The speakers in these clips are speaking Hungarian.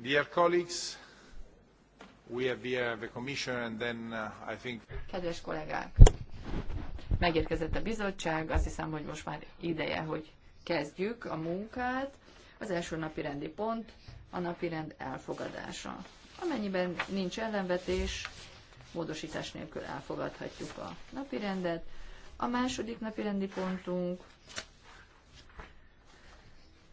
Dear colleagues, we have the Commission and then uh, I think... Kedves kollégák, megérkezett a bizottság, azt hiszem, hogy most már ideje, hogy kezdjük a munkát. Az első napi rendi pont a napi rend elfogadása. Amennyiben nincs ellenvetés, módosítás nélkül elfogadhatjuk a napi rendet. A második napi rendi pontunk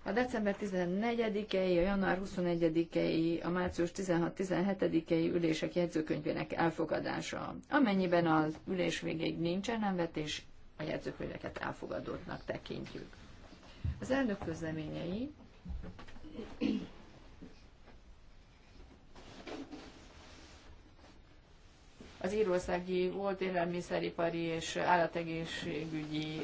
a december 14-ei, a január 21-ei, a március 16-17-ei ülések jegyzőkönyvének elfogadása. Amennyiben az ülés végéig nincs ellenvetés, a jegyzőkönyveket elfogadottnak tekintjük. Az elnök közleményei az írországi volt élelmiszeripari és állategészségügyi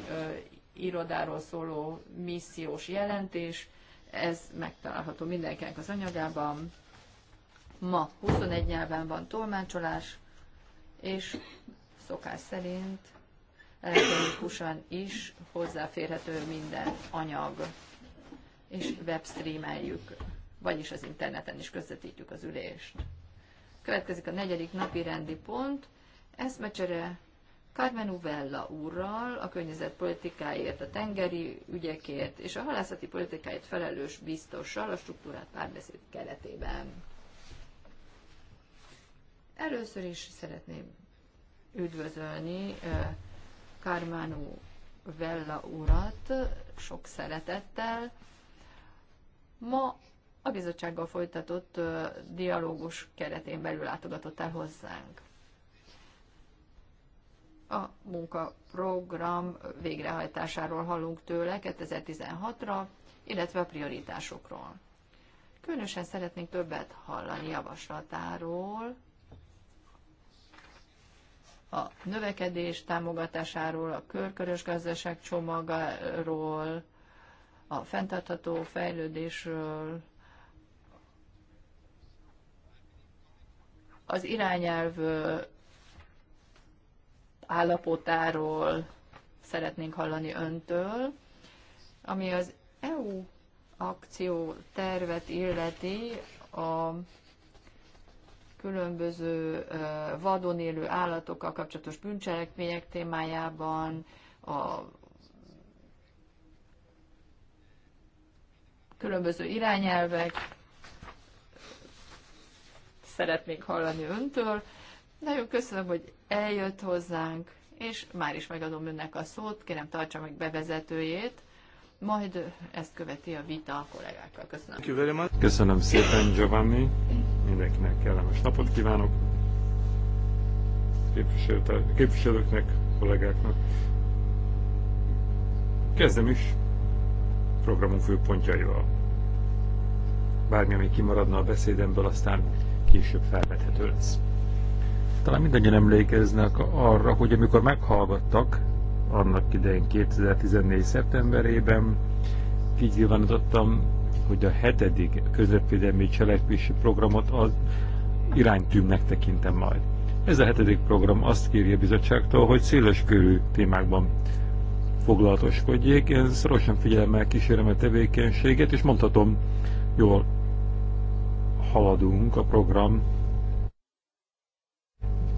irodáról szóló missziós jelentés, ez megtalálható mindenkinek az anyagában. Ma 21 nyelven van tolmácsolás, és szokás szerint elektronikusan is hozzáférhető minden anyag, és webstreameljük, vagyis az interneten is közvetítjük az ülést. Következik a negyedik napi rendi pont, eszmecsere Carmen Uvella úrral, a környezetpolitikáért, a tengeri ügyekért és a halászati politikáért felelős biztossal a struktúrát párbeszéd keretében. Először is szeretném üdvözölni Kármánu Vella urat sok szeretettel. Ma a bizottsággal folytatott dialógus keretén belül látogatott el hozzánk a munkaprogram végrehajtásáról hallunk tőle 2016-ra, illetve a prioritásokról. Különösen szeretnénk többet hallani javaslatáról, a növekedés támogatásáról, a körkörös gazdaság csomagáról, a fenntartható fejlődésről, az irányelv állapotáról szeretnénk hallani öntől, ami az EU akció tervet illeti a különböző vadon élő állatokkal kapcsolatos bűncselekmények témájában, a különböző irányelvek, szeretnék hallani öntől, nagyon köszönöm, hogy eljött hozzánk, és már is megadom önnek a szót, kérem tartsa meg bevezetőjét, majd ezt követi a vita a kollégákkal. Köszönöm. Köszönöm szépen, Giovanni. Mindenkinek kellemes napot kívánok. Képviselőknek, kollégáknak. Kezdem is programunk főpontjaival. Bármi, ami kimaradna a beszédemből, aztán később felvethető lesz. Talán mindannyian emlékeznek arra, hogy amikor meghallgattak, annak idején 2014. szeptemberében, nyilvánítottam, hogy a hetedik közvetvédelmi cselekvési programot az iránytűmnek tekintem majd. Ez a hetedik program azt kérje a bizottságtól, hogy széles körű témákban foglalatoskodjék. Én szorosan figyelemmel kísérem a tevékenységet, és mondhatom, jól haladunk a program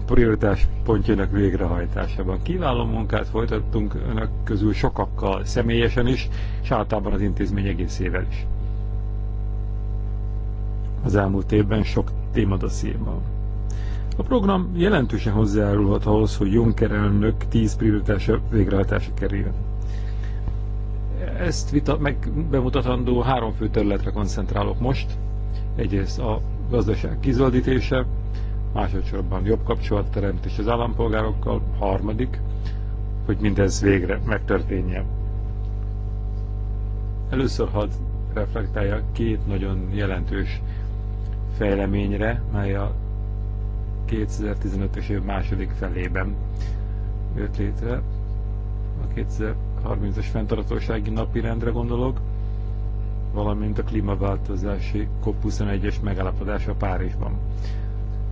prioritás pontjának végrehajtásában. Kiváló munkát folytattunk önök közül sokakkal személyesen is, és általában az intézmény egészével is. Az elmúlt évben sok szívban. A program jelentősen hozzájárulhat ahhoz, hogy Juncker elnök 10 prioritása végrehajtása kerüljön. Ezt vita, meg bemutatandó három fő területre koncentrálok most. Egyrészt a gazdaság kizöldítése, másodszorban jobb és az állampolgárokkal, harmadik, hogy mindez végre megtörténjen. Először hadd reflektálja két nagyon jelentős fejleményre, mely a 2015 es év második felében jött létre. A 2030-as fenntartósági napi rendre gondolok, valamint a klímaváltozási COP21-es megállapodása Párizsban.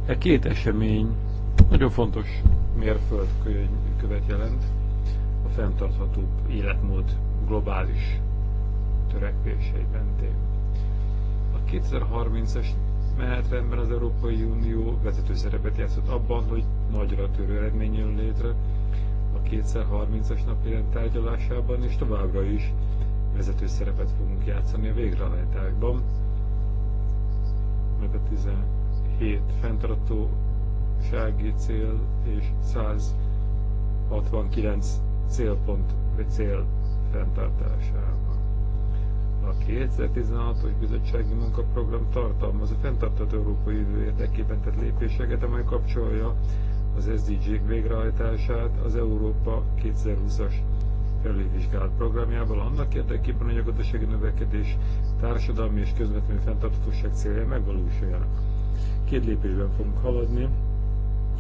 E két esemény nagyon fontos mérföldkövet jelent a fenntarthatóbb életmód globális törekvéseiben. A 2030-es menetrendben az Európai Unió vezető szerepet játszott abban, hogy nagyra törő eredmény jön létre a 2030-as napirend tárgyalásában, és továbbra is vezető szerepet fogunk játszani a végrehajtásban, meg a 7 fenntartósági cél és 169 célpont vagy cél fenntartásában. A 2016-os bizottsági munkaprogram tartalmaz a fenntartható Európa jövő érdekében tett lépéseket, amely kapcsolja az SDG-k végrehajtását az Európa 2020-as felülvizsgált programjával annak érdekében, hogy a gazdasági növekedés társadalmi és közvetlenül fenntarthatóság célja megvalósuljanak. Két lépésben fogunk haladni.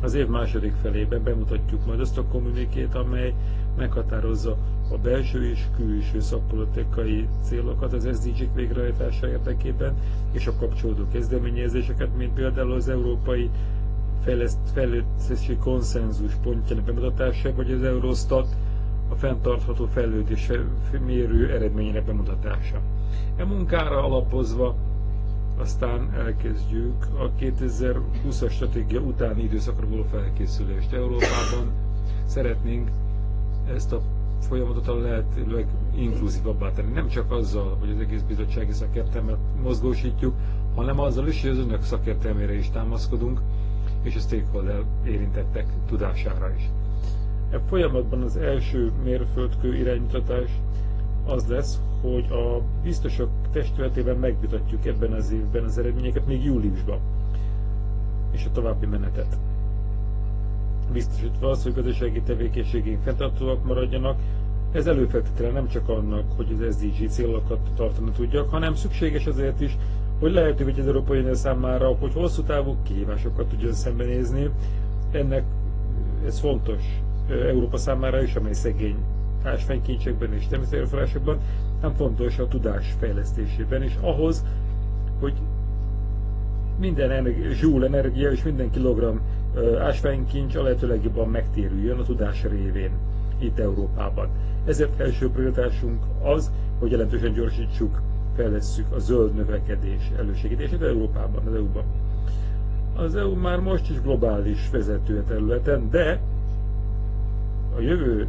Az év második felében bemutatjuk majd azt a kommunikét, amely meghatározza a belső és külső szakpolitikai célokat az SDG-k végrehajtása érdekében, és a kapcsolódó kezdeményezéseket, mint például az Európai Fejlesztési Konszenzus pontjának bemutatása, vagy az Eurostat a fenntartható fejlődés mérő eredményének bemutatása. E munkára alapozva aztán elkezdjük a 2020-as stratégia utáni időszakra való felkészülést Európában. Szeretnénk ezt a folyamatot a lehetőleg inkluzívabbá tenni. Nem csak azzal, hogy az egész bizottsági szakértelmet mozgósítjuk, hanem azzal is, hogy az önök szakértelmére is támaszkodunk, és a stakeholder érintettek tudására is. E folyamatban az első mérföldkő iránymutatás az lesz, hogy a biztosok testületében megvitatjuk ebben az évben az eredményeket, még júliusban, és a további menetet. Biztosítva az, hogy gazdasági tevékenységén fenntartóak maradjanak, ez előfeltétele nem csak annak, hogy az SDG célokat tartani tudjak, hanem szükséges azért is, hogy lehetővé az Európai Unió számára, hogy hosszú távú kihívásokat tudjon szembenézni. Ennek ez fontos Európa számára is, amely szegény ásványkincsekben és természetérőforrásokban, nem fontos a tudás fejlesztésében, és ahhoz, hogy minden energi, zsúl energia és minden kilogramm ásványkincs a lehető legjobban megtérüljön a tudás révén itt Európában. Ezért első prioritásunk az, hogy jelentősen gyorsítsuk, fejlesszük a zöld növekedés elősegítését Európában, az EU-ban. Az EU már most is globális vezető területen, de a jövő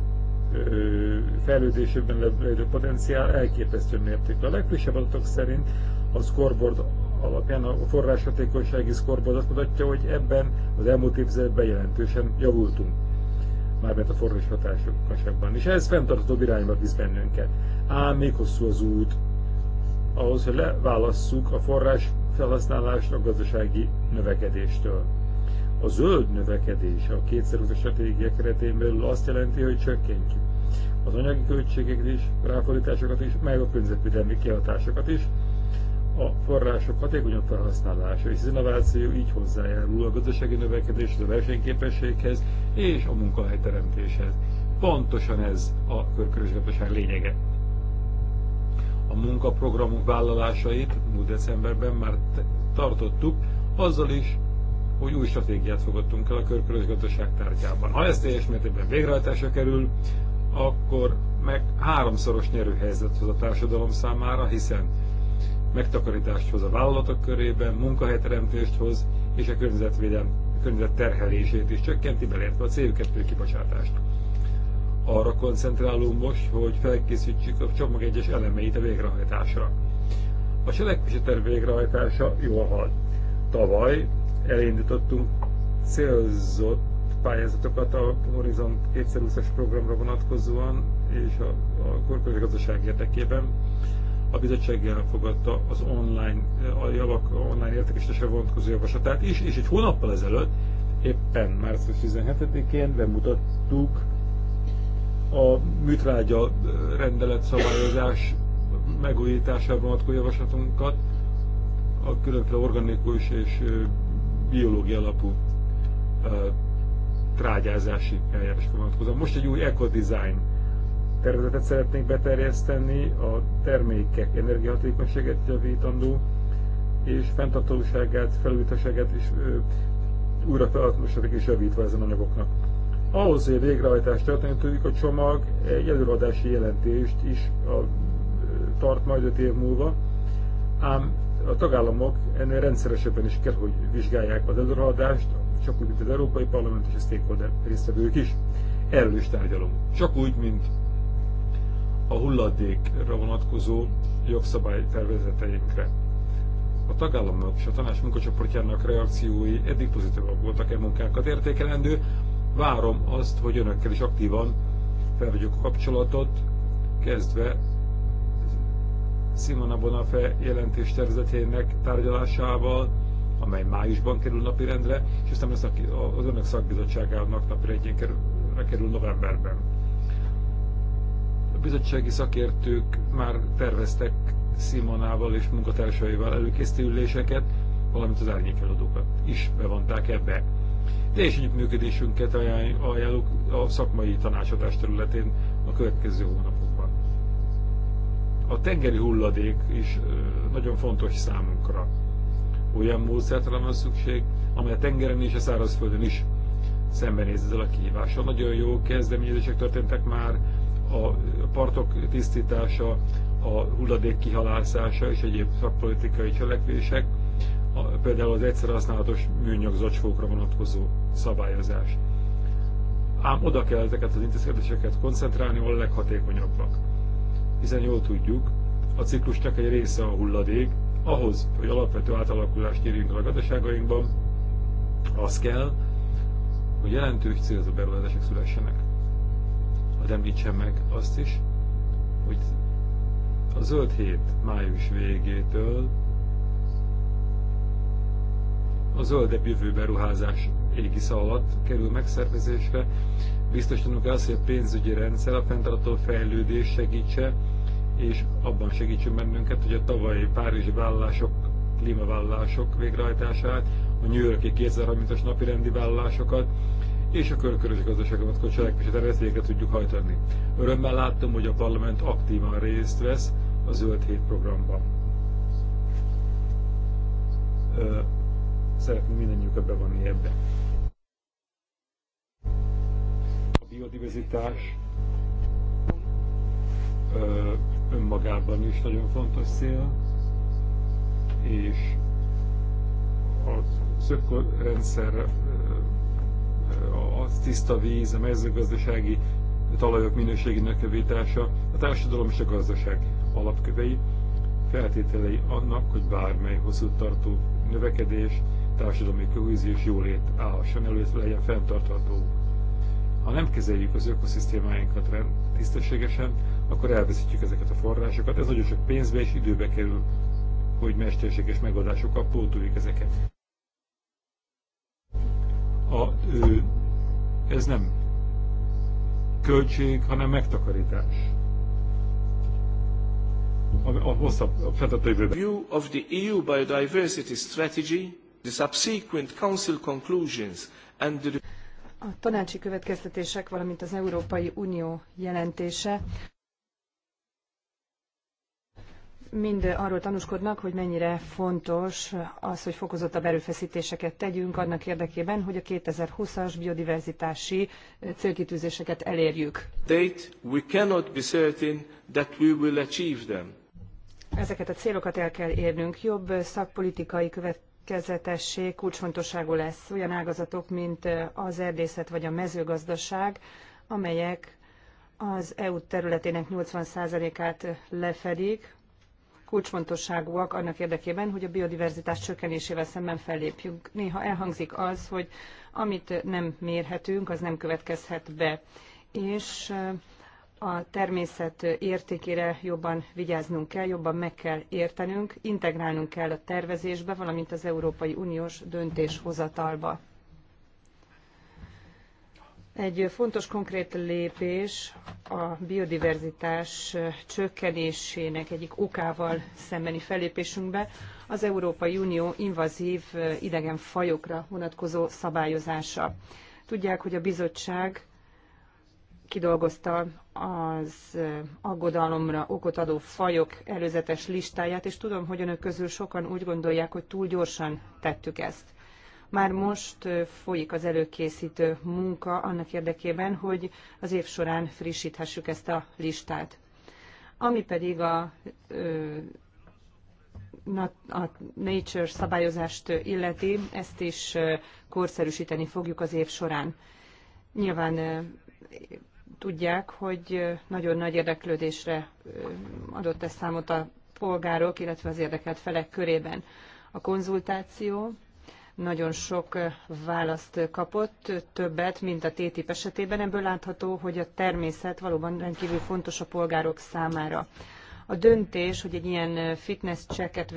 fejlődésében levő potenciál elképesztő mértékű. A legfrissebb adatok szerint a scoreboard alapján a forráshatékonysági scoreboard azt mutatja, hogy ebben az elmúlt évtizedben jelentősen javultunk mármint a forrás hatásokban. És ez fenntartható irányba visz bennünket. Ám még hosszú az út ahhoz, hogy leválasszuk a forrás felhasználást a gazdasági növekedéstől. A zöld növekedés a 2020 stratégia keretén belül azt jelenti, hogy csökkentjük az anyagi költségeket is, ráfordításokat is, meg a környezetvédelmi kihatásokat is, a források hatékonyabb felhasználása és az innováció így hozzájárul a gazdasági növekedéshez, a versenyképességhez és a munkahelyteremtéshez. Pontosan ez a körkörös gazdaság lényege. A munkaprogramunk vállalásait múlt decemberben már tartottuk, azzal is, hogy új stratégiát fogadtunk el a körkörös gazdaság tárgyában. Ha ez teljes mértékben végrehajtásra kerül, akkor meg háromszoros nyerőhelyzet hoz a társadalom számára, hiszen megtakarítást hoz a vállalatok körében, munkahelyteremtést hoz, és a környezetvédelem környezet terhelését is csökkenti, beleértve a CO2 kibocsátást. Arra koncentrálunk most, hogy felkészítsük a csomag egyes elemeit a végrehajtásra. A cselekvési terv végrehajtása jól halad. Tavaly elindítottunk célzott pályázatokat a Horizon 2020-as programra vonatkozóan és a, a korporatív gazdaság érdekében. A bizottság elfogadta az online, a javak online értékesítésre vonatkozó javaslatát is, és egy hónappal ezelőtt, éppen március 17-én bemutattuk a műtrágya rendelet szabályozás megújítására vonatkozó javaslatunkat, a különféle organikus és biológia alapú trágyázási eljárásra vonatkozóan. Most egy új eco-design tervezetet szeretnék beterjeszteni, a termékek energiahatékonyságát javítandó, és fenntartóságát, felújítóságát is ö, újra felhasznosság is javítva ezen anyagoknak. Ahhoz, hogy a végrehajtást történjen, tudjuk, a csomag egy előadási jelentést is a, tart majd 5 év múlva, ám a tagállamok ennél rendszeresebben is kell, hogy vizsgálják az előadást, csak úgy, mint az Európai Parlament és a stakeholder résztvevők is. Erről is tárgyalunk. Csak úgy, mint a hulladékra vonatkozó jogszabály tervezeteinkre. A tagállamok és a tanács munkacsoportjának reakciói eddig pozitívak voltak e munkákat értékelendő. Várom azt, hogy önökkel is aktívan felvegyük a kapcsolatot, kezdve Simona Bonafé jelentés tervezetének tárgyalásával, amely májusban kerül napirendre, és aztán az, az önök szakbizottságának napirendjén kerül, kerül novemberben. A bizottsági szakértők már terveztek Simonával és munkatársaival előkészítő üléseket, valamint az árnyékeladókat is bevonták ebbe. Teljes működésünket ajánlok a szakmai tanácsadás területén a következő hónapokban. A tengeri hulladék is nagyon fontos számunkra olyan módszertre van szükség, amely a tengeren és a szárazföldön is szembenéz ezzel a kihívással. Nagyon jó kezdeményezések történtek már, a partok tisztítása, a hulladék kihalászása és egyéb szakpolitikai cselekvések, a, például az egyszer használatos műanyag zacskókra vonatkozó szabályozás. Ám oda kell ezeket az intézkedéseket koncentrálni, ahol a leghatékonyabbak. Hiszen jól tudjuk, a ciklusnak egy része a hulladék, ahhoz, hogy alapvető átalakulást érjünk el a gazdaságainkban, az kell, hogy jelentős célzó beruházások szülessenek. Hadd említsem meg azt is, hogy a zöld hét május végétől a zöldebb jövő beruházás égisza alatt kerül megszervezésre. Biztosítanunk azt, hogy a pénzügyi rendszer a fenntartó fejlődés segítse és abban segítsünk bennünket, hogy a tavalyi párizsi vállások, klímavállások végrehajtását, a New Yorki 2030-as napi rendi vállalásokat, és a körkörös gazdaságra vonatkozó és a végre tudjuk hajtani. Örömmel láttam, hogy a parlament aktívan részt vesz a Zöld Hét programban. Szeretném mindannyiukat bevonni ebbe. A biodiverzitás önmagában is nagyon fontos cél, és a szökkorrendszer, a tiszta víz, a mezőgazdasági talajok minőségének javítása, a társadalom és a gazdaság alapkövei, feltételei annak, hogy bármely hosszú tartó növekedés, társadalmi kohéziós jólét állhasson elő, legyen fenntartható. Ha nem kezeljük az ökoszisztémáinkat tisztességesen, akkor elveszítjük ezeket a forrásokat. Ez nagyon sok pénzbe és időbe kerül, hogy mesterséges megoldásokkal pótoljuk ezeket. A, ö, ez nem költség, hanem megtakarítás. A, a hosszabb, a fedetőből. jövőben. View of the EU biodiversity strategy, the subsequent council conclusions and the... A tanácsi következtetések, valamint az Európai Unió jelentése mind arról tanúskodnak, hogy mennyire fontos az, hogy fokozottabb erőfeszítéseket tegyünk annak érdekében, hogy a 2020-as biodiverzitási célkitűzéseket elérjük. Date, we cannot be certain that we will achieve them. Ezeket a célokat el kell érnünk. Jobb szakpolitikai következetesség kulcsfontosságú lesz olyan ágazatok, mint az erdészet vagy a mezőgazdaság, amelyek az EU területének 80%-át lefedik, kulcsfontosságúak annak érdekében, hogy a biodiverzitás csökkenésével szemben fellépjünk. Néha elhangzik az, hogy amit nem mérhetünk, az nem következhet be. És a természet értékére jobban vigyáznunk kell, jobban meg kell értenünk, integrálnunk kell a tervezésbe, valamint az Európai Uniós döntéshozatalba. Egy fontos konkrét lépés a biodiverzitás csökkenésének egyik okával szembeni fellépésünkbe az Európai Unió invazív idegen fajokra vonatkozó szabályozása. Tudják, hogy a bizottság kidolgozta az aggodalomra okot adó fajok előzetes listáját, és tudom, hogy önök közül sokan úgy gondolják, hogy túl gyorsan tettük ezt. Már most folyik az előkészítő munka annak érdekében, hogy az év során frissíthessük ezt a listát. Ami pedig a, a nature szabályozást illeti, ezt is korszerűsíteni fogjuk az év során. Nyilván tudják, hogy nagyon nagy érdeklődésre adott ezt számot a polgárok, illetve az érdekelt felek körében. A konzultáció nagyon sok választ kapott, többet, mint a TTIP esetében. Ebből látható, hogy a természet valóban rendkívül fontos a polgárok számára. A döntés, hogy egy ilyen fitness checket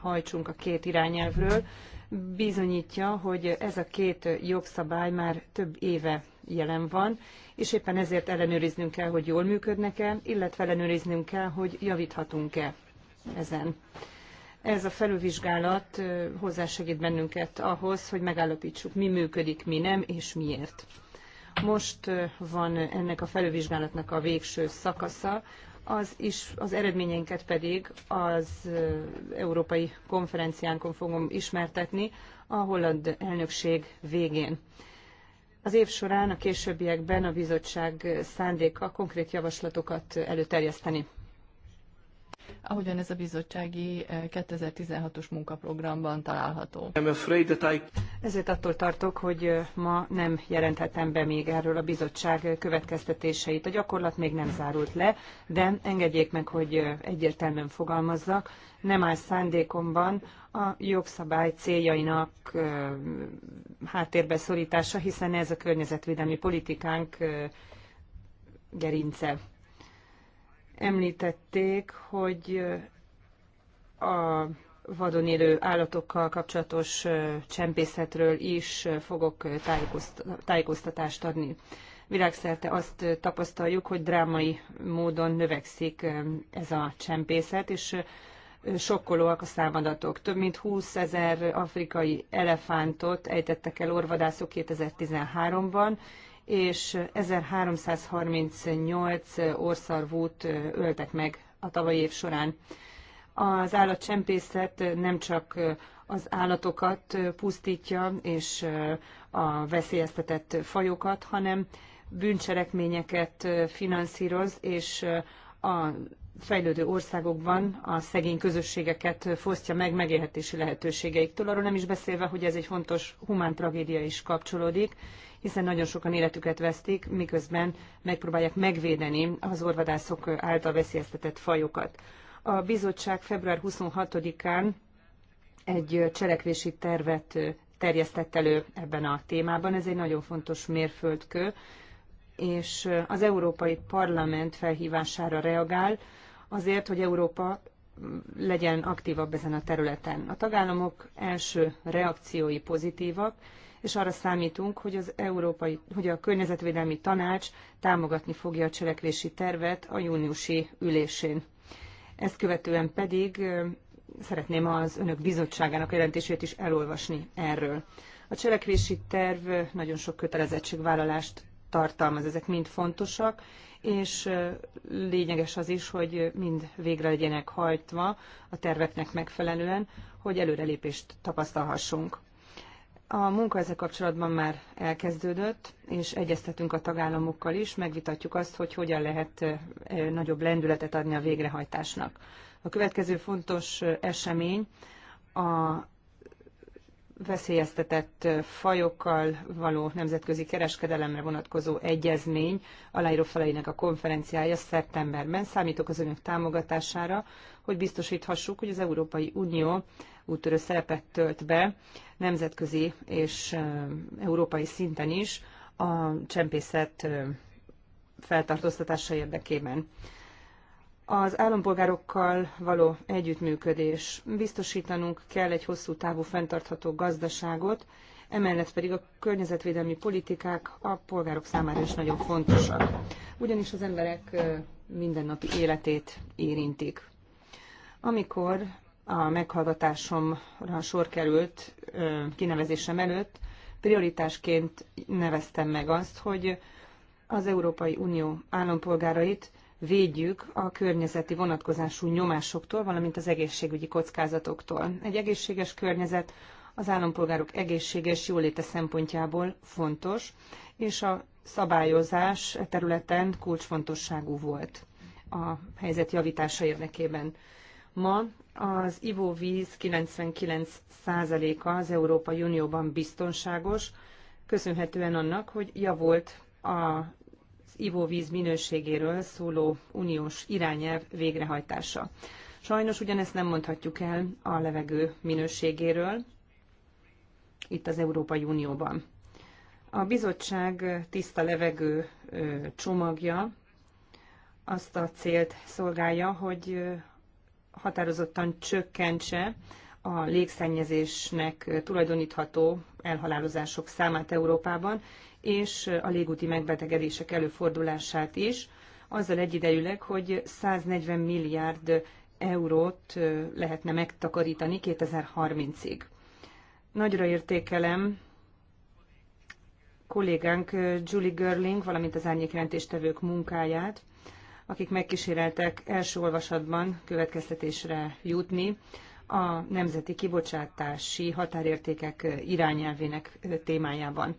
hajtsunk a két irányelvről, bizonyítja, hogy ez a két jogszabály már több éve jelen van, és éppen ezért ellenőriznünk kell, hogy jól működnek-e, illetve ellenőriznünk kell, hogy javíthatunk-e ezen. Ez a felülvizsgálat hozzásegít bennünket ahhoz, hogy megállapítsuk, mi működik, mi nem, és miért. Most van ennek a felülvizsgálatnak a végső szakasza, az, is, az eredményeinket pedig az európai konferenciánkon fogom ismertetni a holland elnökség végén. Az év során a későbbiekben a bizottság szándéka konkrét javaslatokat előterjeszteni ahogyan ez a bizottsági 2016-os eh, munkaprogramban található. I... Ezért attól tartok, hogy eh, ma nem jelenthetem be még erről a bizottság eh, következtetéseit. A gyakorlat még nem zárult le, de engedjék meg, hogy egyértelműen fogalmazzak. Nem áll szándékomban a jogszabály céljainak háttérbe szorítása, hiszen ez a környezetvédelmi politikánk gerince. Említették, hogy a vadon élő állatokkal kapcsolatos csempészetről is fogok tájékoztatást adni. Világszerte azt tapasztaljuk, hogy drámai módon növekszik ez a csempészet, és sokkolóak a számadatok. Több mint 20 ezer afrikai elefántot ejtettek el orvadászok 2013-ban, és 1338 orszarvút öltek meg a tavalyi év során. Az állatcsempészet nem csak az állatokat pusztítja és a veszélyeztetett fajokat, hanem bűncselekményeket finanszíroz, és a fejlődő országokban a szegény közösségeket fosztja meg megélhetési lehetőségeiktől, arról nem is beszélve, hogy ez egy fontos humán tragédia is kapcsolódik, hiszen nagyon sokan életüket vesztik, miközben megpróbálják megvédeni az orvadászok által veszélyeztetett fajokat. A bizottság február 26-án egy cselekvési tervet terjesztett elő ebben a témában. Ez egy nagyon fontos mérföldkő, és az Európai Parlament felhívására reagál azért, hogy Európa legyen aktívabb ezen a területen. A tagállamok első reakciói pozitívak, és arra számítunk, hogy, az európai, hogy a Környezetvédelmi Tanács támogatni fogja a cselekvési tervet a júniusi ülésén. Ezt követően pedig szeretném az önök bizottságának jelentését is elolvasni erről. A cselekvési terv nagyon sok kötelezettségvállalást tartalmaz, ezek mind fontosak, és lényeges az is, hogy mind végre legyenek hajtva a terveknek megfelelően, hogy előrelépést tapasztalhassunk. A munka ezzel kapcsolatban már elkezdődött, és egyeztetünk a tagállamokkal is, megvitatjuk azt, hogy hogyan lehet nagyobb lendületet adni a végrehajtásnak. A következő fontos esemény a veszélyeztetett fajokkal való nemzetközi kereskedelemre vonatkozó egyezmény aláíró feleinek a konferenciája szeptemberben. Számítok az önök támogatására, hogy biztosíthassuk, hogy az Európai Unió úttörő szerepet tölt be nemzetközi és európai szinten is a csempészet feltartóztatása érdekében. Az állampolgárokkal való együttműködés. Biztosítanunk kell egy hosszú távú fenntartható gazdaságot, emellett pedig a környezetvédelmi politikák a polgárok számára is nagyon fontosak, ugyanis az emberek mindennapi életét érintik. Amikor a meghallgatásomra sor került kinevezésem előtt, prioritásként neveztem meg azt, hogy az Európai Unió állampolgárait védjük a környezeti vonatkozású nyomásoktól, valamint az egészségügyi kockázatoktól. Egy egészséges környezet az állampolgárok egészséges jóléte szempontjából fontos, és a szabályozás területen kulcsfontosságú volt a helyzet javítása érdekében. Ma az ivóvíz 99%-a az Európai Unióban biztonságos, köszönhetően annak, hogy javult az ivóvíz minőségéről szóló uniós irányelv végrehajtása. Sajnos ugyanezt nem mondhatjuk el a levegő minőségéről itt az Európai Unióban. A bizottság tiszta levegő csomagja azt a célt szolgálja, hogy határozottan csökkentse a légszennyezésnek tulajdonítható elhalálozások számát Európában, és a légúti megbetegedések előfordulását is, azzal egyidejűleg, hogy 140 milliárd eurót lehetne megtakarítani 2030-ig. Nagyra értékelem kollégánk Julie Görling, valamint az árnyékjelentéstevők munkáját, akik megkíséreltek első olvasatban következtetésre jutni a nemzeti kibocsátási határértékek irányelvének témájában.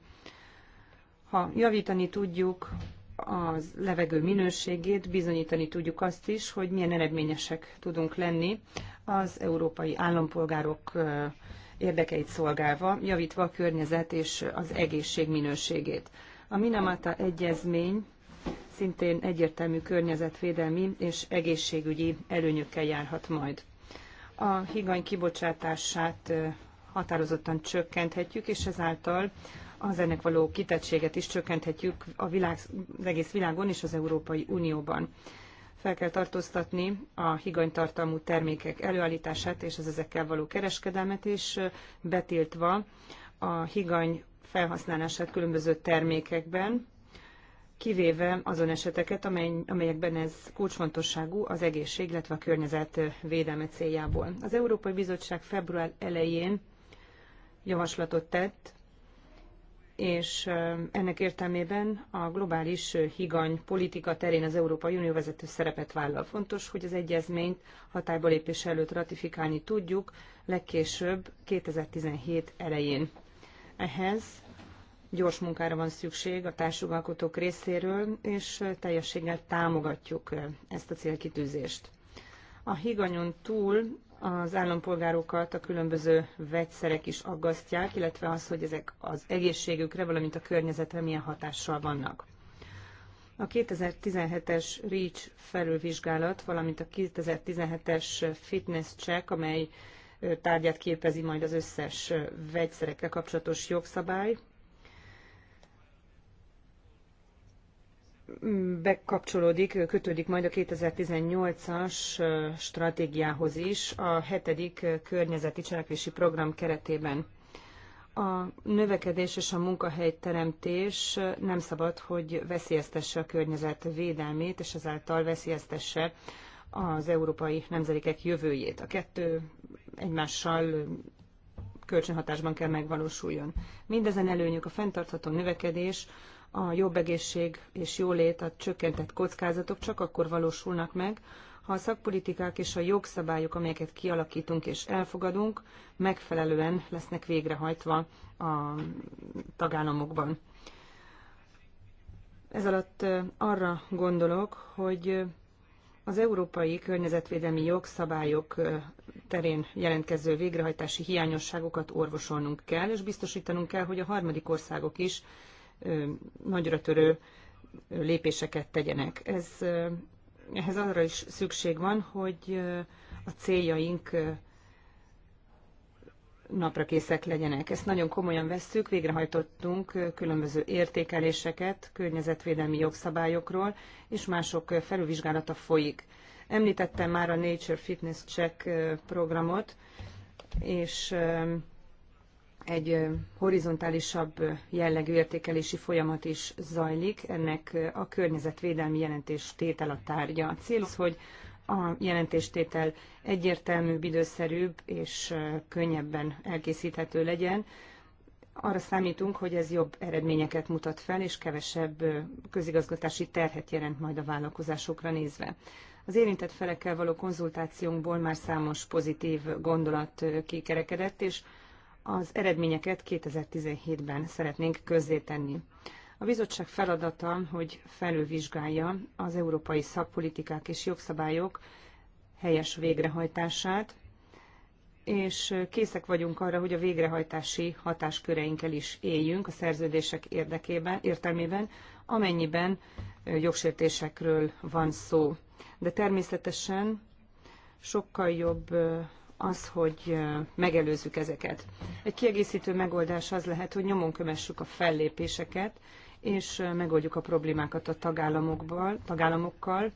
Ha javítani tudjuk a levegő minőségét, bizonyítani tudjuk azt is, hogy milyen eredményesek tudunk lenni az európai állampolgárok érdekeit szolgálva, javítva a környezet és az egészség minőségét. A Minamata Egyezmény szintén egyértelmű környezetvédelmi és egészségügyi előnyökkel járhat majd. A higany kibocsátását határozottan csökkenthetjük, és ezáltal az ennek való kitettséget is csökkenthetjük a világ, az egész világon és az Európai Unióban. Fel kell tartóztatni a higanytartalmú termékek előállítását és az ezekkel való kereskedelmet, és betiltva a higany felhasználását különböző termékekben, kivéve azon eseteket, amely, amelyekben ez kulcsfontosságú az egészség, illetve a környezet védelme céljából. Az Európai Bizottság február elején javaslatot tett, és ennek értelmében a globális higany politika terén az Európai Unió vezető szerepet vállal. Fontos, hogy az egyezményt hatályba lépés előtt ratifikálni tudjuk, legkésőbb 2017 elején. Ehhez gyors munkára van szükség a társjogalkotók részéről, és teljességgel támogatjuk ezt a célkitűzést. A higanyon túl az állampolgárokat a különböző vegyszerek is aggasztják, illetve az, hogy ezek az egészségükre, valamint a környezetre milyen hatással vannak. A 2017-es REACH felülvizsgálat, valamint a 2017-es fitness check, amely tárgyát képezi majd az összes vegyszerekkel kapcsolatos jogszabály, bekapcsolódik, kötődik majd a 2018-as stratégiához is a hetedik környezeti cselekvési program keretében. A növekedés és a munkahelyteremtés nem szabad, hogy veszélyeztesse a környezet védelmét, és ezáltal veszélyeztesse az európai nemzedékek jövőjét. A kettő egymással kölcsönhatásban kell megvalósuljon. Mindezen előnyök a fenntartható növekedés, a jobb egészség és jólét, a csökkentett kockázatok csak akkor valósulnak meg, ha a szakpolitikák és a jogszabályok, amelyeket kialakítunk és elfogadunk, megfelelően lesznek végrehajtva a tagállamokban. Ez alatt arra gondolok, hogy az európai környezetvédelmi jogszabályok terén jelentkező végrehajtási hiányosságokat orvosolnunk kell, és biztosítanunk kell, hogy a harmadik országok is nagyra törő lépéseket tegyenek. Ez, ehhez arra is szükség van, hogy a céljaink napra készek legyenek. Ezt nagyon komolyan vesszük, végrehajtottunk különböző értékeléseket környezetvédelmi jogszabályokról, és mások felülvizsgálata folyik. Említettem már a Nature Fitness Check programot, és egy horizontálisabb jellegű értékelési folyamat is zajlik, ennek a környezetvédelmi jelentéstétel a tárgya. A cél az, hogy a jelentéstétel egyértelműbb, időszerűbb és könnyebben elkészíthető legyen. Arra számítunk, hogy ez jobb eredményeket mutat fel, és kevesebb közigazgatási terhet jelent majd a vállalkozásokra nézve. Az érintett felekkel való konzultációnkból már számos pozitív gondolat kikerekedett, és az eredményeket 2017-ben szeretnénk közzétenni. A bizottság feladata, hogy felülvizsgálja az európai szakpolitikák és jogszabályok helyes végrehajtását, és készek vagyunk arra, hogy a végrehajtási hatásköreinkkel is éljünk a szerződések érdekében, értelmében, amennyiben jogsértésekről van szó. De természetesen sokkal jobb az, hogy megelőzzük ezeket. Egy kiegészítő megoldás az lehet, hogy nyomon kövessük a fellépéseket, és megoldjuk a problémákat a tagállamokból, tagállamokkal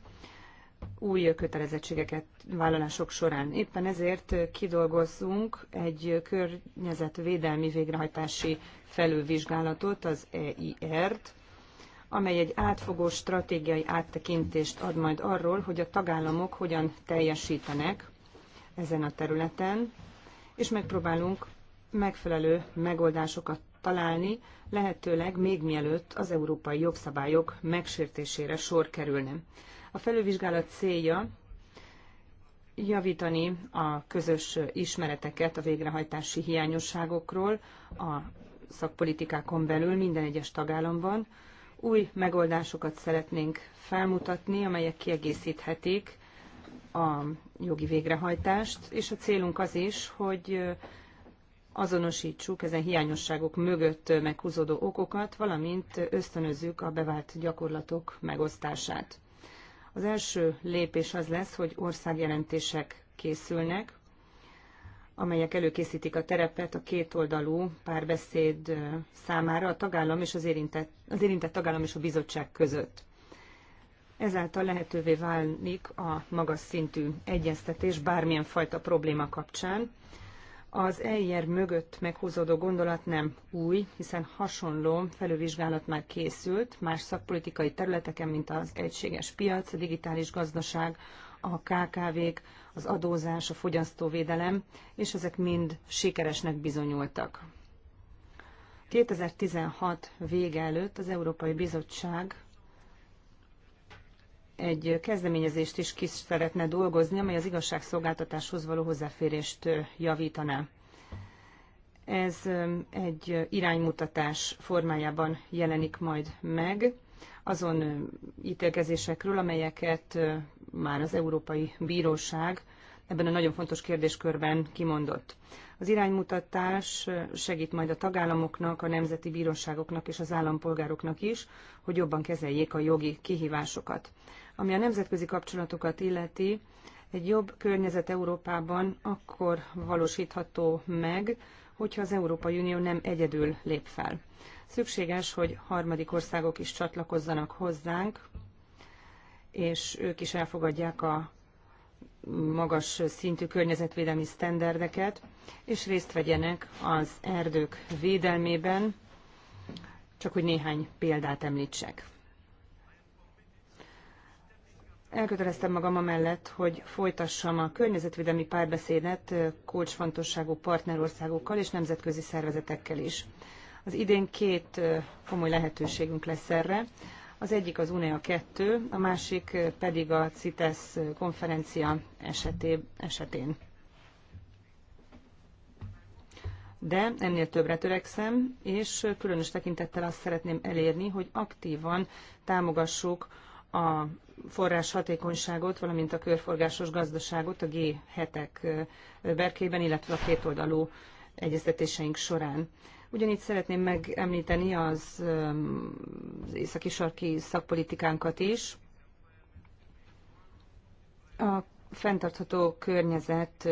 új kötelezettségeket vállalások során. Éppen ezért kidolgozzunk egy környezetvédelmi végrehajtási felülvizsgálatot, az EIR-t, amely egy átfogó stratégiai áttekintést ad majd arról, hogy a tagállamok hogyan teljesítenek ezen a területen, és megpróbálunk megfelelő megoldásokat találni, lehetőleg még mielőtt az európai jogszabályok megsértésére sor kerülne. A felülvizsgálat célja javítani a közös ismereteket a végrehajtási hiányosságokról a szakpolitikákon belül minden egyes tagállamban. Új megoldásokat szeretnénk felmutatni, amelyek kiegészíthetik a jogi végrehajtást, és a célunk az is, hogy azonosítsuk ezen hiányosságok mögött meghúzódó okokat, valamint ösztönözzük a bevált gyakorlatok megosztását. Az első lépés az lesz, hogy országjelentések készülnek, amelyek előkészítik a terepet a kétoldalú párbeszéd számára a tagállam és az érintett, az érintett tagállam és a bizottság között. Ezáltal lehetővé válnik a magas szintű egyeztetés bármilyen fajta probléma kapcsán. Az EIR mögött meghúzódó gondolat nem új, hiszen hasonló felülvizsgálat már készült más szakpolitikai területeken, mint az egységes piac, a digitális gazdaság, a KKV-k, az adózás, a fogyasztóvédelem, és ezek mind sikeresnek bizonyultak. 2016 vége előtt az Európai Bizottság egy kezdeményezést is ki szeretne dolgozni, amely az igazságszolgáltatáshoz való hozzáférést javítaná. Ez egy iránymutatás formájában jelenik majd meg azon ítélkezésekről, amelyeket már az Európai Bíróság ebben a nagyon fontos kérdéskörben kimondott. Az iránymutatás segít majd a tagállamoknak, a nemzeti bíróságoknak és az állampolgároknak is, hogy jobban kezeljék a jogi kihívásokat. Ami a nemzetközi kapcsolatokat illeti, egy jobb környezet Európában akkor valósítható meg, hogyha az Európai Unió nem egyedül lép fel. Szükséges, hogy harmadik országok is csatlakozzanak hozzánk, és ők is elfogadják a magas szintű környezetvédelmi sztenderdeket, és részt vegyenek az erdők védelmében, csak hogy néhány példát említsek. Elköteleztem magam amellett, hogy folytassam a környezetvédelmi párbeszédet kulcsfontosságú partnerországokkal és nemzetközi szervezetekkel is. Az idén két komoly lehetőségünk lesz erre. Az egyik az UNEA 2, a másik pedig a CITES konferencia esetén. de ennél többre törekszem, és különös tekintettel azt szeretném elérni, hogy aktívan támogassuk a forrás hatékonyságot, valamint a körforgásos gazdaságot a G7-ek berkében, illetve a kétoldalú egyeztetéseink során. Ugyanígy szeretném megemlíteni az, az északi sarki szakpolitikánkat is. A fenntartható környezet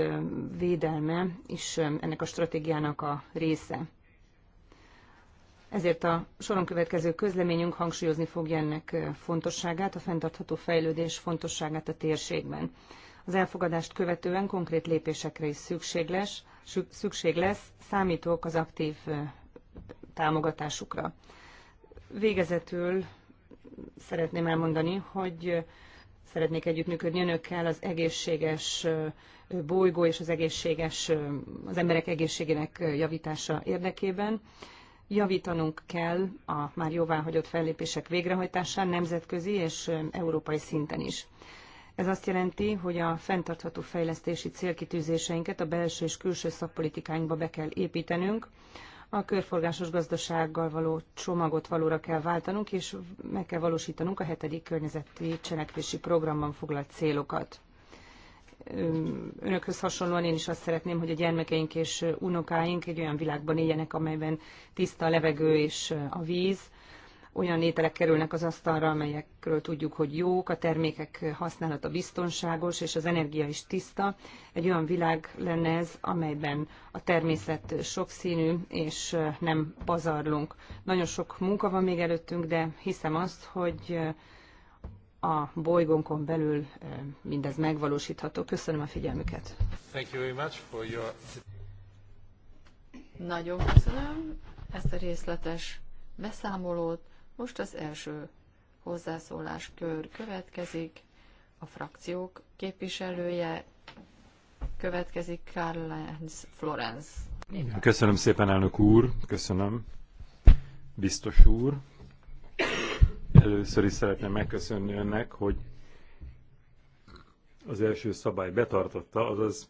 védelme is ennek a stratégiának a része. Ezért a soron következő közleményünk hangsúlyozni fogja ennek fontosságát, a fenntartható fejlődés fontosságát a térségben. Az elfogadást követően konkrét lépésekre is szükség lesz, szükség lesz számítók az aktív támogatásukra. Végezetül szeretném elmondani, hogy szeretnék együttműködni önökkel az egészséges bolygó és az egészséges, az emberek egészségének javítása érdekében. Javítanunk kell a már jóváhagyott fellépések végrehajtásán nemzetközi és európai szinten is. Ez azt jelenti, hogy a fenntartható fejlesztési célkitűzéseinket a belső és külső szakpolitikáinkba be kell építenünk, a körforgásos gazdasággal való csomagot valóra kell váltanunk, és meg kell valósítanunk a hetedik környezeti cselekvési programban foglalt célokat. Önökhöz hasonlóan én is azt szeretném, hogy a gyermekeink és unokáink egy olyan világban éljenek, amelyben tiszta a levegő és a víz, olyan ételek kerülnek az asztalra, amelyekről tudjuk, hogy jók, a termékek használata biztonságos, és az energia is tiszta. Egy olyan világ lenne ez, amelyben a természet sokszínű, és nem pazarlunk. Nagyon sok munka van még előttünk, de hiszem azt, hogy a bolygónkon belül mindez megvalósítható. Köszönöm a figyelmüket. Thank you very much for your... Nagyon köszönöm ezt a részletes beszámolót. Most az első hozzászólás kör következik, a frakciók képviselője következik Karl Florence. Köszönöm szépen, elnök úr, köszönöm, biztos úr. Először is szeretném megköszönni önnek, hogy az első szabály betartotta, azaz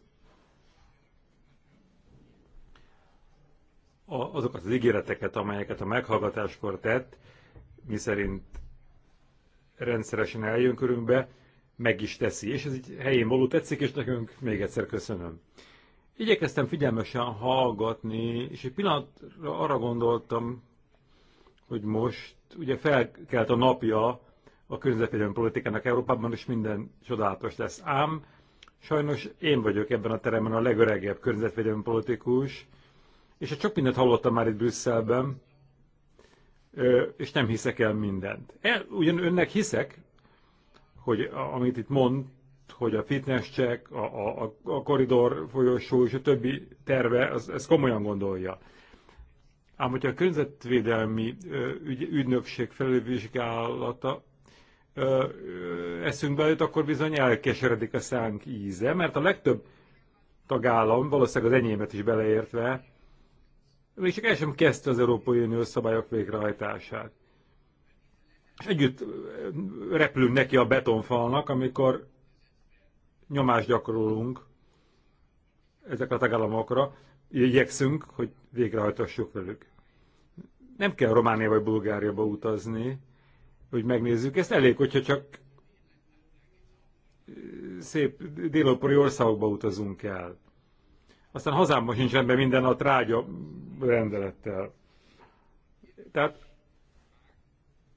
azokat az ígéreteket, amelyeket a meghallgatáskor tett, miszerint rendszeresen eljön körünkbe, meg is teszi. És ez így helyén való tetszik, és nekünk még egyszer köszönöm. Igyekeztem figyelmesen hallgatni, és egy pillanatra arra gondoltam, hogy most ugye felkelt a napja a környezetvédelmi politikának Európában, és minden csodálatos lesz. Ám sajnos én vagyok ebben a teremben a legöregebb környezetvédelmi politikus, és egy csak mindent hallottam már itt Brüsszelben, és nem hiszek el mindent. El, ugyan önnek hiszek, hogy a, amit itt mond, hogy a fitness check, a, a, a koridor folyosó és a többi terve, az, ezt komolyan gondolja. Ám hogyha a környezetvédelmi ügy, ügynökség felülvizsgálata ö, eszünkbe jut, akkor bizony elkeseredik a szánk íze, mert a legtöbb tagállam, valószínűleg az enyémet is beleértve, még csak el sem kezdte az Európai Unió szabályok végrehajtását. És együtt repülünk neki a betonfalnak, amikor nyomást gyakorolunk ezekre a tagállamokra, igyekszünk, hogy végrehajtassuk velük. Nem kell Románia vagy Bulgáriába utazni, hogy megnézzük. Ezt elég, hogyha csak szép délopori országokba utazunk el. Aztán hazámban sincs rendben minden a trágya rendelettel. Tehát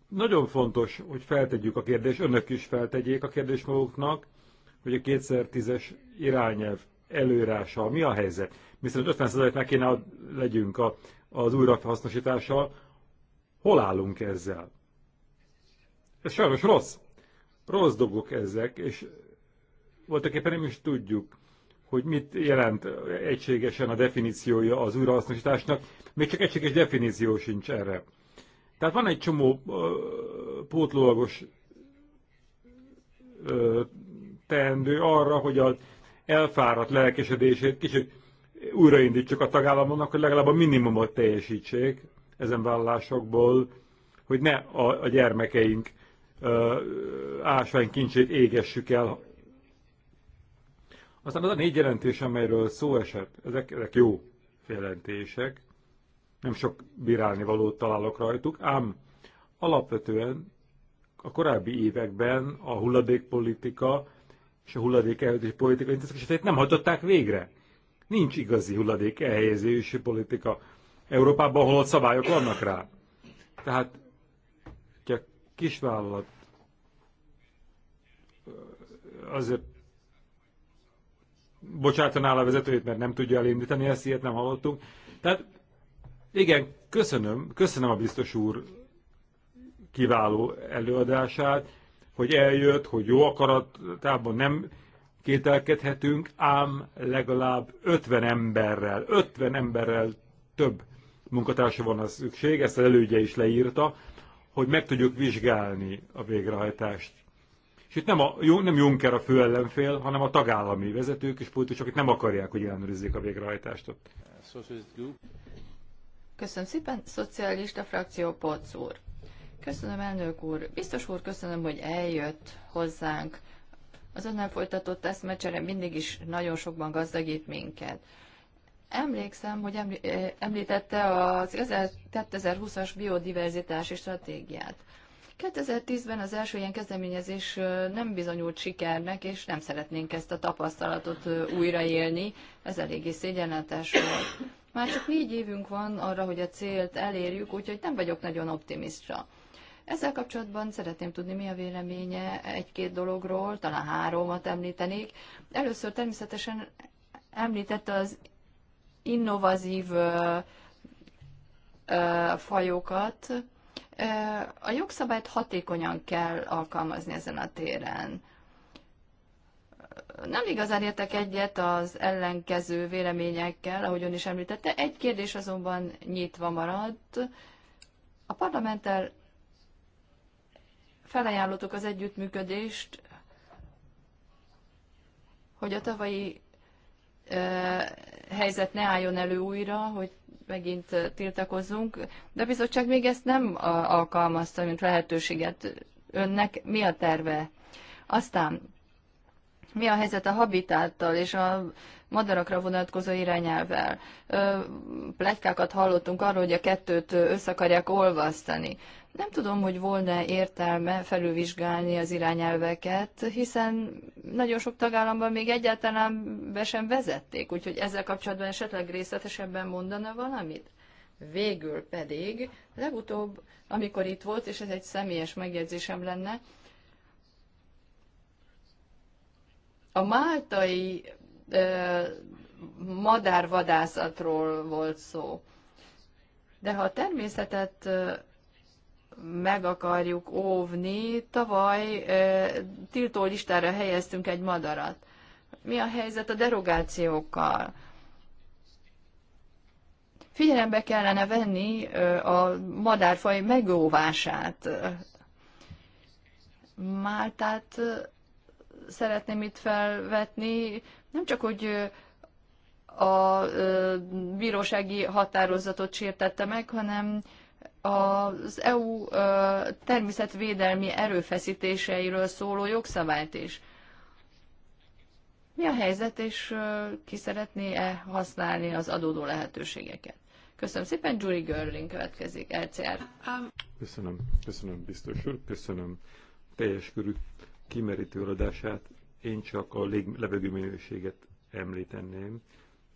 nagyon fontos, hogy feltegyük a kérdést, önök is feltegyék a kérdést maguknak, hogy a 2010-es irányelv előrása, mi a helyzet? Viszont 50%-nál kéne legyünk a, az újrahasznosítással. Hol állunk ezzel? Ez sajnos rossz. Rossz dolgok ezek, és voltak éppen nem is tudjuk, hogy mit jelent egységesen a definíciója az újrahasznosításnak, még csak egységes definíció sincs erre. Tehát van egy csomó ö, pótlólagos ö, teendő arra, hogy az elfáradt lelkesedését kicsit újraindítsuk a tagállamoknak, hogy legalább a minimumot teljesítsék ezen vállásokból, hogy ne a, a gyermekeink ásványkincsét égessük el aztán az a négy jelentés, amelyről szó esett, ezek, ezek jó jelentések, nem sok bírálni valót találok rajtuk, ám alapvetően a korábbi években a hulladékpolitika és a hulladék elhelyezési politika intézkedését nem hajtották végre. Nincs igazi hulladék elhelyezési politika Európában, ahol ott szabályok vannak rá. Tehát, hogyha kisvállalat azért bocsátaná a vezetőjét, mert nem tudja elindítani, ezt ilyet nem hallottunk. Tehát igen, köszönöm, köszönöm a biztos úr kiváló előadását, hogy eljött, hogy jó akaratában nem kételkedhetünk, ám legalább 50 emberrel, 50 emberrel több munkatársa van az szükség, ezt az elődje is leírta, hogy meg tudjuk vizsgálni a végrehajtást. És itt nem, a, nem Juncker a fő ellenfél, hanem a tagállami vezetők és politikusok, akik nem akarják, hogy ellenőrizzék a végrehajtást ott. Köszönöm szépen, szocialista frakció Pocz úr. Köszönöm, elnök úr. Biztos úr, köszönöm, hogy eljött hozzánk. Az önnel folytatott eszmecsere mindig is nagyon sokban gazdagít minket. Emlékszem, hogy eh, említette az 2020-as biodiverzitási stratégiát. 2010-ben az első ilyen kezdeményezés nem bizonyult sikernek, és nem szeretnénk ezt a tapasztalatot újraélni. Ez eléggé szégyenletes volt. Már csak négy évünk van arra, hogy a célt elérjük, úgyhogy nem vagyok nagyon optimista. Ezzel kapcsolatban szeretném tudni, mi a véleménye egy-két dologról, talán háromat említenék. Először természetesen említette az innovatív fajokat, a jogszabályt hatékonyan kell alkalmazni ezen a téren. Nem igazán értek egyet az ellenkező véleményekkel, ahogy ön is említette. Egy kérdés azonban nyitva maradt. A parlamenttel felajánlottuk az együttműködést, hogy a tavalyi helyzet ne álljon elő újra, hogy megint tiltakozzunk, de a bizottság még ezt nem alkalmazta, mint lehetőséget. Önnek mi a terve? Aztán mi a helyzet a habitáttal és a madarakra vonatkozó irányelvvel? Plegykákat hallottunk arról, hogy a kettőt össze akarják olvasztani. Nem tudom, hogy volna értelme felülvizsgálni az irányelveket, hiszen nagyon sok tagállamban még egyáltalán be sem vezették, úgyhogy ezzel kapcsolatban esetleg részletesebben mondana valamit? Végül pedig, legutóbb, amikor itt volt, és ez egy személyes megjegyzésem lenne, a máltai ö, madárvadászatról volt szó. De ha a természetet meg akarjuk óvni, tavaly tiltó listára helyeztünk egy madarat. Mi a helyzet a derogációkkal? Figyelembe kellene venni a madárfaj megóvását. Máltát szeretném itt felvetni, nem csak, hogy a bírósági határozatot sértette meg, hanem az EU természetvédelmi erőfeszítéseiről szóló jogszabályt is. Mi a helyzet, és ki szeretné-e használni az adódó lehetőségeket? Köszönöm szépen, Julie Görling következik, LCR. Köszönöm, köszönöm biztos úr, köszönöm teljes körű kimerítő adását. Én csak a levegőminőséget említeném,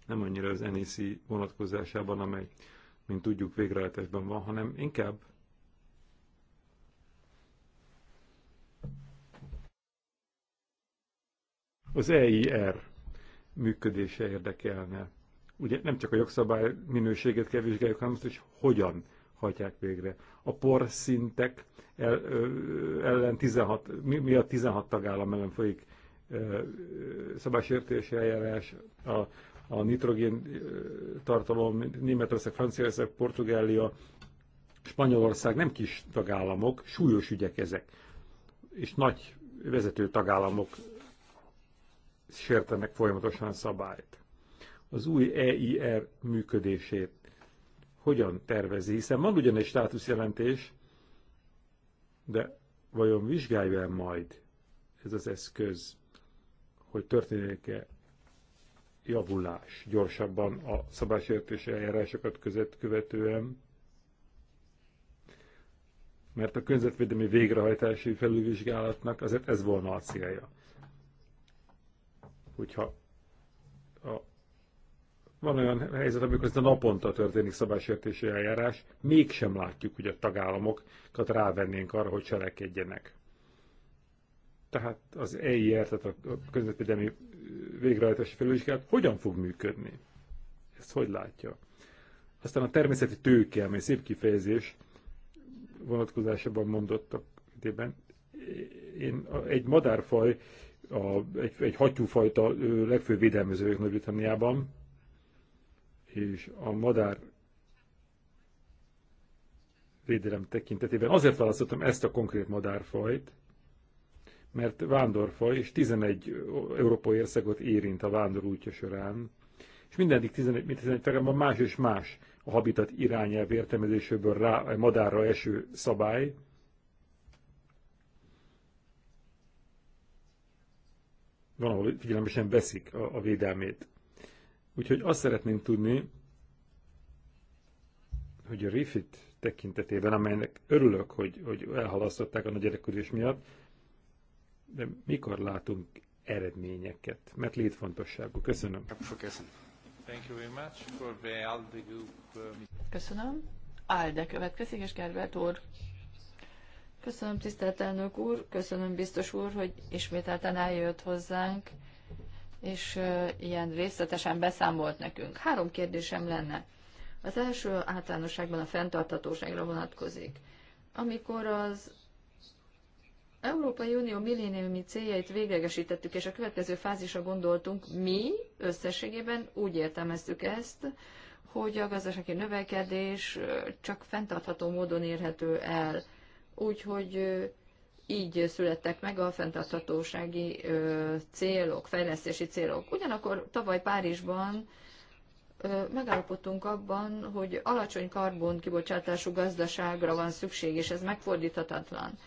nem annyira az NEC vonatkozásában, amely mint tudjuk végrehajtásban van, hanem inkább az EIR működése érdekelne. Ugye nem csak a jogszabály minőségét kell vizsgáljuk, hanem azt, hogy hogyan hajtják végre. A por el, ellen 16, mi a 16 tagállam ellen folyik szabálysértési eljárás, a a nitrogén tartalom Németország, Franciaország, Portugália, Spanyolország nem kis tagállamok, súlyos ügyek ezek, és nagy vezető tagállamok sértenek folyamatosan szabályt. Az új EIR működését hogyan tervezi, hiszen van ugyan egy státuszjelentés, de vajon vizsgálja -e majd ez az eszköz, hogy történik-e javulás gyorsabban a szabálysértési eljárásokat között követően, mert a környezetvédelmi végrehajtási felülvizsgálatnak azért ez volna a célja. Hogyha a, van olyan helyzet, amikor ez a naponta történik szabálysértési eljárás, mégsem látjuk, hogy a tagállamokat rávennénk arra, hogy cselekedjenek tehát az EIR, tehát a közvetvédelmi végrehajtási felülvizsgálat hogyan fog működni? Ezt hogy látja? Aztán a természeti tőke, ami szép kifejezés vonatkozásában mondottak, én egy madárfaj, a, egy, egy hattyúfajta legfőbb védelmezőjük Nagy-Britanniában, és a madár védelem tekintetében azért választottam ezt a konkrét madárfajt, mert vándorfaj, és 11 európai országot érint a vándor útja során, és mindenik 11, 11 tagában más és más a habitat irányelv értelmezéséből rá, a madárra eső szabály. Van, ahol figyelmesen veszik a, a védelmét. Úgyhogy azt szeretném tudni, hogy a Refit tekintetében, amelynek örülök, hogy, hogy elhalasztották a nagy érdeklődés miatt, de mikor látunk eredményeket, mert létfontosságú. Köszönöm. Uh, köszönöm. Alde következik, és Gerbert úr. Köszönöm, tisztelt elnök úr, köszönöm, biztos úr, hogy ismételten eljött hozzánk, és uh, ilyen részletesen beszámolt nekünk. Három kérdésem lenne. Az első általánosságban a fenntartatóságra vonatkozik. Amikor az Európai Unió milléniumi céljait véglegesítettük, és a következő fázisra gondoltunk, mi összességében úgy értelmeztük ezt, hogy a gazdasági növekedés csak fenntartható módon érhető el. Úgyhogy így születtek meg a fenntarthatósági célok, fejlesztési célok. Ugyanakkor tavaly Párizsban megállapodtunk abban, hogy alacsony karbon kibocsátású gazdaságra van szükség, és ez megfordíthatatlan.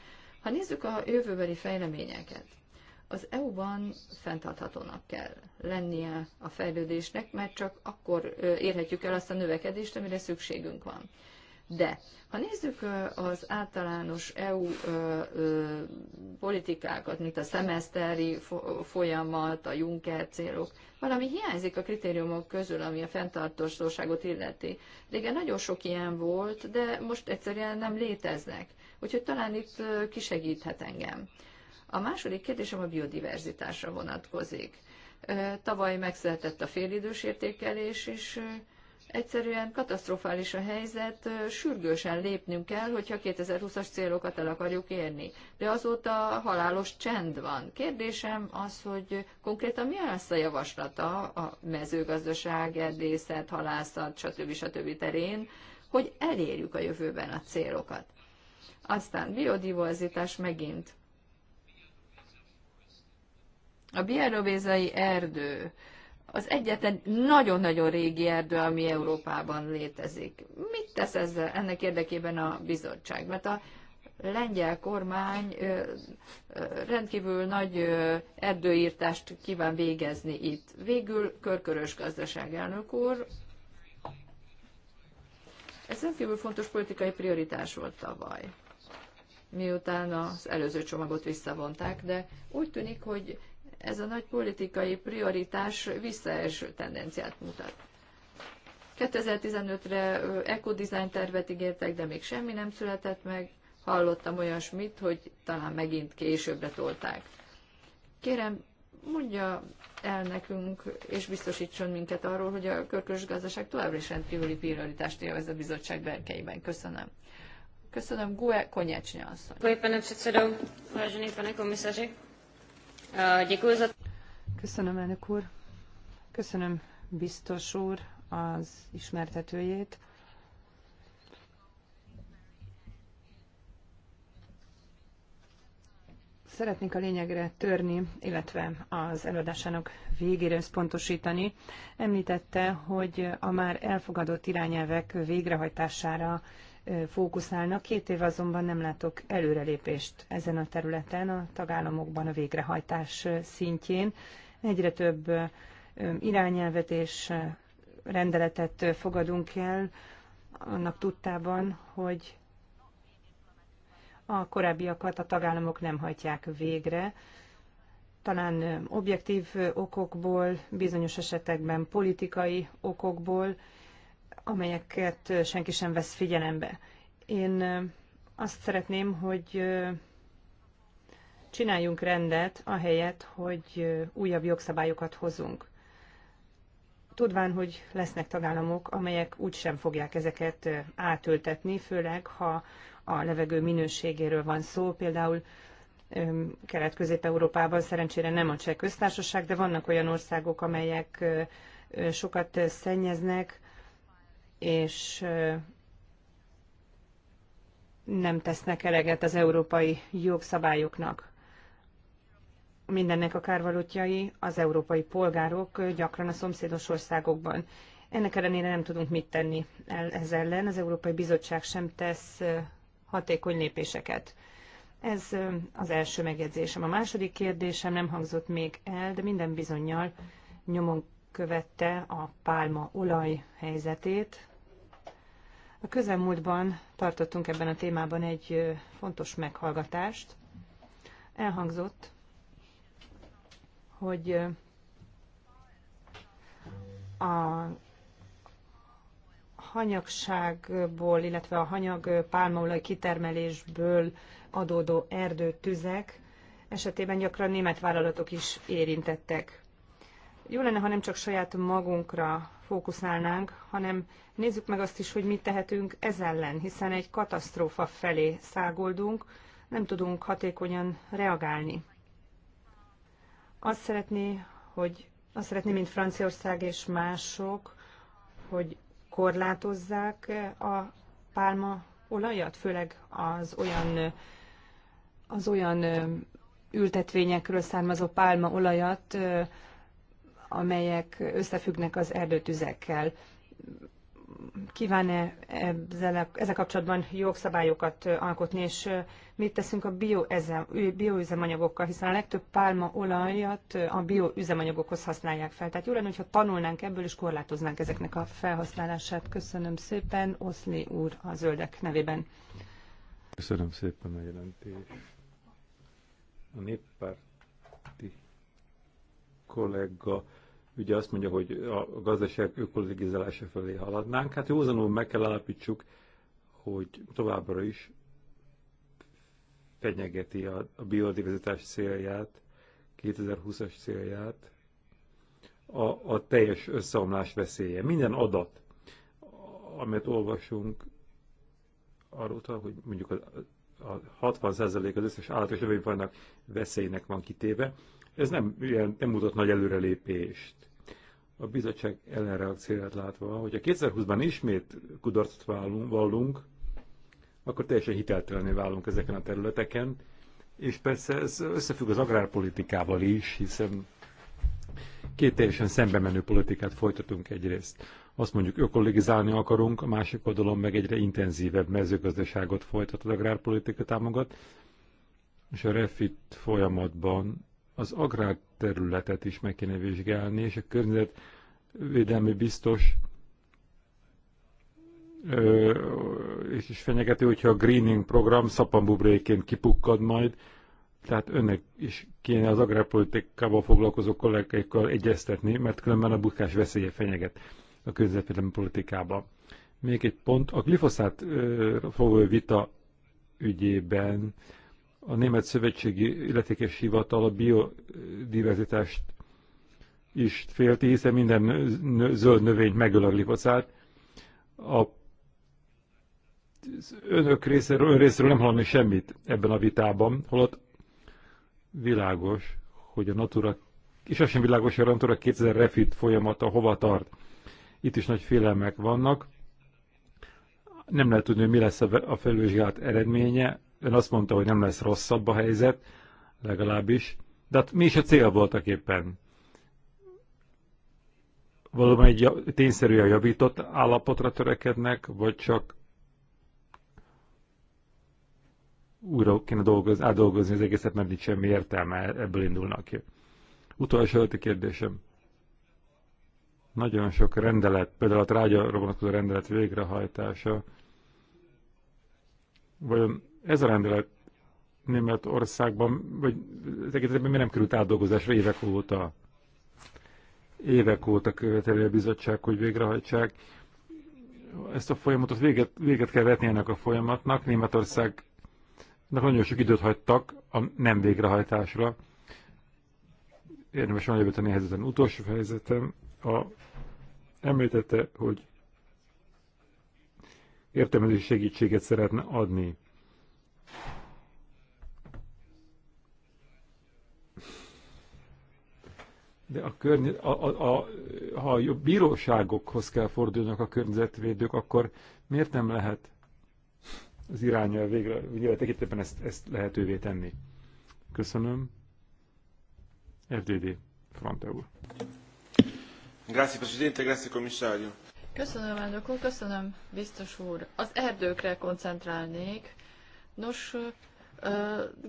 Ha nézzük a jövőbeli fejleményeket, az EU-ban fenntarthatónak kell lennie a fejlődésnek, mert csak akkor érhetjük el azt a növekedést, amire szükségünk van. De ha nézzük az általános EU politikákat, mint a szemeszteri folyamat, a Juncker célok, valami hiányzik a kritériumok közül, ami a fenntartóságot illeti. Régen nagyon sok ilyen volt, de most egyszerűen nem léteznek. Úgyhogy talán itt kisegíthet engem. A második kérdésem a biodiverzitásra vonatkozik. Tavaly megszületett a félidős értékelés, és egyszerűen katasztrofális a helyzet, sürgősen lépnünk kell, hogyha 2020-as célokat el akarjuk érni. De azóta halálos csend van. Kérdésem az, hogy konkrétan mi lesz a javaslata a mezőgazdaság, erdészet, halászat, stb. stb. terén, hogy elérjük a jövőben a célokat. Aztán biodiverzitás megint. A bielrovézai erdő az egyetlen nagyon-nagyon régi erdő, ami Európában létezik. Mit tesz ezzel ennek érdekében a bizottság? Mert a lengyel kormány rendkívül nagy erdőírtást kíván végezni itt. Végül körkörös gazdaság elnök úr. Ez rendkívül fontos politikai prioritás volt tavaly miután az előző csomagot visszavonták, de úgy tűnik, hogy ez a nagy politikai prioritás visszaeső tendenciát mutat. 2015-re ekodizájn tervet ígértek, de még semmi nem született meg. Hallottam olyasmit, hogy talán megint későbbre tolták. Kérem, mondja el nekünk, és biztosítson minket arról, hogy a körkörös gazdaság továbbra is rendkívüli prioritást élvez a bizottság berkeiben. Köszönöm. Köszönöm, Gue Konyecsnyi asszony. Děkuji, pane předsedo, vážený pane komisaři. Děkuji za... Köszönöm, elnök úr. Köszönöm, biztos úr, az ismertetőjét. Szeretnénk a lényegre törni, illetve az előadásának végére összpontosítani. Említette, hogy a már elfogadott irányelvek végrehajtására fókuszálnak. Két év azonban nem látok előrelépést ezen a területen, a tagállamokban a végrehajtás szintjén. Egyre több irányelvet és rendeletet fogadunk el, annak tudtában, hogy a korábbiakat a tagállamok nem hajtják végre. Talán objektív okokból, bizonyos esetekben politikai okokból, amelyeket senki sem vesz figyelembe. Én azt szeretném, hogy csináljunk rendet, ahelyett, hogy újabb jogszabályokat hozunk. Tudván, hogy lesznek tagállamok, amelyek úgysem fogják ezeket átültetni, főleg ha a levegő minőségéről van szó. Például Kelet-Közép-Európában szerencsére nem a cseh köztársaság, de vannak olyan országok, amelyek sokat szennyeznek, és nem tesznek eleget az európai jogszabályoknak. Mindennek a kárvalótjai az európai polgárok gyakran a szomszédos országokban. Ennek ellenére nem tudunk mit tenni ez ellen. Az Európai Bizottság sem tesz hatékony lépéseket. Ez az első megjegyzésem. A második kérdésem nem hangzott még el, de minden bizonyal nyomon követte a pálma olaj helyzetét. A közelmúltban tartottunk ebben a témában egy fontos meghallgatást. Elhangzott, hogy a hanyagságból, illetve a hanyag pálmaolaj kitermelésből adódó erdőtüzek esetében gyakran német vállalatok is érintettek jó lenne, ha nem csak saját magunkra fókuszálnánk, hanem nézzük meg azt is, hogy mit tehetünk ez ellen, hiszen egy katasztrófa felé szágoldunk, nem tudunk hatékonyan reagálni. Azt szeretné, hogy azt szeretné, mint Franciaország és mások, hogy korlátozzák a pálma olajat, főleg az olyan, az olyan ültetvényekről származó olajat, amelyek összefüggnek az erdőtüzekkel. Kíván-e ezzel, kapcsolatban jogszabályokat alkotni, és mit teszünk a bioüzemanyagokkal, bio hiszen a legtöbb pálmaolajat a bioüzemanyagokhoz használják fel. Tehát jó lenne, hogyha tanulnánk ebből, és korlátoznánk ezeknek a felhasználását. Köszönöm szépen, Oszli úr a zöldek nevében. Köszönöm szépen a jelentést. A néppárt kollega ugye azt mondja, hogy a gazdaság ökologizálása felé haladnánk. Hát józanul meg kell állapítsuk, hogy továbbra is fenyegeti a, a biodiverzitás célját, 2020-as célját, a, a teljes összeomlás veszélye. Minden adat, amit olvasunk, arról hogy mondjuk a, a 60% az összes állat és növényfajnak veszélynek van kitéve, ez nem, ilyen, nem mutat nagy előrelépést. A bizottság ellenreakcióját látva, hogy a 2020-ban ismét kudarcot vallunk, akkor teljesen hiteltelenül válunk ezeken a területeken, és persze ez összefügg az agrárpolitikával is, hiszen két teljesen szembe menő politikát folytatunk egyrészt. Azt mondjuk ökologizálni akarunk, a másik oldalon meg egyre intenzívebb mezőgazdaságot folytat az agrárpolitika támogat, és a refit folyamatban az agrárterületet is meg kéne vizsgálni, és a környezetvédelmi biztos és is fenyegető, hogyha a greening program szapambubréként kipukkad majd, tehát önnek is kéne az agrárpolitikával foglalkozó kollégákkal egyeztetni, mert különben a bukás veszélye fenyeget a környezetvédelmi politikában. Még egy pont, a glifoszát fogó vita ügyében a Német Szövetségi Illetékes Hivatal a biodiverzitást is félti, hiszen minden zöld növényt megöl a glifocát. A önök részéről, ön részéről nem hallani semmit ebben a vitában, holott világos, hogy a Natura, és az sem világos, hogy a Natura 2000 refit folyamata hova tart. Itt is nagy félelmek vannak. Nem lehet tudni, hogy mi lesz a felvizsgálat eredménye, ön azt mondta, hogy nem lesz rosszabb a helyzet, legalábbis. De hát mi is a cél voltak éppen? Valóban egy tényszerűen javított állapotra törekednek, vagy csak újra kéne dolgozni, átdolgozni az egészet, mert nincs semmi értelme, ebből indulnak ki. Utolsó öti kérdésem. Nagyon sok rendelet, például a trágyára vonatkozó rendelet végrehajtása, vajon ez a rendelet Németországban, vagy mi nem került átdolgozásra évek óta. Évek óta követeli a bizottság, hogy végrehajtsák. Ezt a folyamatot véget, véget kell vetni ennek a folyamatnak. Németországnak nagyon sok időt hagytak a nem végrehajtásra. Érdemes van jövőteni helyzeten. Utolsó helyzetem, a, említette, hogy értelmezési segítséget szeretne adni de a környe, a, a, a, ha a bíróságokhoz kell fordulnak a környezetvédők, akkor miért nem lehet az irányel végre, végre ezt, ezt lehetővé tenni? Köszönöm. FDD, Fronte úr. Grazie Presidente, grazie Commissario. Köszönöm, elnök úr, köszönöm, biztos úr. Az erdőkre koncentrálnék, Nos,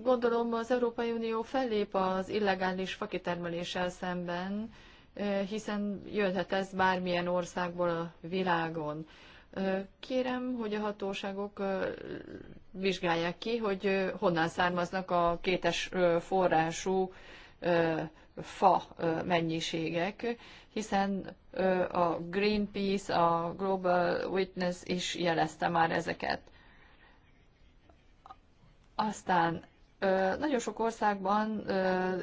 gondolom az Európai Unió fellép az illegális fakitermeléssel szemben, hiszen jöhet ez bármilyen országból a világon. Kérem, hogy a hatóságok vizsgálják ki, hogy honnan származnak a kétes forrású fa mennyiségek, hiszen a Greenpeace, a Global Witness is jelezte már ezeket. Aztán nagyon sok országban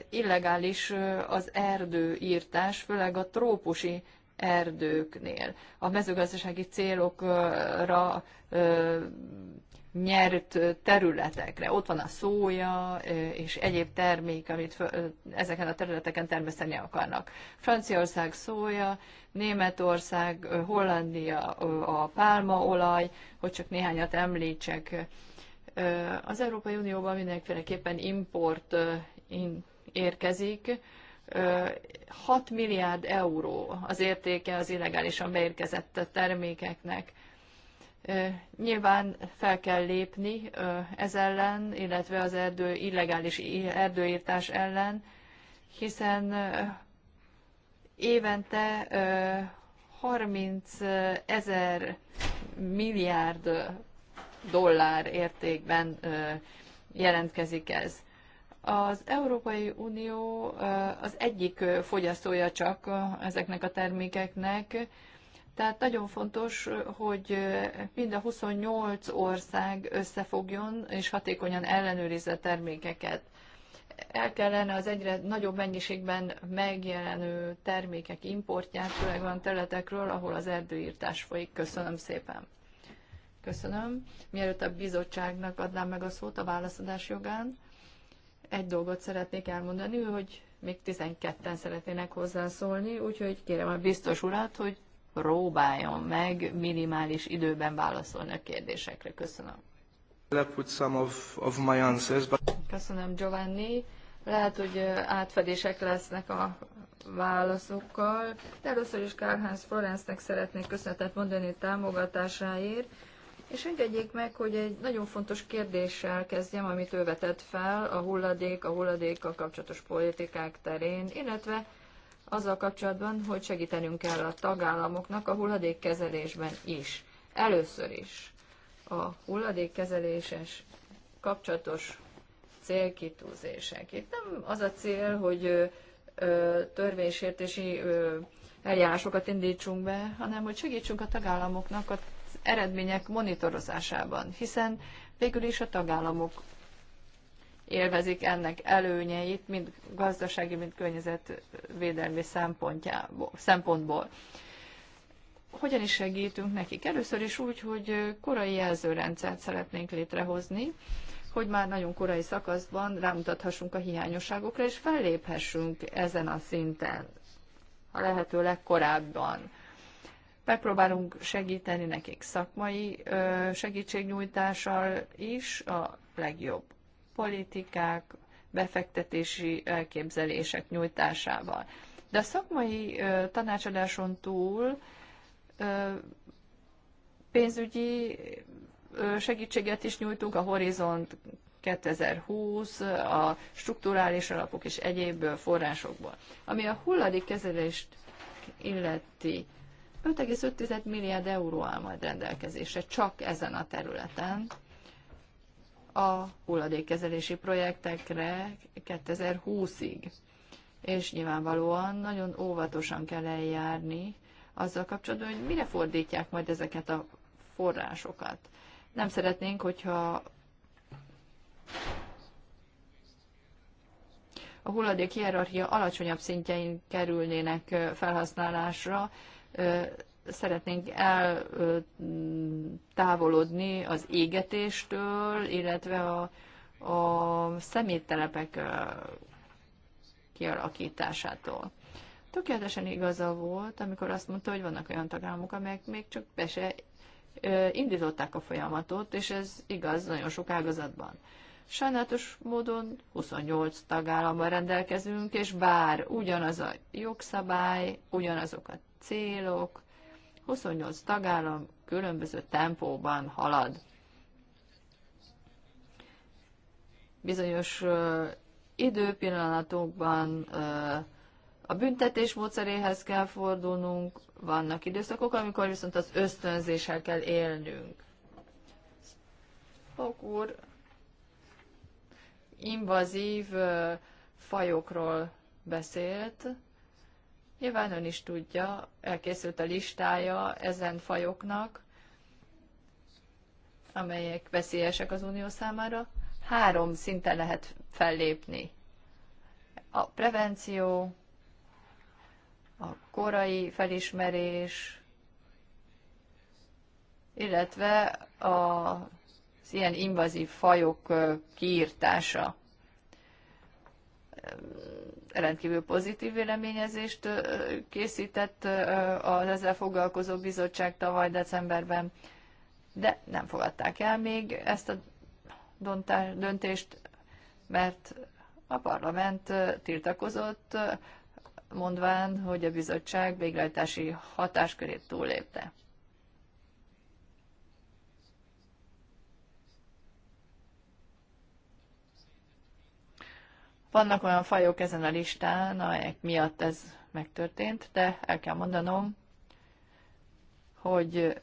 illegális az erdőírtás, főleg a trópusi erdőknél. A mezőgazdasági célokra nyert területekre. Ott van a szója és egyéb termék, amit ezeken a területeken termeszteni akarnak. Franciaország szója, Németország, Hollandia a pálmaolaj, hogy csak néhányat említsek az Európai Unióban mindenféleképpen import érkezik, 6 milliárd euró az értéke az illegálisan beérkezett termékeknek. Nyilván fel kell lépni ez ellen, illetve az erdő, illegális erdőírtás ellen, hiszen évente 30 ezer milliárd dollár értékben jelentkezik ez. Az Európai Unió az egyik fogyasztója csak ezeknek a termékeknek, tehát nagyon fontos, hogy mind a 28 ország összefogjon és hatékonyan ellenőrizze termékeket. El kellene az egyre nagyobb mennyiségben megjelenő termékek importját, főleg olyan területekről, ahol az erdőírtás folyik. Köszönöm szépen! Köszönöm. Mielőtt a bizottságnak adnám meg a szót a válaszadás jogán, egy dolgot szeretnék elmondani, hogy még 12-en szeretnének hozzászólni, úgyhogy kérem a biztos urat, hogy próbáljon meg minimális időben válaszolni a kérdésekre. Köszönöm. Köszönöm, Giovanni. Lehet, hogy átfedések lesznek a válaszokkal. De először is Karl-Heinz szeretnék köszönetet mondani támogatásáért, és engedjék meg, hogy egy nagyon fontos kérdéssel kezdjem, amit ő vetett fel a hulladék, a hulladékkal kapcsolatos politikák terén, illetve azzal kapcsolatban, hogy segítenünk kell a tagállamoknak a hulladékkezelésben is. Először is a hulladékkezeléses kapcsolatos célkitúzések. Itt nem az a cél, hogy törvénysértési eljárásokat indítsunk be, hanem hogy segítsünk a tagállamoknak a eredmények monitorozásában, hiszen végül is a tagállamok élvezik ennek előnyeit, mind gazdasági, mind környezetvédelmi szempontból. Hogyan is segítünk nekik? Először is úgy, hogy korai jelzőrendszert szeretnénk létrehozni, hogy már nagyon korai szakaszban rámutathassunk a hiányosságokra, és felléphessünk ezen a szinten, a lehető legkorábban. Megpróbálunk segíteni nekik szakmai segítségnyújtással is a legjobb politikák, befektetési elképzelések nyújtásával. De a szakmai tanácsadáson túl pénzügyi segítséget is nyújtunk a Horizont 2020, a strukturális alapok és egyéb forrásokból. Ami a hulladékkezelést illeti, 5,5 milliárd euró áll majd rendelkezésre csak ezen a területen a hulladékkezelési projektekre 2020-ig. És nyilvánvalóan nagyon óvatosan kell eljárni azzal kapcsolatban, hogy mire fordítják majd ezeket a forrásokat. Nem szeretnénk, hogyha a hulladék hierarchia alacsonyabb szintjein kerülnének felhasználásra, szeretnénk eltávolodni az égetéstől, illetve a, a szeméttelepek kialakításától. Tökéletesen igaza volt, amikor azt mondta, hogy vannak olyan tagállamok, amelyek még csak be se indították a folyamatot, és ez igaz nagyon sok ágazatban. Sajnálatos módon 28 tagállammal rendelkezünk, és bár ugyanaz a jogszabály, ugyanazok a célok, 28 tagállam különböző tempóban halad. Bizonyos uh, időpillanatokban uh, a büntetés módszeréhez kell fordulnunk, vannak időszakok, amikor viszont az ösztönzéssel kell élnünk. Fok úr, invazív fajokról beszélt. Nyilván ön is tudja, elkészült a listája ezen fajoknak, amelyek veszélyesek az unió számára. Három szinten lehet fellépni. A prevenció, a korai felismerés, illetve a az ilyen invazív fajok kiírtása rendkívül pozitív véleményezést készített az ezzel foglalkozó bizottság tavaly decemberben, de nem fogadták el még ezt a döntést, mert a parlament tiltakozott, mondván, hogy a bizottság végrehajtási hatáskörét túllépte. Vannak olyan fajok ezen a listán, amelyek miatt ez megtörtént, de el kell mondanom, hogy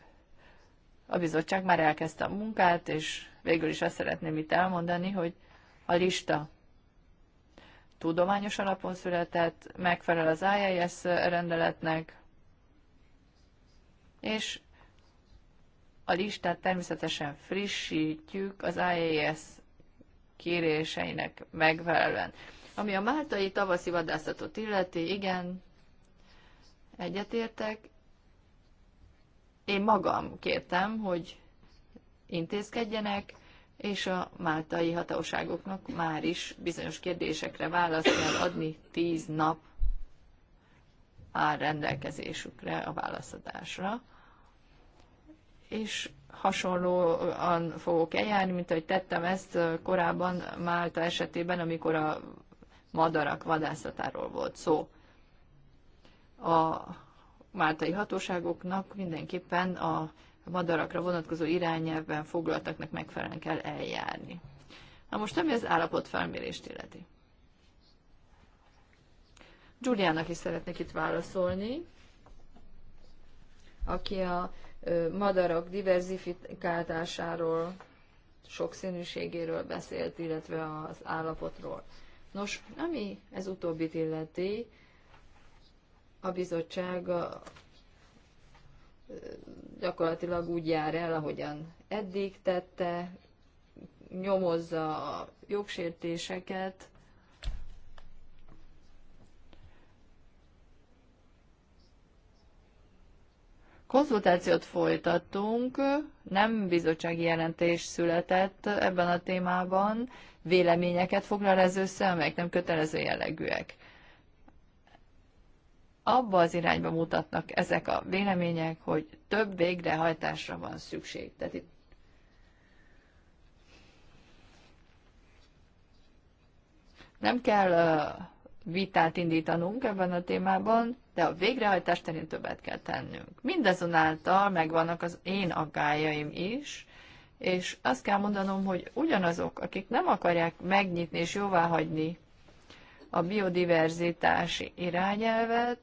a bizottság már elkezdte a munkát, és végül is azt szeretném itt elmondani, hogy a lista tudományos alapon született, megfelel az IIS rendeletnek, és a listát természetesen frissítjük az IAS kéréseinek megfelelően. Ami a máltai tavaszi vadászatot illeti, igen, egyetértek. Én magam kértem, hogy intézkedjenek, és a máltai hatóságoknak már is bizonyos kérdésekre választ kell adni tíz nap áll rendelkezésükre a válaszadásra. És hasonlóan fogok eljárni, mint ahogy tettem ezt korábban Málta esetében, amikor a madarak vadászatáról volt szó. A máltai hatóságoknak mindenképpen a madarakra vonatkozó irányelvben foglaltaknak megfelelően kell eljárni. Na most ami az állapotfelmérést illeti. Giuliának is szeretnék itt válaszolni, aki a madarak diverzifikáltásáról, sokszínűségéről beszélt, illetve az állapotról. Nos, ami ez utóbbit illeti, a bizottság gyakorlatilag úgy jár el, ahogyan eddig tette, nyomozza a jogsértéseket, Konzultációt folytattunk, nem bizottsági jelentés született ebben a témában, véleményeket foglal ez össze, amelyek nem kötelező jellegűek. Abba az irányba mutatnak ezek a vélemények, hogy több végrehajtásra van szükség. Tehát itt nem kell vitát indítanunk ebben a témában, de a végrehajtás terén többet kell tennünk. Mindazonáltal megvannak az én aggájaim is, és azt kell mondanom, hogy ugyanazok, akik nem akarják megnyitni és hagyni a biodiverzitási irányelvet,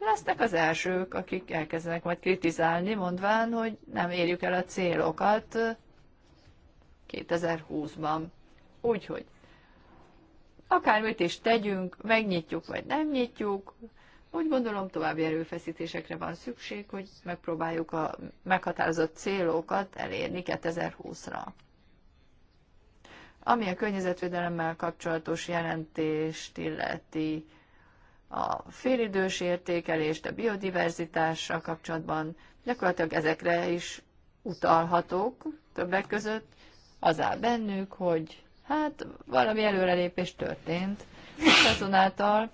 lesznek az elsők, akik elkezdenek majd kritizálni, mondván, hogy nem érjük el a célokat 2020-ban. Úgyhogy akármit is tegyünk, megnyitjuk vagy nem nyitjuk, úgy gondolom további erőfeszítésekre van szükség, hogy megpróbáljuk a meghatározott célokat elérni 2020-ra. Ami a környezetvédelemmel kapcsolatos jelentést illeti, a félidős értékelést, a biodiverzitással kapcsolatban, gyakorlatilag ezekre is utalhatók többek között. Az áll bennük, hogy Hát valami előrelépés történt, és azonáltal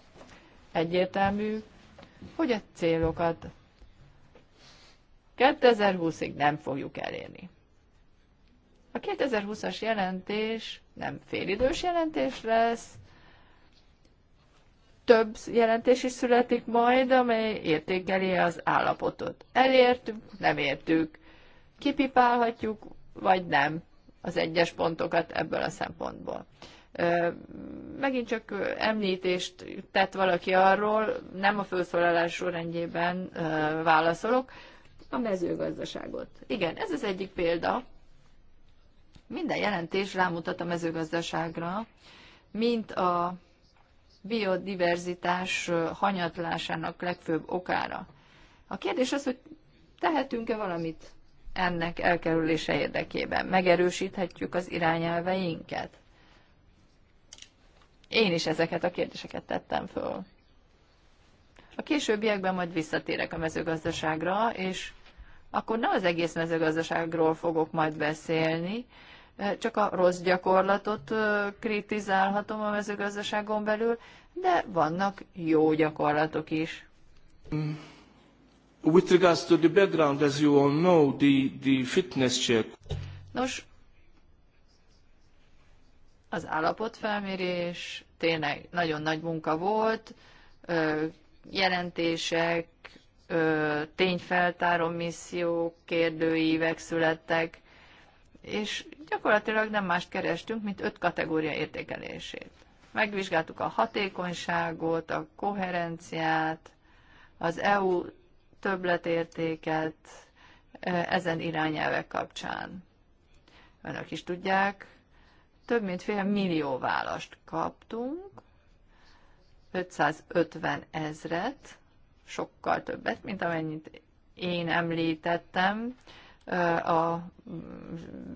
egyértelmű, hogy a célokat 2020-ig nem fogjuk elérni. A 2020-as jelentés nem félidős jelentés lesz, több jelentés is születik majd, amely értékeli az állapotot. Elértük, nem értük, kipipálhatjuk, vagy nem az egyes pontokat ebből a szempontból. Megint csak említést tett valaki arról, nem a felszólalás sorrendjében válaszolok, a mezőgazdaságot. Igen, ez az egyik példa. Minden jelentés rámutat a mezőgazdaságra, mint a biodiverzitás hanyatlásának legfőbb okára. A kérdés az, hogy tehetünk-e valamit ennek elkerülése érdekében. Megerősíthetjük az irányelveinket? Én is ezeket a kérdéseket tettem föl. A későbbiekben majd visszatérek a mezőgazdaságra, és akkor nem az egész mezőgazdaságról fogok majd beszélni, csak a rossz gyakorlatot kritizálhatom a mezőgazdaságon belül, de vannak jó gyakorlatok is. Mm. With regards to the background, as you all know, the, the fitness check. Nos, az állapotfelmérés tényleg nagyon nagy munka volt, jelentések, tényfeltáró missziók, kérdőívek születtek, és gyakorlatilag nem mást kerestünk, mint öt kategória értékelését. Megvizsgáltuk a hatékonyságot, a koherenciát, az EU többletértéket ezen irányelvek kapcsán. Önök is tudják, több mint fél millió választ kaptunk, 550 ezret, sokkal többet, mint amennyit én említettem a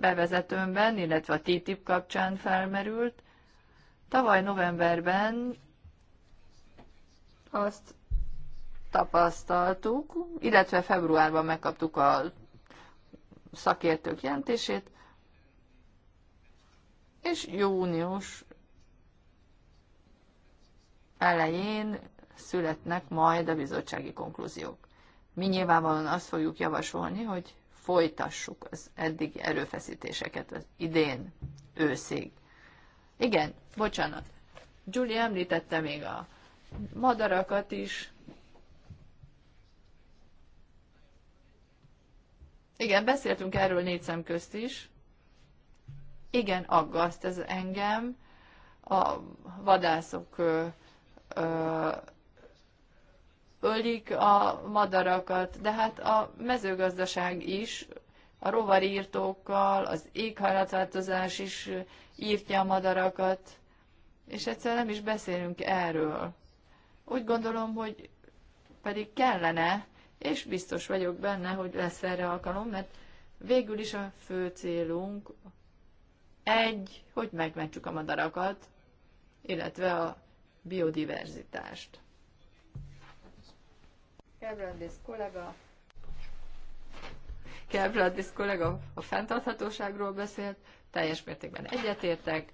bevezetőmben, illetve a TTIP kapcsán felmerült. Tavaly novemberben azt tapasztaltuk, illetve februárban megkaptuk a szakértők jelentését, és június elején születnek majd a bizottsági konklúziók. Mi nyilvánvalóan azt fogjuk javasolni, hogy folytassuk az eddigi erőfeszítéseket az idén őszig. Igen, bocsánat. Julie említette még a madarakat is, Igen, beszéltünk erről négy szem közt is. Igen, aggaszt ez engem. A vadászok ö, ö, ölik a madarakat, de hát a mezőgazdaság is a rovarírtókkal, az éghajlatváltozás is írtja a madarakat, és egyszer nem is beszélünk erről. Úgy gondolom, hogy pedig kellene, és biztos vagyok benne, hogy lesz erre alkalom, mert végül is a fő célunk egy, hogy megmentsük a madarakat, illetve a biodiverzitást. Kevradis kollega. Kevradis kollega a fenntarthatóságról beszélt, teljes mértékben egyetértek.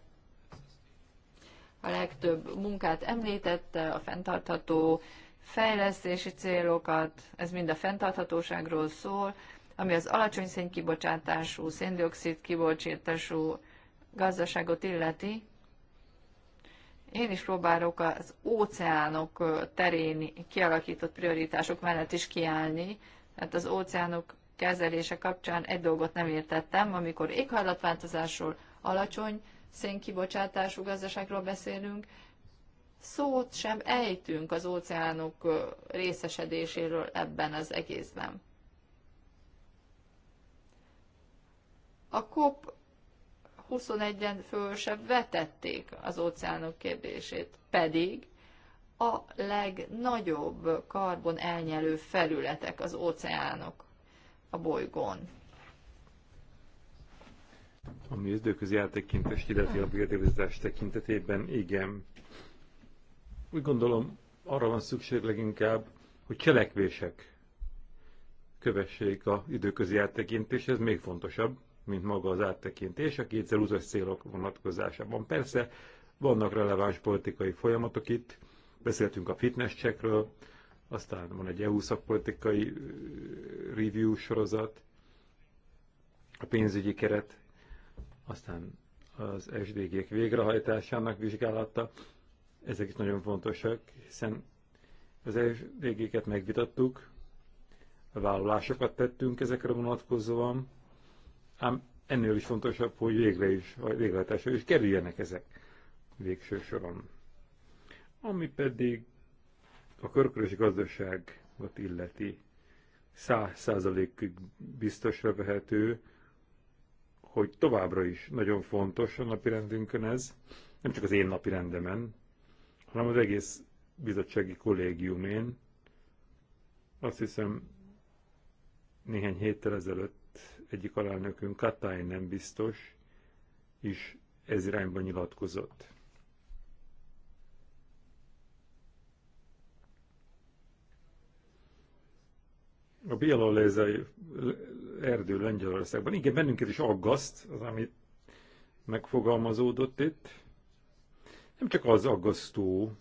A legtöbb munkát említette, a fenntartható fejlesztési célokat, ez mind a fenntarthatóságról szól, ami az alacsony szénkibocsátású, széndiokszid kibocsátású gazdaságot illeti. Én is próbálok az óceánok terén kialakított prioritások mellett is kiállni, mert hát az óceánok kezelése kapcsán egy dolgot nem értettem, amikor éghajlatváltozásról, alacsony szénkibocsátású gazdaságról beszélünk, szót sem ejtünk az óceánok részesedéséről ebben az egészben. A COP 21-en föl se vetették az óceánok kérdését, pedig a legnagyobb karbon elnyelő felületek az óceánok a bolygón. Ami az időközi áttekintést illeti a biodiverzitás tekintetében, igen, úgy gondolom, arra van szükség leginkább, hogy cselekvések kövessék a időközi áttekintés, ez még fontosabb, mint maga az áttekintés a 2020-as célok vonatkozásában. Persze vannak releváns politikai folyamatok itt, beszéltünk a fitness checkről, aztán van egy EU szakpolitikai review sorozat, a pénzügyi keret, aztán az SDG-k végrehajtásának vizsgálata, ezek is nagyon fontosak, hiszen az végéket megvitattuk, a vállalásokat tettünk ezekre vonatkozóan, ám ennél is fontosabb, hogy végre is, vagy végletesre is kerüljenek ezek végső soron. Ami pedig a körkörös gazdaságot illeti, száz százalékig biztosra vehető, hogy továbbra is nagyon fontos a napirendünkön ez, nem csak az én napirendemen, hanem az egész bizottsági kollégiumén. Azt hiszem, néhány héttel ezelőtt egyik alelnökünk, Katály nem biztos, is ez irányban nyilatkozott. A Bielolézai erdő Lengyelországban. Igen, bennünket is aggaszt az, ami megfogalmazódott itt. Nem csak az aggasztó,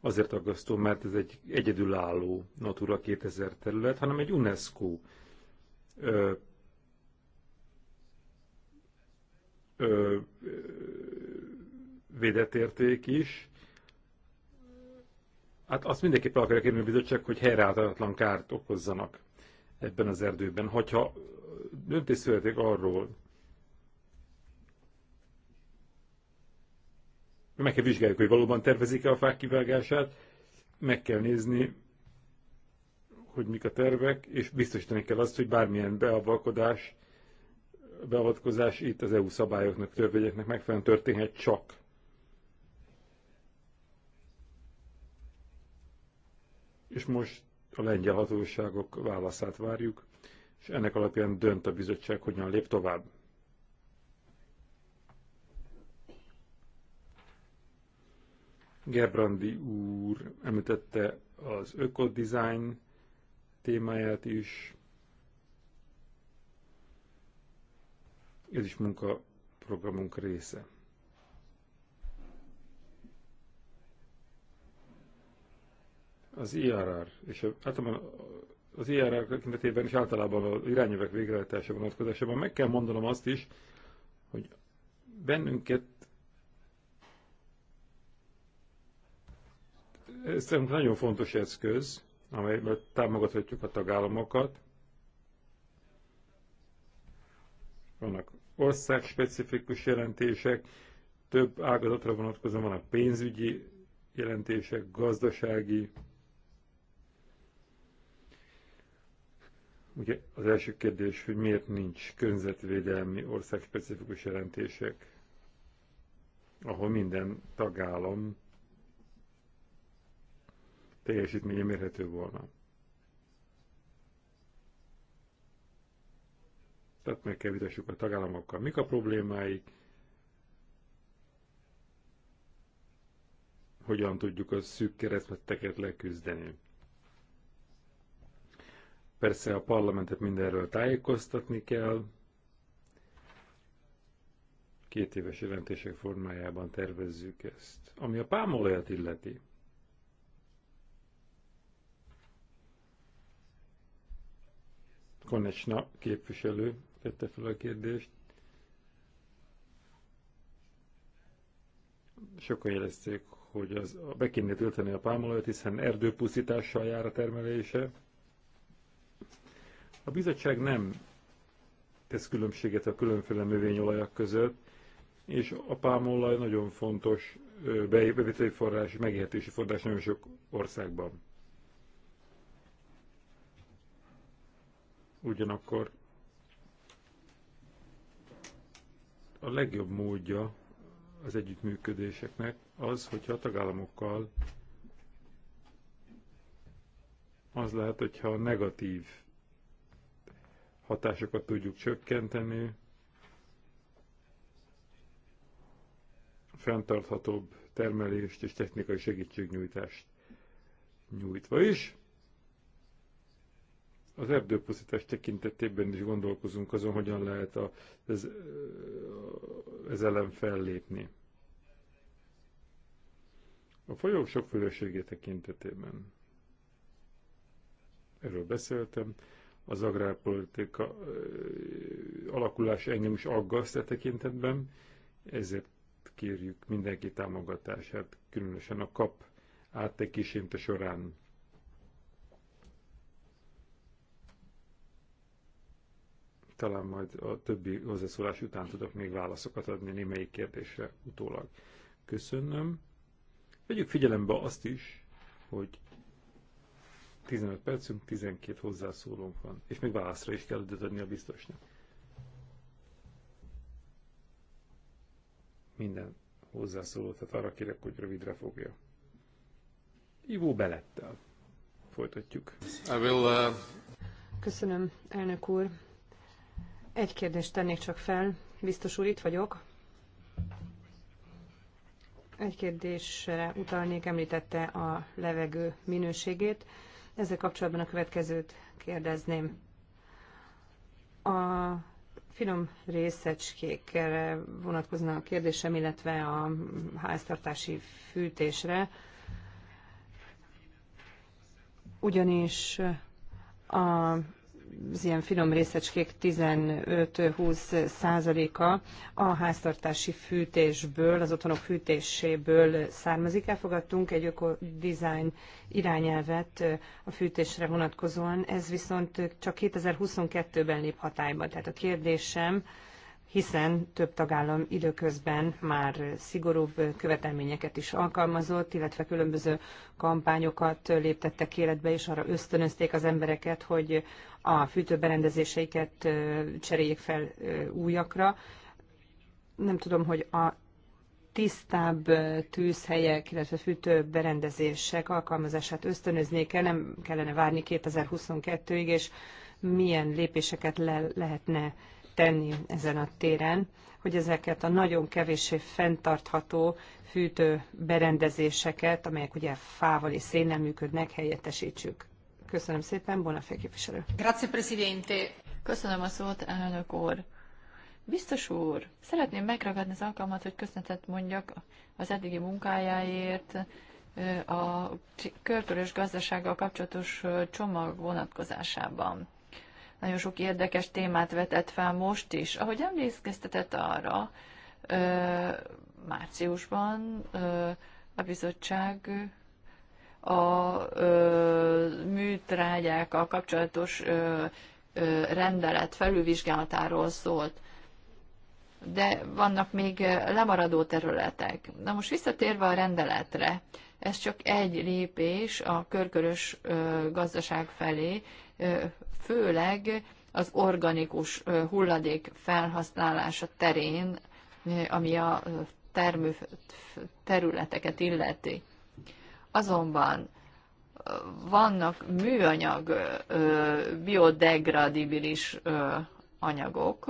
azért aggasztó, mert ez egy egyedülálló Natura 2000 terület, hanem egy UNESCO ö, ö, védett érték is. Hát azt el akarja kérni a bizottság, hogy helyreállhatatlan kárt okozzanak ebben az erdőben. Hogyha döntés születik arról, meg kell vizsgáljuk, hogy valóban tervezik-e a fák kivágását, meg kell nézni, hogy mik a tervek, és biztosítani kell azt, hogy bármilyen beavatkozás, beavatkozás itt az EU szabályoknak, törvényeknek megfelelően történhet csak. És most a lengyel hatóságok válaszát várjuk, és ennek alapján dönt a bizottság, hogyan lép tovább. Gebrandi úr említette az ökodizájn témáját is. Ez is munkaprogramunk része. Az IRR, és hát általában az IRR tekintetében és általában az irányövek végrehajtása vonatkozásában meg kell mondanom azt is, hogy bennünket ez Szerintem nagyon fontos eszköz, amelyben támogathatjuk a tagállamokat. Vannak országspecifikus jelentések, több ágazatra vonatkozóan vannak pénzügyi jelentések, gazdasági. Ugye az első kérdés, hogy miért nincs környezetvédelmi országspecifikus jelentések, ahol minden tagállam teljesítménye mérhető volna. Tehát meg kell vitassuk a tagállamokkal, mik a problémáik, hogyan tudjuk a szűk keresztmeteket leküzdeni. Persze a parlamentet mindenről tájékoztatni kell, két éves jelentések formájában tervezzük ezt. Ami a pámolajat illeti, Konecsna képviselő tette fel a kérdést. Sokan jelezték, hogy az, be kéne tölteni a pálmolajat, hiszen erdőpusztítással jár a termelése. A bizottság nem tesz különbséget a különféle növényolajak között, és a pálmolaj nagyon fontos bevételi forrás, megélhetési forrás nagyon sok országban. Ugyanakkor a legjobb módja az együttműködéseknek az, hogyha a tagállamokkal az lehet, hogyha a negatív hatásokat tudjuk csökkenteni, fenntarthatóbb termelést és technikai segítségnyújtást nyújtva is az erdőpusztítás tekintetében is gondolkozunk azon, hogyan lehet a, ez, ez ellen fellépni. A folyók sokfélesége tekintetében. Erről beszéltem. Az agrárpolitika alakulás engem is aggaszt a e tekintetben, ezért kérjük mindenki támogatását, különösen a kap áttekisinte során Talán majd a többi hozzászólás után tudok még válaszokat adni némelyik kérdésre utólag. Köszönöm. Vegyük figyelembe azt is, hogy 15 percünk, 12 hozzászólónk van, és még válaszra is kell időt adni a biztosnak. Minden hozzászóló, tehát arra kérek, hogy rövidre fogja. Ivó Belettel folytatjuk. I will, uh... Köszönöm, elnök úr. Egy kérdést tennék csak fel. Biztos úr, itt vagyok. Egy kérdésre utalnék, említette a levegő minőségét. Ezzel kapcsolatban a következőt kérdezném. A finom részecskékre vonatkozna a kérdésem, illetve a háztartási fűtésre, ugyanis a az ilyen finom részecskék 15-20 százaléka a háztartási fűtésből, az otthonok fűtéséből származik. Elfogadtunk egy ökodizájn irányelvet a fűtésre vonatkozóan, ez viszont csak 2022-ben lép hatályba. Tehát a kérdésem, hiszen több tagállam időközben már szigorúbb követelményeket is alkalmazott, illetve különböző kampányokat léptettek életbe, és arra ösztönözték az embereket, hogy a fűtőberendezéseiket cseréljék fel újakra. Nem tudom, hogy a tisztább tűzhelyek, illetve fűtőberendezések alkalmazását ösztönöznék kell, nem kellene várni 2022-ig, és milyen lépéseket le lehetne tenni ezen a téren, hogy ezeket a nagyon kevéssé fenntartható fűtő berendezéseket, amelyek ugye fával és szénnel működnek, helyettesítsük. Köszönöm szépen, Bonafé képviselő. Grazie, Presidente. Köszönöm a szót, elnök úr. Biztos úr, szeretném megragadni az alkalmat, hogy köszönetet mondjak az eddigi munkájáért, a körkörös gazdasággal kapcsolatos csomag vonatkozásában. Nagyon sok érdekes témát vetett fel most is. Ahogy emlékeztetett arra, márciusban a bizottság a műtrágyákkal kapcsolatos rendelet felülvizsgálatáról szólt de vannak még lemaradó területek. Na most visszatérve a rendeletre, ez csak egy lépés a körkörös gazdaság felé, főleg az organikus hulladék felhasználása terén, ami a termő területeket illeti. Azonban vannak műanyag biodegradibilis anyagok.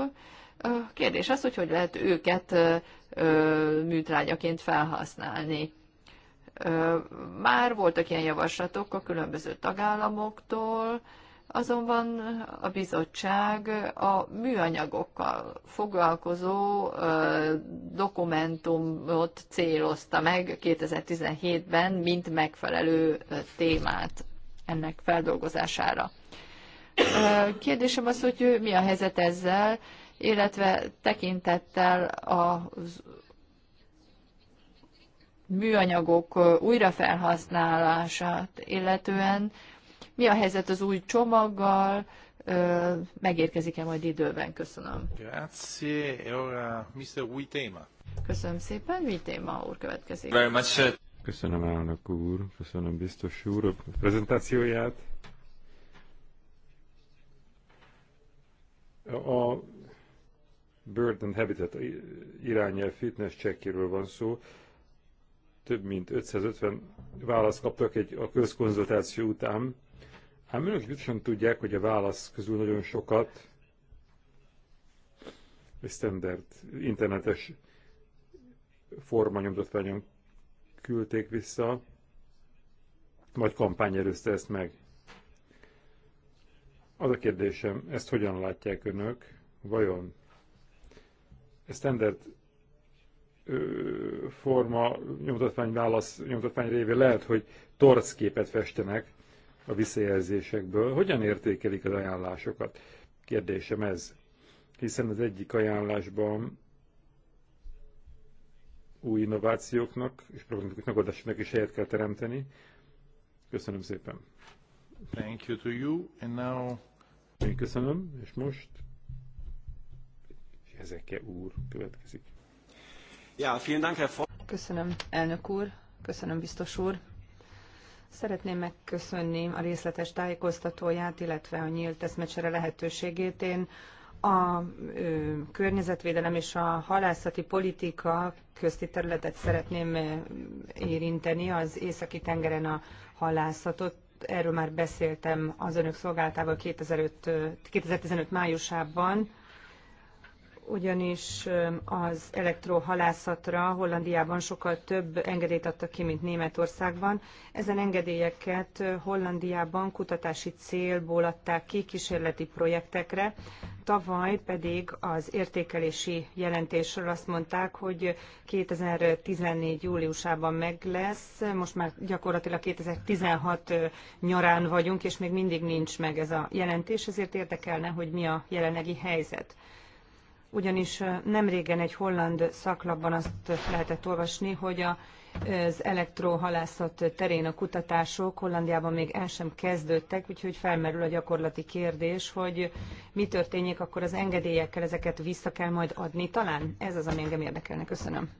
Kérdés az, hogy hogy lehet őket műtrágyaként felhasználni. Már voltak ilyen javaslatok a különböző tagállamoktól, Azonban a bizottság a műanyagokkal foglalkozó dokumentumot célozta meg 2017-ben, mint megfelelő témát ennek feldolgozására. Kérdésem az, hogy mi a helyzet ezzel, illetve tekintettel a műanyagok újrafelhasználását, illetően mi a helyzet az új csomaggal? Megérkezik-e majd időben? Köszönöm. Grazie. E ora Mr. Új téma. Köszönöm szépen. Új téma úr következik. Very much. Köszönöm elnök úr, köszönöm biztos úr a prezentációját. A Bird and Habitat irányel fitness check van szó. Több mint 550 választ kaptak egy, a közkonzultáció után. Hát önök biztosan tudják, hogy a válasz közül nagyon sokat standard internetes formanyomtatványon küldték vissza, vagy kampány előzte ezt meg. Az a kérdésem, ezt hogyan látják önök? Vajon a standard forma nyomtatvány válasz, nyomtatvány révén lehet, hogy torz képet festenek a visszajelzésekből. Hogyan értékelik az ajánlásokat? Kérdésem ez. Hiszen az egyik ajánlásban új innovációknak és programoknak megoldásnak is helyet kell teremteni. Köszönöm szépen. Thank you to you, and now... Én köszönöm, és most Ezeke úr következik. Ja, vielen Dank, Herr Köszönöm, elnök úr, köszönöm, biztos úr. Szeretném megköszönni a részletes tájékoztatóját, illetve a nyílt eszmecsere lehetőségét. Én a ö, környezetvédelem és a halászati politika közti területet szeretném érinteni, az északi tengeren a halászatot. Erről már beszéltem az önök szolgáltával 2005, 2015 májusában ugyanis az elektrohalászatra Hollandiában sokkal több engedélyt adtak ki, mint Németországban. Ezen engedélyeket Hollandiában kutatási célból adták ki kísérleti projektekre, tavaly pedig az értékelési jelentésről azt mondták, hogy 2014. júliusában meg lesz, most már gyakorlatilag 2016 nyarán vagyunk, és még mindig nincs meg ez a jelentés, ezért érdekelne, hogy mi a jelenlegi helyzet ugyanis nem régen egy holland szaklapban azt lehetett olvasni, hogy a az elektrohalászat terén a kutatások Hollandiában még el sem kezdődtek, úgyhogy felmerül a gyakorlati kérdés, hogy mi történik akkor az engedélyekkel, ezeket vissza kell majd adni talán? Ez az, ami engem érdekelne. Köszönöm.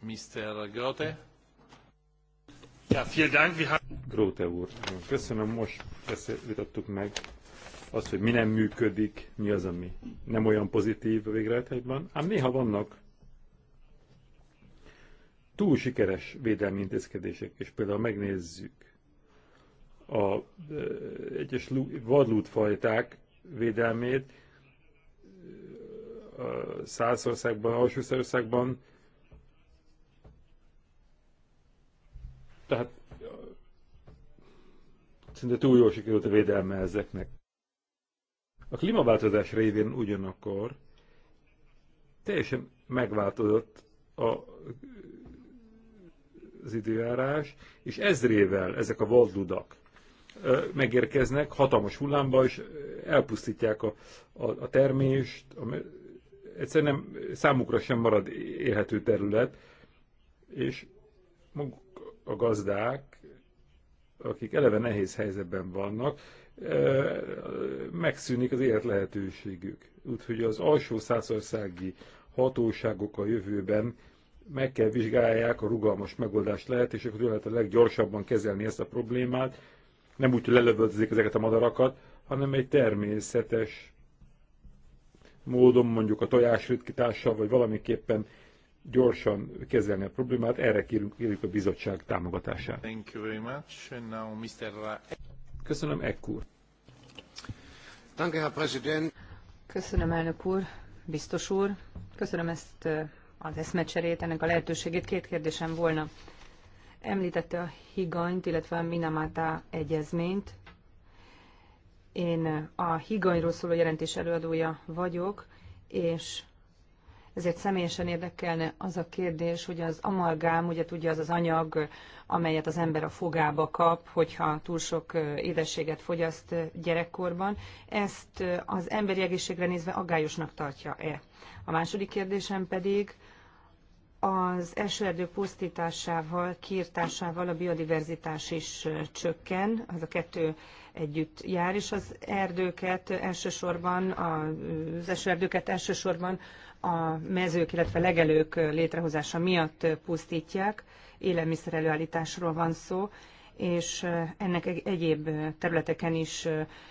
Mr. Grote. Ja, vielen Dank. Grote úr, köszönöm, most ezt vitattuk meg az, hogy mi nem működik, mi az, ami nem olyan pozitív a végrehajtásban, ám néha vannak túl sikeres védelmi intézkedések, és például megnézzük a egyes vadlútfajták védelmét, Szászországban, Alsószerországban, tehát szinte túl jól sikerült a védelme ezeknek. A klímaváltozás révén ugyanakkor teljesen megváltozott a, az időjárás, és ezrével ezek a vadludak megérkeznek hatalmas hullámba, és elpusztítják a, a, a termést, a, egyszerűen nem, számukra sem marad élhető terület, és maguk a gazdák, akik eleve nehéz helyzetben vannak, megszűnik az élet lehetőségük. Úgyhogy az alsó százországi hatóságok a jövőben meg kell vizsgálják a rugalmas megoldás és hogy lehet a leggyorsabban kezelni ezt a problémát, nem úgy, hogy ezeket a madarakat, hanem egy természetes módon mondjuk a tojásritkítással, vagy valamiképpen gyorsan kezelni a problémát, erre kérünk, kérjük a bizottság támogatását. Thank you very much. And now Mr. Köszönöm, Ekkúr. Köszönöm, elnök úr, biztos úr. Köszönöm ezt az eszmecserét, ennek a lehetőségét. Két kérdésem volna. Említette a higanyt, illetve a Minamata egyezményt. Én a higanyról szóló jelentés előadója vagyok, és ezért személyesen érdekelne az a kérdés, hogy az amalgám, ugye tudja az az anyag, amelyet az ember a fogába kap, hogyha túl sok édességet fogyaszt gyerekkorban, ezt az emberi egészségre nézve aggályosnak tartja-e? A második kérdésem pedig, az esőerdő pusztításával, kiirtásával a biodiverzitás is csökken, az a kettő együtt jár, és az erdőket elsősorban, az esőerdőket elsősorban a mezők, illetve legelők létrehozása miatt pusztítják, előállításról van szó, és ennek egyéb területeken is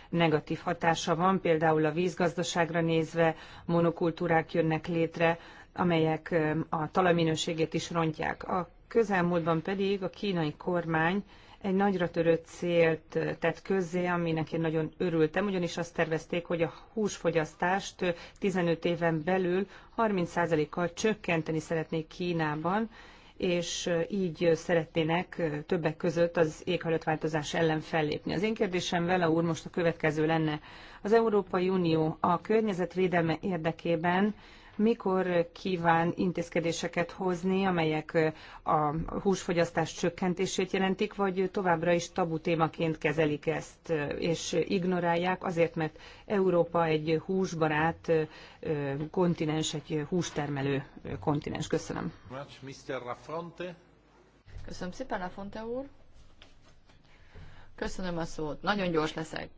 negatív hatása van, például a vízgazdaságra nézve monokultúrák jönnek létre, amelyek a talajminőségét is rontják. A közelmúltban pedig a kínai kormány egy nagyra törött célt tett közzé, aminek én nagyon örültem, ugyanis azt tervezték, hogy a húsfogyasztást 15 éven belül 30%-kal csökkenteni szeretnék Kínában, és így szeretnének többek között az éghajlatváltozás ellen fellépni. Az én kérdésem vele úr most a következő lenne. Az Európai Unió a környezetvédelme érdekében mikor kíván intézkedéseket hozni, amelyek a húsfogyasztás csökkentését jelentik, vagy továbbra is tabu témaként kezelik ezt, és ignorálják azért, mert Európa egy húsbarát kontinens, egy hústermelő kontinens. Köszönöm. Köszönöm szépen, Lafonte úr. Köszönöm a szót. Nagyon gyors leszek.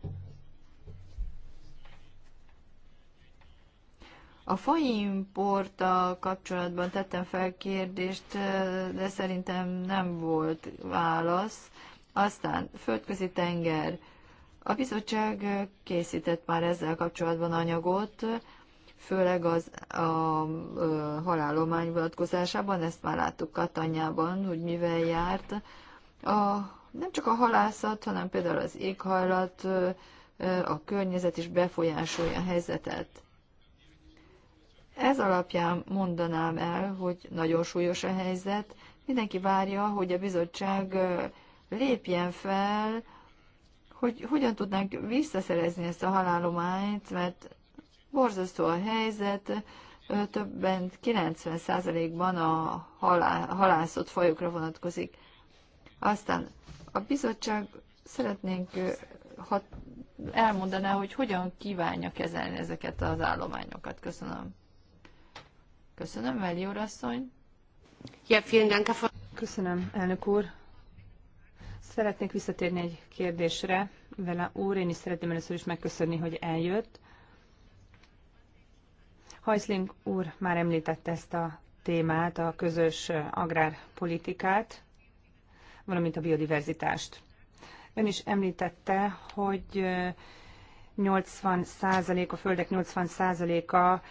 A faimporttal kapcsolatban tettem fel kérdést, de szerintem nem volt válasz. Aztán földközi tenger. A bizottság készített már ezzel kapcsolatban anyagot, főleg az a, a, a halálomány vonatkozásában, ezt már láttuk Katanyában, hogy mivel járt. A, nem csak a halászat, hanem például az éghajlat, a környezet is befolyásolja a helyzetet. Ez alapján mondanám el, hogy nagyon súlyos a helyzet. Mindenki várja, hogy a bizottság lépjen fel, hogy hogyan tudnánk visszaszerezni ezt a halálományt, mert borzasztó a helyzet, többen 90%-ban a halá, halászott fajokra vonatkozik. Aztán a bizottság szeretnénk, ha elmondaná, hogy hogyan kívánja kezelni ezeket az állományokat. Köszönöm. Köszönöm, Veli asszony. Ja, Köszönöm, elnök úr. Szeretnék visszatérni egy kérdésre. Vele úr, én is szeretném először is megköszönni, hogy eljött. Hajszling úr már említette ezt a témát, a közös agrárpolitikát, valamint a biodiverzitást. Ön is említette, hogy 80% a földek 80%-a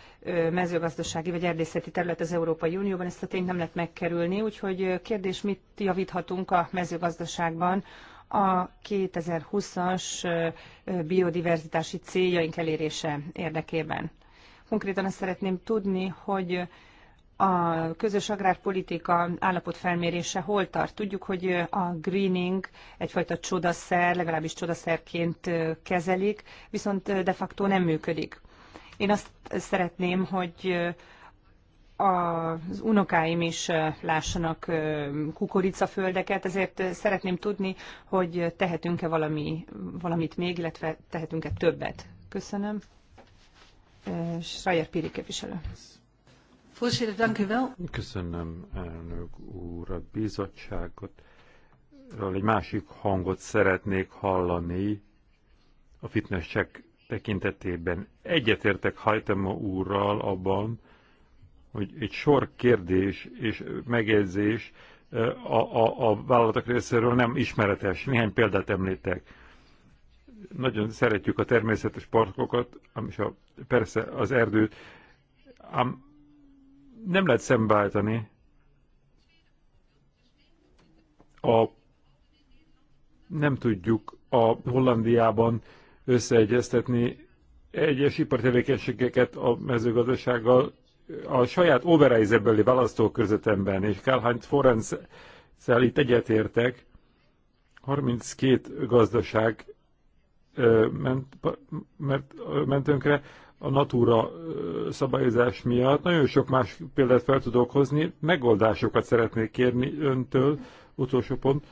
mezőgazdasági vagy erdészeti terület az Európai Unióban, ezt a tényt nem lehet megkerülni, úgyhogy kérdés, mit javíthatunk a mezőgazdaságban a 2020-as biodiverzitási céljaink elérése érdekében. Konkrétan azt szeretném tudni, hogy a közös agrárpolitika állapotfelmérése hol tart? Tudjuk, hogy a greening egyfajta csodaszer, legalábbis csodaszerként kezelik, viszont de facto nem működik. Én azt szeretném, hogy az unokáim is lássanak kukoricaföldeket, ezért szeretném tudni, hogy tehetünk-e valami, valamit még, illetve tehetünk-e többet. Köszönöm. Schreier Piri képviselő. Voorzitter, dank u wel. Köszönöm, elnök úr, a bizottságot. Egy másik hangot szeretnék hallani a fitness check tekintetében. Egyetértek Hajtema úrral abban, hogy egy sor kérdés és megjegyzés a, a, a vállalatok részéről nem ismeretes. Néhány példát említek. Nagyon szeretjük a természetes parkokat, és a, persze az erdőt, ám nem lehet szembeállítani a nem tudjuk a Hollandiában összeegyeztetni egyes ipartevékenységeket a mezőgazdasággal a saját Obereizebeli választókörzetemben, és Kálhányt Forenszel itt egyetértek, 32 gazdaság ment, mert, ment a Natura szabályozás miatt. Nagyon sok más példát fel tudok hozni, megoldásokat szeretnék kérni öntől. Utolsó pont.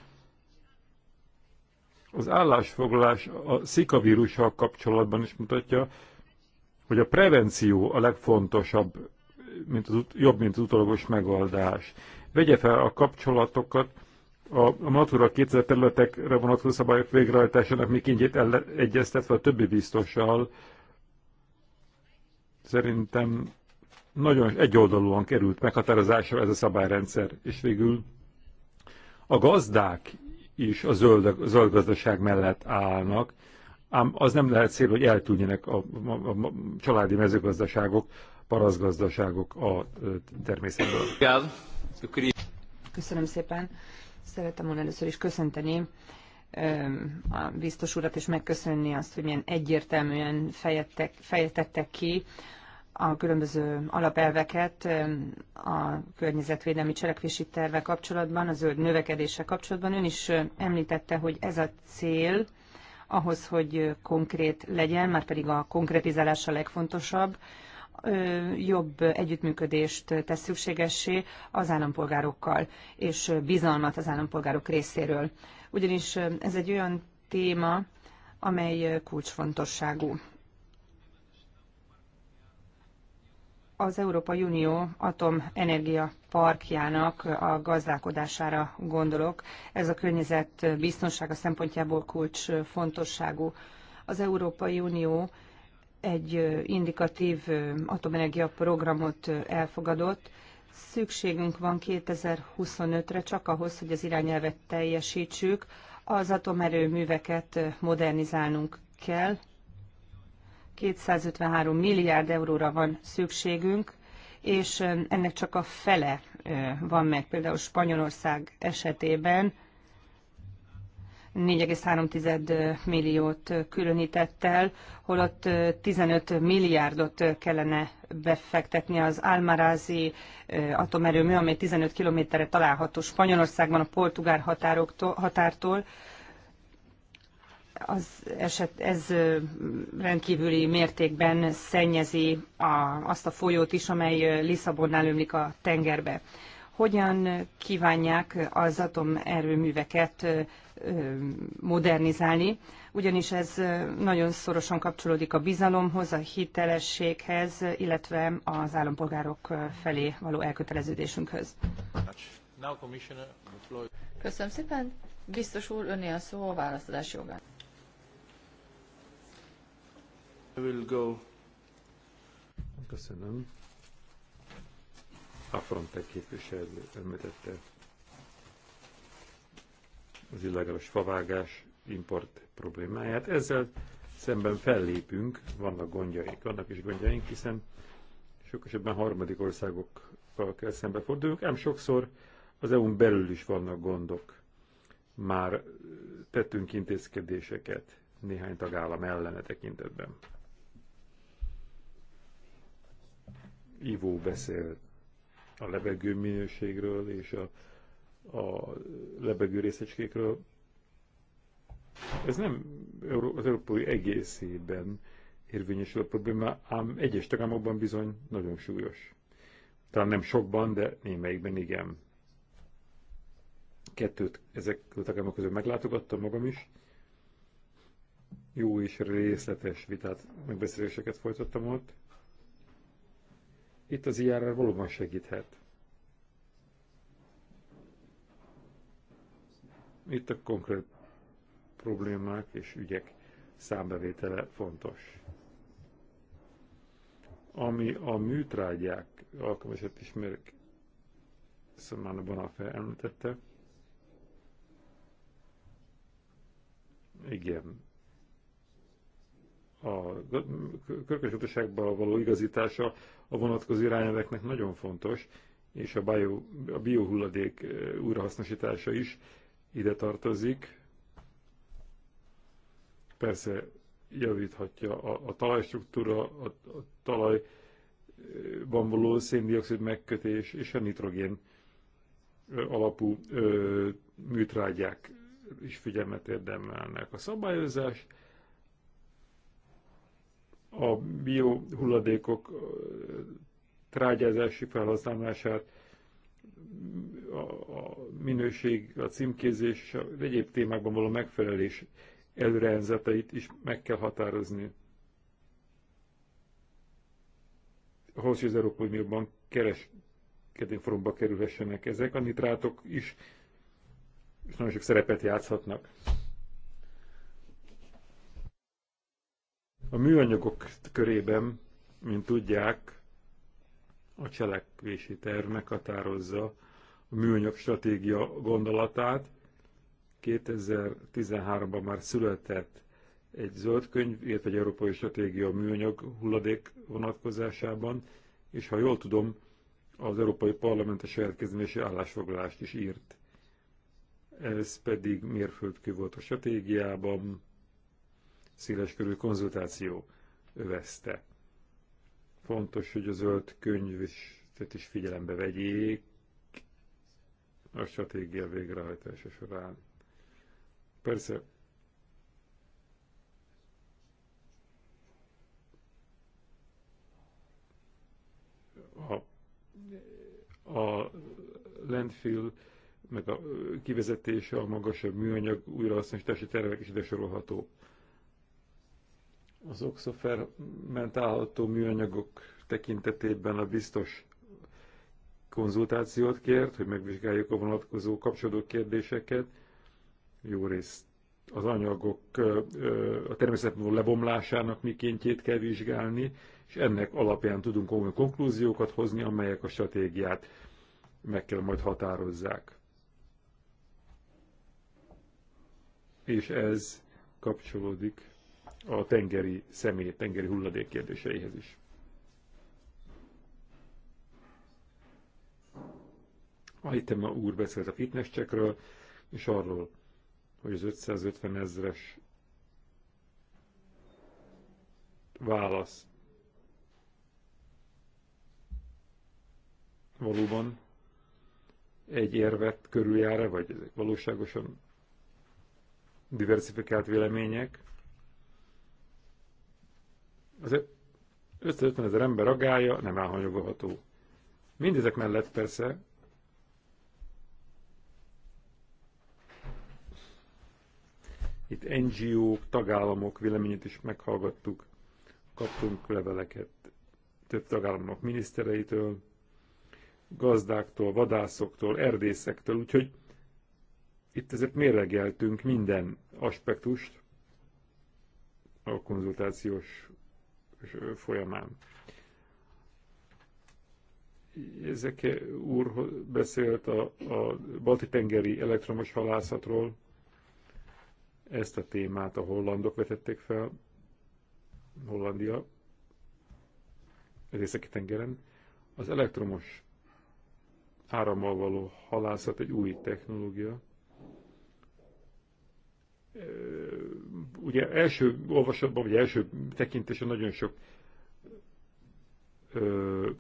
Az állásfoglalás a Zika vírussal kapcsolatban is mutatja, hogy a prevenció a legfontosabb, mint az, jobb, mint az utolagos megoldás. Vegye fel a kapcsolatokat a, a Natura 2000 területekre vonatkozó szabályok végrehajtásának mikéntjét egyeztetve a többi biztossal, Szerintem nagyon egyoldalúan került meghatározásra ez a szabályrendszer, és végül a gazdák is a zöld, a zöld gazdaság mellett állnak, ám az nem lehet szél, hogy eltűnjenek a, a, a, a családi mezőgazdaságok, paraszgazdaságok a természetből. Köszönöm szépen. Szeretem volna először is köszönteni a biztos urat, és megköszönni azt, hogy milyen egyértelműen fejettek, fejetettek ki a különböző alapelveket a környezetvédelmi cselekvési terve kapcsolatban, a zöld növekedése kapcsolatban. Ön is említette, hogy ez a cél ahhoz, hogy konkrét legyen, már pedig a konkretizálás a legfontosabb, jobb együttműködést tesz szükségessé az állampolgárokkal, és bizalmat az állampolgárok részéről. Ugyanis ez egy olyan téma, amely kulcsfontosságú. az Európai Unió atomenergia parkjának a gazdálkodására gondolok. Ez a környezet biztonsága szempontjából kulcs fontosságú. Az Európai Unió egy indikatív atomenergia programot elfogadott. Szükségünk van 2025-re csak ahhoz, hogy az irányelvet teljesítsük. Az atomerőműveket modernizálnunk kell, 253 milliárd euróra van szükségünk, és ennek csak a fele van meg. Például Spanyolország esetében 4,3 milliót különített el, holott 15 milliárdot kellene befektetni az Almarázi atomerőmű, amely 15 kilométerre található Spanyolországban a portugál határoktól, határtól, az eset, ez rendkívüli mértékben szennyezi a, azt a folyót is, amely Lisszabonnál ömlik a tengerbe. Hogyan kívánják az atomerőműveket modernizálni, ugyanis ez nagyon szorosan kapcsolódik a bizalomhoz, a hitelességhez, illetve az állampolgárok felé való elköteleződésünkhöz. Köszönöm szépen. Biztos úr, önnél a szó a választás jogán. I will go. Köszönöm. A Frontex képviselő említette az illegális favágás import problémáját. Ezzel szemben fellépünk, vannak gondjaink, vannak is gondjaink, hiszen sok esetben harmadik országokkal kell szembeforduljunk, ám sokszor az EU-n belül is vannak gondok. Már tettünk intézkedéseket néhány tagállam ellene tekintetben. Ivó beszélt a levegő minőségről és a, a lebegő részecskékről. Ez nem az európai egészében érvényesül a probléma, ám egyes tagállamokban bizony nagyon súlyos. Talán nem sokban, de némelyikben igen. Kettőt ezek a tagállamok közül meglátogattam magam is. Jó és részletes vitát, megbeszéléseket folytattam ott. Itt az IRR valóban segíthet. Itt a konkrét problémák és ügyek számbevétele fontos. Ami a műtrágyák alkalmazott ismerők Szomán szóval Bonafé említette, igen, a körkörösgazdaságba való igazítása a vonatkozó irányelveknek nagyon fontos, és a, bio, a biohulladék újrahasznosítása is ide tartozik. Persze javíthatja a, a talajstruktúra, a, a talajban való széndiokszid megkötés és a nitrogén alapú ö, műtrágyák is figyelmet érdemelnek. A szabályozás a biohulladékok trágyázási felhasználását, a, minőség, a címkézés és a egyéb témákban való megfelelés előrehenzeteit is meg kell határozni. Ahhoz, hogy az Európai Unióban kereskedő forumba kerülhessenek ezek, a nitrátok is és nagyon sok szerepet játszhatnak. A műanyagok körében, mint tudják, a cselekvési terv meghatározza a műanyag stratégia gondolatát. 2013-ban már született egy zöld könyv, illetve egy európai stratégia a műanyag hulladék vonatkozásában, és ha jól tudom, az Európai Parlament a saját kezdeményezési állásfoglalást is írt. Ez pedig mérföldkő volt a stratégiában, széleskörű konzultáció övezte. Fontos, hogy a zöld könyvet is figyelembe vegyék a stratégia végrehajtása során. Persze a, a landfill meg a kivezetése a magasabb műanyag újrahasznosítási tervek is ide sorolható. Az oxofermentálható műanyagok tekintetében a biztos konzultációt kért, hogy megvizsgáljuk a vonatkozó kapcsolódó kérdéseket. Jó részt az anyagok a természetmódon lebomlásának mikéntjét kell vizsgálni, és ennek alapján tudunk olyan konklúziókat hozni, amelyek a stratégiát meg kell majd határozzák. És ez kapcsolódik a tengeri személy, tengeri hulladék kérdéseihez is. A a úr beszélt a fitness checkről, és arról, hogy az 550 ezres válasz valóban egy érvet körüljára, vagy ezek valóságosan diversifikált vélemények, az 550 ezer ember agája nem elhanyagolható. Mindezek mellett persze itt NGO-k, tagállamok véleményét is meghallgattuk, kaptunk leveleket több tagállamok minisztereitől, gazdáktól, vadászoktól, erdészektől, úgyhogy itt ezért mérlegeltünk minden aspektust a konzultációs folyamán. Ezeke úr beszélt a, a balti-tengeri elektromos halászatról, ezt a témát a hollandok vetették fel, Hollandia, az északi tengeren. Az elektromos árammal való halászat egy új technológia, ugye első olvasatban, vagy első tekintésen nagyon sok ö,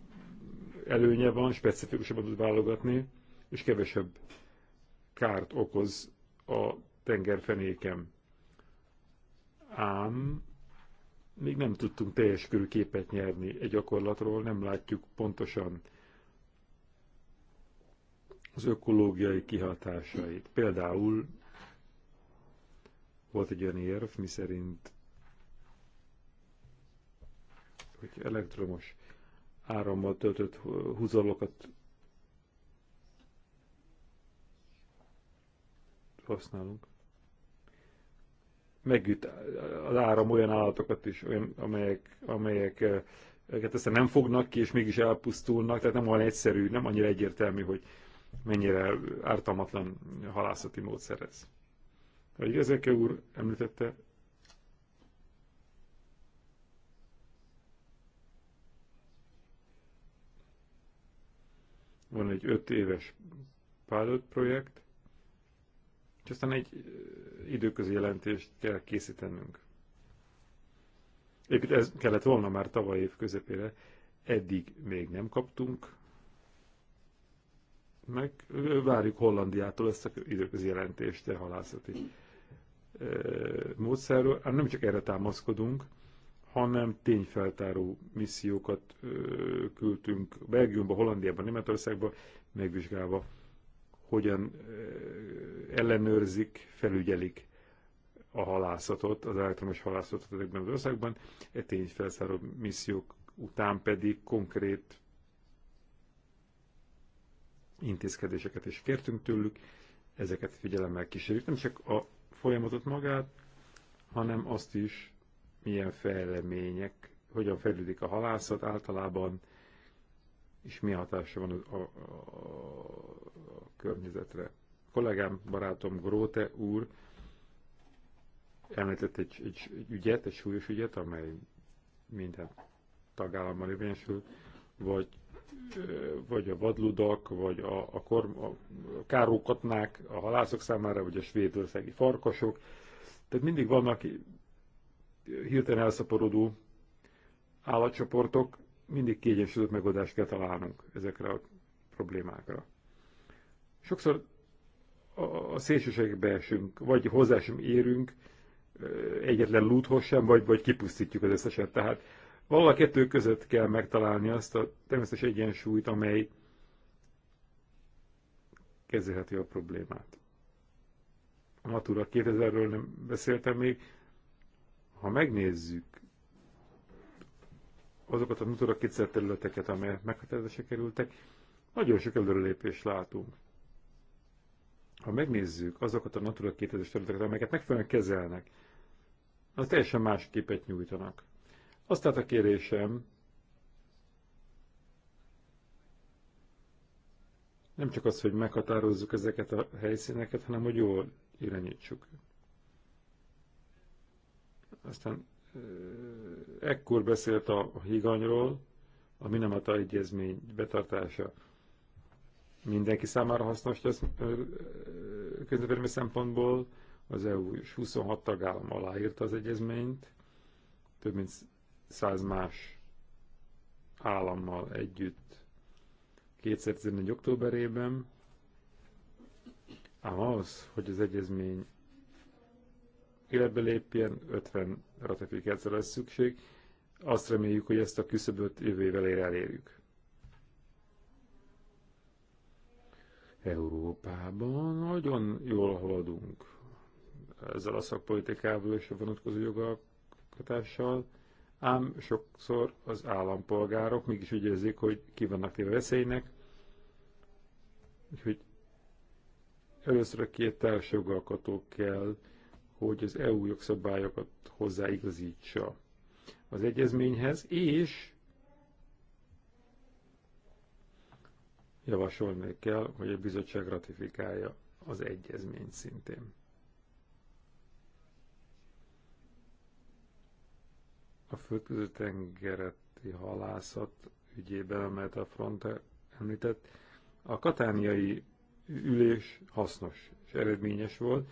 előnye van, specifikusabban tud válogatni, és kevesebb kárt okoz a tengerfenéken. Ám még nem tudtunk teljes körű képet nyerni egy gyakorlatról, nem látjuk pontosan az ökológiai kihatásait. Például volt egy olyan érv, miszerint hogy elektromos árammal töltött húzalokat használunk. Megüt az áram olyan állatokat is, olyan, amelyek, amelyek eh, őket aztán nem fognak ki, és mégis elpusztulnak, tehát nem olyan egyszerű, nem annyira egyértelmű, hogy mennyire ártalmatlan halászati módszer ez. Ahogy Ezeke úr említette, van egy öt éves pilot projekt, és aztán egy időközi jelentést kell készítenünk. Épp ez kellett volna már tavaly év közepére, eddig még nem kaptunk, meg várjuk Hollandiától ezt az időközi jelentést, de halászati módszerről, hát nem csak erre támaszkodunk, hanem tényfeltáró missziókat küldtünk Belgiumba, Hollandiába, Németországba, megvizsgálva, hogyan ellenőrzik, felügyelik a halászatot, az elektromos halászatot ezekben az országban, e tényfeltáró missziók után pedig konkrét intézkedéseket is kértünk tőlük, ezeket figyelemmel kísérjük, nem csak a folyamatot magát, hanem azt is, milyen fejlemények, hogyan fejlődik a halászat általában, és mi hatása van a, a, a környezetre. A kollégám, barátom Gróte úr említett egy, egy, egy ügyet, egy súlyos ügyet, amely minden tagállammal érvényesül, vagy vagy a vadludak, vagy a, a, korm, a kárókatnák a halászok számára, vagy a svédországi farkasok. Tehát mindig vannak hirtelen elszaporodó állatcsoportok, mindig kiegyensúlyozott megoldást kell találnunk ezekre a problémákra. Sokszor a, szélsőségekbe esünk, vagy hozzá sem érünk, egyetlen lúthoz sem, vagy, vagy kipusztítjuk az összeset. Tehát Valahol a kettő között kell megtalálni azt a természetes egyensúlyt, amely kezelheti a problémát. A Natura 2000-ről nem beszéltem még. Ha megnézzük azokat a Natura 2000 területeket, amelyek meghatározásra kerültek, nagyon sok előrelépést látunk. Ha megnézzük azokat a Natura 2000 területeket, amelyeket megfelelően kezelnek, az teljesen más képet nyújtanak. Azt tehát a kérésem, nem csak az, hogy meghatározzuk ezeket a helyszíneket, hanem hogy jól irányítsuk. Aztán eh, ekkor beszélt a higanyról, a Minamata Egyezmény betartása mindenki számára hasznos lesz eh, eh, közvetlenül szempontból. Az EU 26 tagállam aláírta az egyezményt, több mint száz más állammal együtt 2014. októberében, ám ahhoz, hogy az egyezmény életbe lépjen, 50 ratifikációra lesz szükség. Azt reméljük, hogy ezt a küszöböt jövő ér elére elérjük. Európában nagyon jól haladunk ezzel a szakpolitikával és a vonatkozó jogalkotással ám sokszor az állampolgárok mégis úgy érzik, hogy ki vannak téve veszélynek, úgyhogy először a két társjogalkotó kell, hogy az EU jogszabályokat hozzáigazítsa az egyezményhez, és javasolni kell, hogy a bizottság ratifikálja az egyezményt szintén. a földközi tengereti halászat ügyében, amelyet a Front említett, a katániai ülés hasznos és eredményes volt.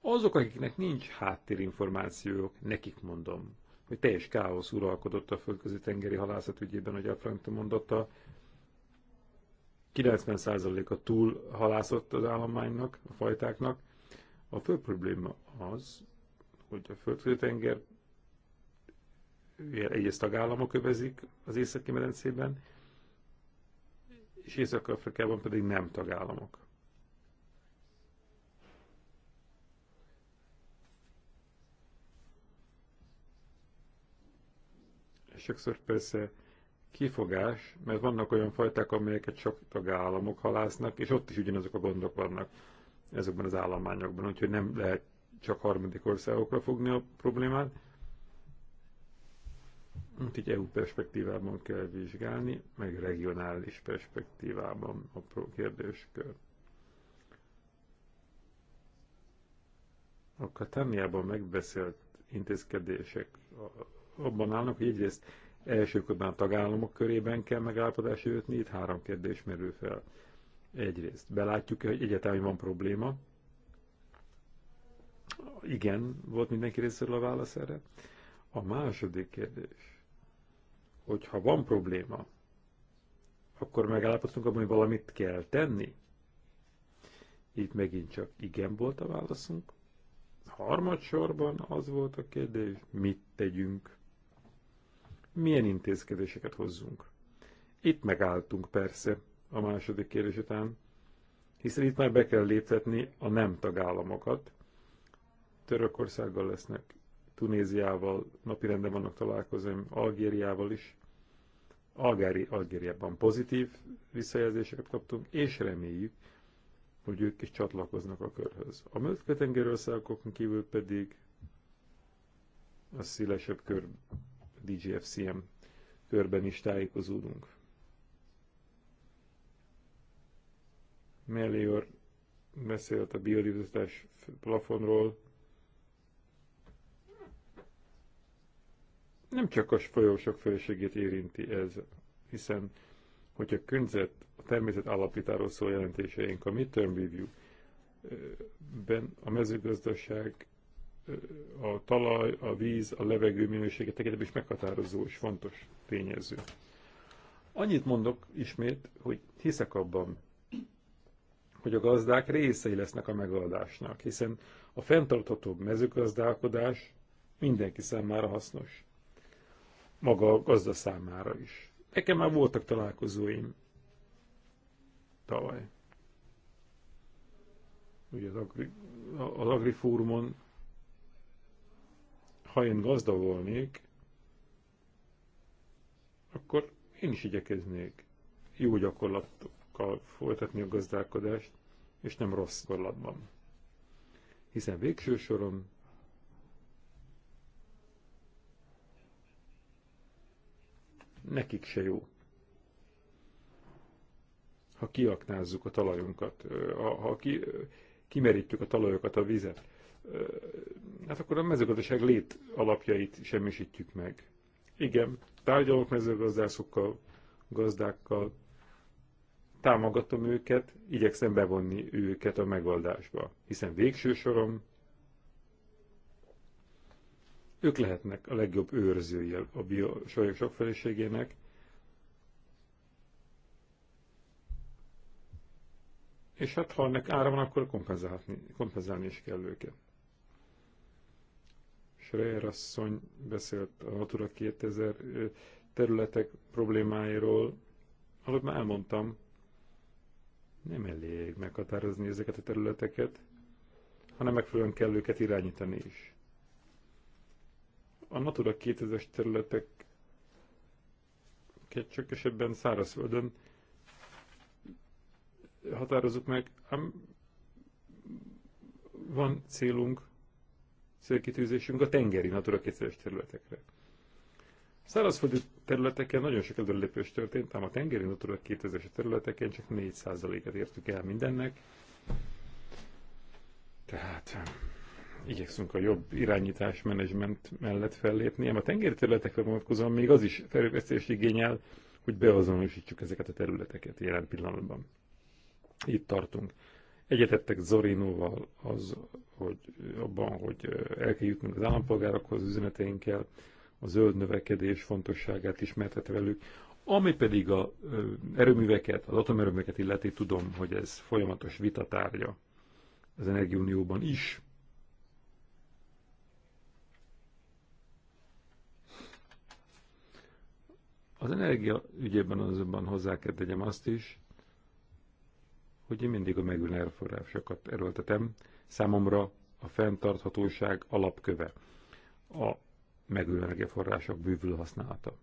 Azok, akiknek nincs háttérinformációk, nekik mondom, hogy teljes káosz uralkodott a földközi tengeri halászat ügyében, hogy a Frank mondotta, 90%-a túl halászott az állománynak, a fajtáknak. A fő probléma az, hogy a földközi tenger egyes tagállamok övezik az északi medencében, és Észak-Afrikában pedig nem tagállamok. Sokszor persze kifogás, mert vannak olyan fajták, amelyeket csak tagállamok halásznak, és ott is ugyanazok a gondok vannak ezekben az állományokban, úgyhogy nem lehet csak harmadik országokra fogni a problémát. Mint egy EU perspektívában kell vizsgálni, meg regionális perspektívában a kérdéskör. A Katániában megbeszélt intézkedések abban állnak, hogy egyrészt első körben a tagállamok körében kell megállapodásra jutni, itt három kérdés merül fel. Egyrészt belátjuk-e, hogy egyáltalán van probléma? Igen, volt mindenki részéről a válasz erre. A második kérdés hogyha van probléma, akkor megállapodtunk abban, hogy valamit kell tenni. Itt megint csak igen volt a válaszunk. Harmadsorban az volt a kérdés, mit tegyünk, milyen intézkedéseket hozzunk. Itt megálltunk persze a második kérdés után, hiszen itt már be kell léptetni a nem tagállamokat. Törökországgal lesznek Tunéziával napirenden vannak találkozóim, Algériával is. Algári, Algériában pozitív visszajelzéseket kaptunk, és reméljük, hogy ők is csatlakoznak a körhöz. A möltkötengeri országokon kívül pedig a szélesebb kör DGFCM körben is tájékozódunk. Melior beszélt a biodiverzitás plafonról, nem csak a folyósok fölösségét érinti ez, hiszen hogy a környezet, a természet állapítáról szól jelentéseink, a midterm review, ben a mezőgazdaság, a talaj, a víz, a levegő minősége tekintetben is meghatározó és fontos tényező. Annyit mondok ismét, hogy hiszek abban, hogy a gazdák részei lesznek a megoldásnak, hiszen a fenntarthatóbb mezőgazdálkodás mindenki számára hasznos maga a gazda számára is. Nekem már voltak találkozóim tavaly. Ugye az, agri, az agrifórumon, ha én gazda volnék, akkor én is igyekeznék jó gyakorlatokkal folytatni a gazdálkodást, és nem rossz gyakorlatban. Hiszen végső soron nekik se jó. Ha kiaknázzuk a talajunkat, ha ki, kimerítjük a talajokat, a vizet, hát akkor a mezőgazdaság lét alapjait semmisítjük meg. Igen, tárgyalok mezőgazdászokkal, gazdákkal, támogatom őket, igyekszem bevonni őket a megoldásba, hiszen végső soron ők lehetnek a legjobb őrzői a biosajok sokféleségének. És hát ha ennek ára van, akkor kompenzálni, kompenzálni is kell őket. Schreier asszony beszélt a Natura 2000 területek problémáiról, alatt már elmondtam, nem elég meghatározni ezeket a területeket, hanem megfelelően kell őket irányítani is. A Natura 2000-es területek csak esetben szárazföldön határozzuk meg, ám van célunk, célkitűzésünk a tengeri Natura 2000-es területekre. Szárazföldi területeken nagyon sok előrelépés történt, ám a tengeri Natura 2000-es területeken csak 4%-et értük el mindennek. Tehát igyekszünk a jobb irányítás, menedzsment mellett fellépni, ám a tengeri területekre vonatkozóan még az is felvesztés igényel, hogy beazonosítsuk ezeket a területeket jelen pillanatban. Itt tartunk. Egyetettek Zorinóval az, hogy abban, hogy el kell jutnunk az állampolgárokhoz, az üzeneteinkkel, a zöld növekedés fontosságát ismertette velük, ami pedig a erőműveket, az atomerőműveket illeti, tudom, hogy ez folyamatos vitatárgya az Energiunióban is, Az energia ügyében azonban hozzá kell tegyem azt is, hogy én mindig a megülő erőforrásokat erőltetem. Számomra a fenntarthatóság alapköve a megülő energiaforrások bűvül használata.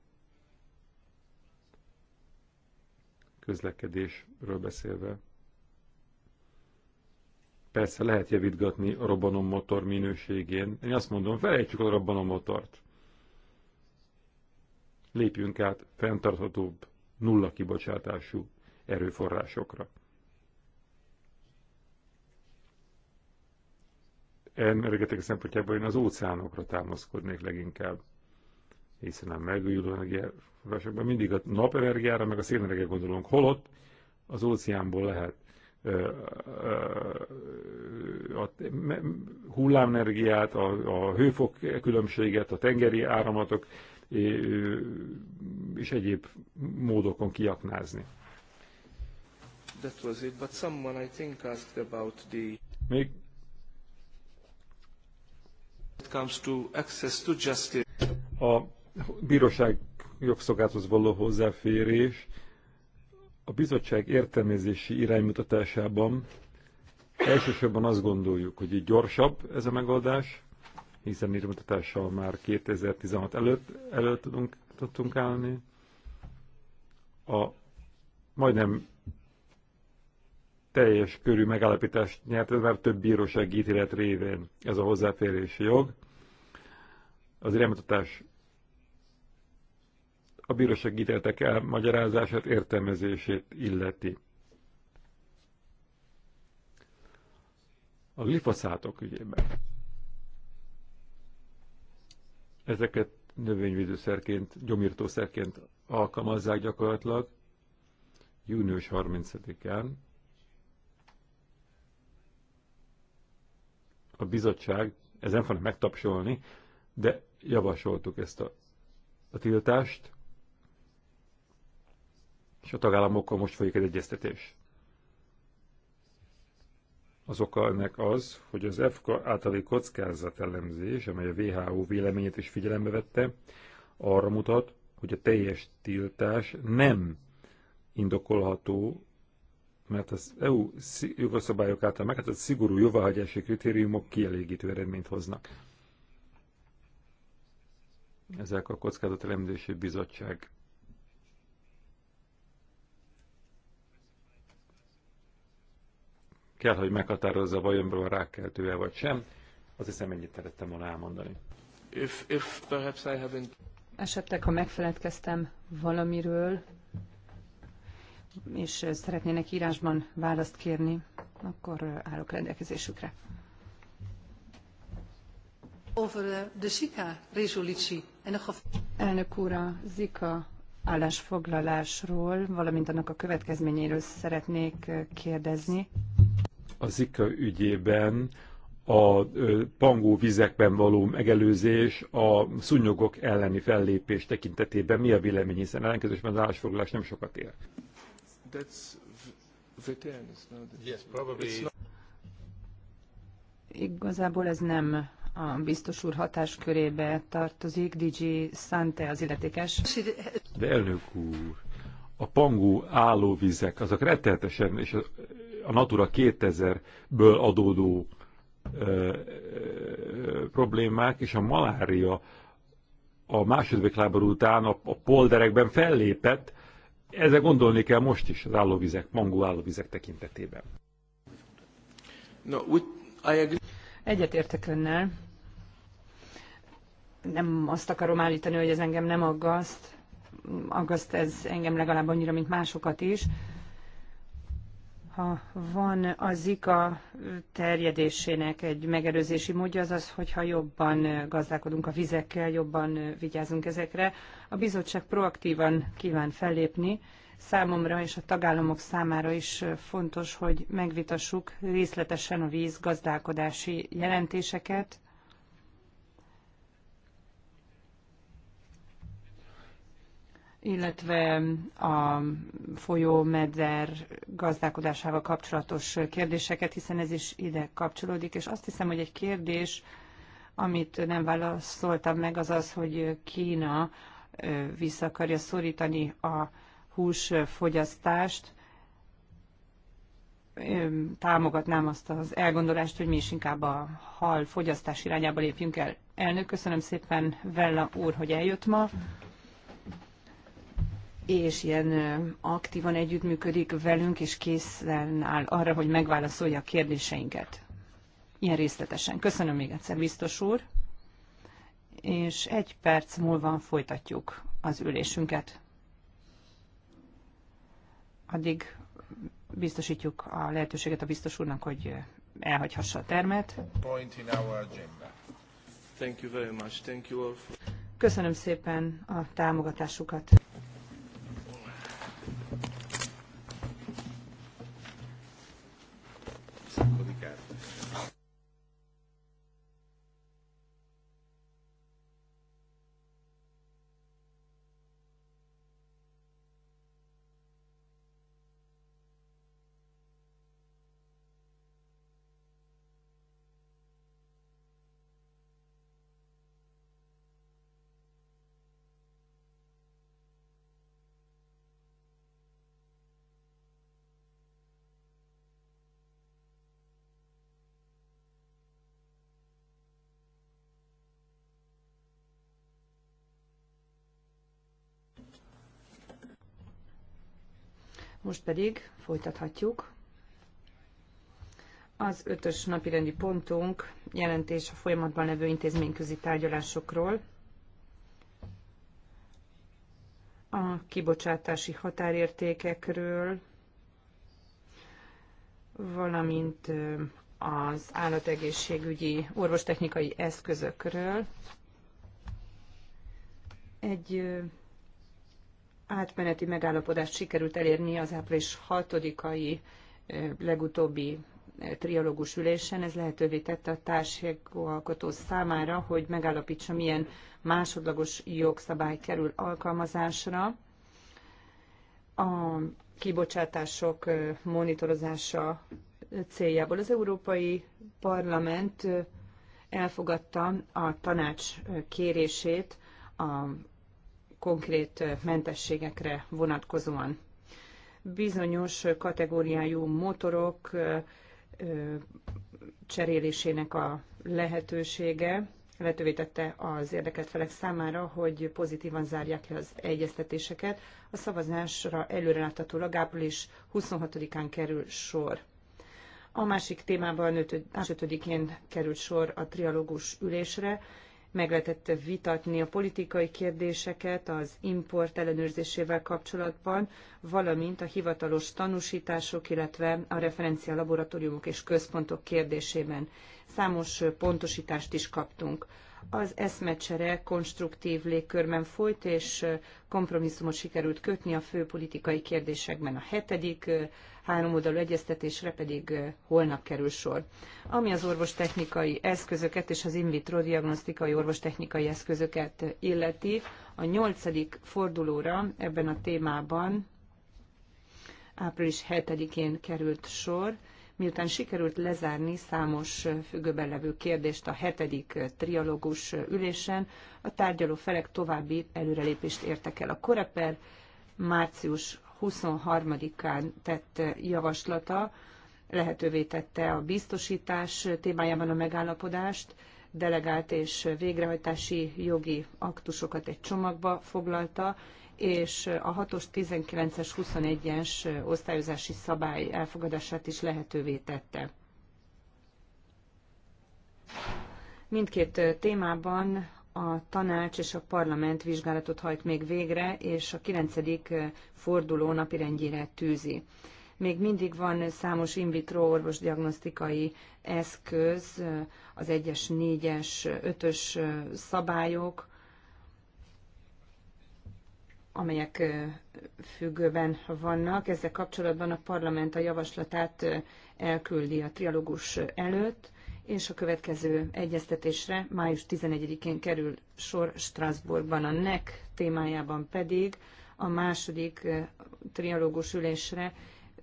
Közlekedésről beszélve. Persze lehet javítgatni a motor minőségén. Én azt mondom, felejtsük a motort lépjünk át fenntarthatóbb, nulla kibocsátású erőforrásokra. Energetik szempontjából én az óceánokra támaszkodnék leginkább, hiszen a megújuló energiaforrásokban mindig a napenergiára, meg a szénenergiára gondolunk, holott az óceánból lehet a hullámenergiát, a, a hőfok különbséget, a tengeri áramlatok és egyéb módokon kiaknázni. That was it, but someone I think asked about the... Még it comes to access to justice. A bíróság jogszolgáltathoz való hozzáférés a bizottság értelmezési iránymutatásában elsősorban azt gondoljuk, hogy így gyorsabb ez a megoldás, hiszen mérmutatással már 2016 előtt, előtt tudunk, tudtunk állni. A majdnem teljes körű megállapítást nyert, ez már több bíróság ítélet révén ez a hozzáférési jog. Az iránymutatás a bírósági ítéletek elmagyarázását, értelmezését illeti. A glifoszátok ügyében. Ezeket növényvédőszerként, gyomírtószerként alkalmazzák gyakorlatilag június 30-án. A bizottság, ez nem fognak megtapsolni, de javasoltuk ezt a, a tiltást, és a tagállamokkal most folyik egy egyeztetés. Az oka ennek az, hogy az EFKA általi kockázatelemzés, amely a WHO véleményét is figyelembe vette, arra mutat, hogy a teljes tiltás nem indokolható, mert az EU jogszabályok által meghatározott szigorú jóváhagyási kritériumok kielégítő eredményt hoznak. Ezek a kockázatelemzési bizottság kell, hogy meghatározza, vajon a rákkeltő-e vagy sem. Azt hiszem, ennyit szerettem volna elmondani. If, if perhaps I haven't... Esetleg, ha megfeledkeztem valamiről, és szeretnének írásban választ kérni, akkor állok rendelkezésükre. Over the Zika resolution. en Elnök úr, a Zika állásfoglalásról, valamint annak a következményéről szeretnék kérdezni a Zika ügyében a pangó vizekben való megelőzés a szúnyogok elleni fellépés tekintetében mi a vélemény, hiszen ellenkezősben az állásfoglalás nem sokat ér. Yes, Igazából ez nem a biztos úr hatáskörébe tartozik, DG Sante az illetékes. De elnök úr, a pangó állóvizek, azok rettenetesen és a Natura 2000-ből adódó ö, ö, problémák, és a malária a második lábor után a, a polderekben fellépett, ezzel gondolni kell most is az állóvizek, mangó állóvizek tekintetében. No, egyet értek Egyetértek önnel. Nem azt akarom állítani, hogy ez engem nem aggaszt. Aggaszt ez engem legalább annyira, mint másokat is ha van a zika terjedésének egy megelőzési módja, az az, hogyha jobban gazdálkodunk a vizekkel, jobban vigyázunk ezekre. A bizottság proaktívan kíván fellépni. Számomra és a tagállamok számára is fontos, hogy megvitassuk részletesen a víz gazdálkodási jelentéseket, illetve a folyó folyómeder gazdálkodásával kapcsolatos kérdéseket, hiszen ez is ide kapcsolódik, és azt hiszem, hogy egy kérdés, amit nem válaszoltam meg, az az, hogy Kína vissza akarja szorítani a húsfogyasztást. Támogatnám azt az elgondolást, hogy mi is inkább a hal fogyasztás irányába lépjünk el. Elnök, köszönöm szépen Vella úr, hogy eljött ma és ilyen aktívan együttműködik velünk, és készen áll arra, hogy megválaszolja a kérdéseinket. Ilyen részletesen. Köszönöm még egyszer, biztos úr. És egy perc múlva folytatjuk az ülésünket. Addig biztosítjuk a lehetőséget a biztos úrnak, hogy elhagyhassa a termet. Köszönöm szépen a támogatásukat. Most pedig folytathatjuk. Az ötös napirendi pontunk jelentés a folyamatban levő intézményközi tárgyalásokról. A kibocsátási határértékekről, valamint az állategészségügyi orvostechnikai eszközökről. Egy átmeneti megállapodást sikerült elérni az április 6-ai legutóbbi trialógus ülésen. Ez lehetővé tette a társadalkotó számára, hogy megállapítsa, milyen másodlagos jogszabály kerül alkalmazásra. A kibocsátások monitorozása céljából az Európai Parlament elfogadta a tanács kérését a konkrét mentességekre vonatkozóan. Bizonyos kategóriájú motorok cserélésének a lehetősége lehetővé tette az érdekelt felek számára, hogy pozitívan zárják le az egyeztetéseket. A szavazásra előreláthatólag április 26-án kerül sor. A másik témában 5-én került sor a trialógus ülésre, meg lehetett vitatni a politikai kérdéseket az import ellenőrzésével kapcsolatban, valamint a hivatalos tanúsítások, illetve a referencia laboratóriumok és központok kérdésében. Számos pontosítást is kaptunk. Az eszmecsere konstruktív légkörben folyt, és kompromisszumot sikerült kötni a fő politikai kérdésekben. A hetedik háromoldalú egyeztetésre pedig holnap kerül sor. Ami az orvostechnikai eszközöket és az in vitro diagnosztikai orvostechnikai eszközöket illeti, a nyolcadik fordulóra ebben a témában április 7-én került sor miután sikerült lezárni számos függőben levő kérdést a hetedik trialógus ülésen, a tárgyaló felek további előrelépést értek el. A Koreper március 23-án tett javaslata lehetővé tette a biztosítás témájában a megállapodást, delegált és végrehajtási jogi aktusokat egy csomagba foglalta, és a 6-os, 19-es, 21-es osztályozási szabály elfogadását is lehetővé tette. Mindkét témában a tanács és a parlament vizsgálatot hajt még végre, és a 9. forduló napirendjére tűzi. Még mindig van számos in vitro orvosdiagnosztikai eszköz, az 1-es, 4-es, 5-ös szabályok, amelyek függőben vannak. Ezzel kapcsolatban a parlament a javaslatát elküldi a trialógus előtt, és a következő egyeztetésre május 11-én kerül sor Strasbourgban. A NEC témájában pedig a második trialógus ülésre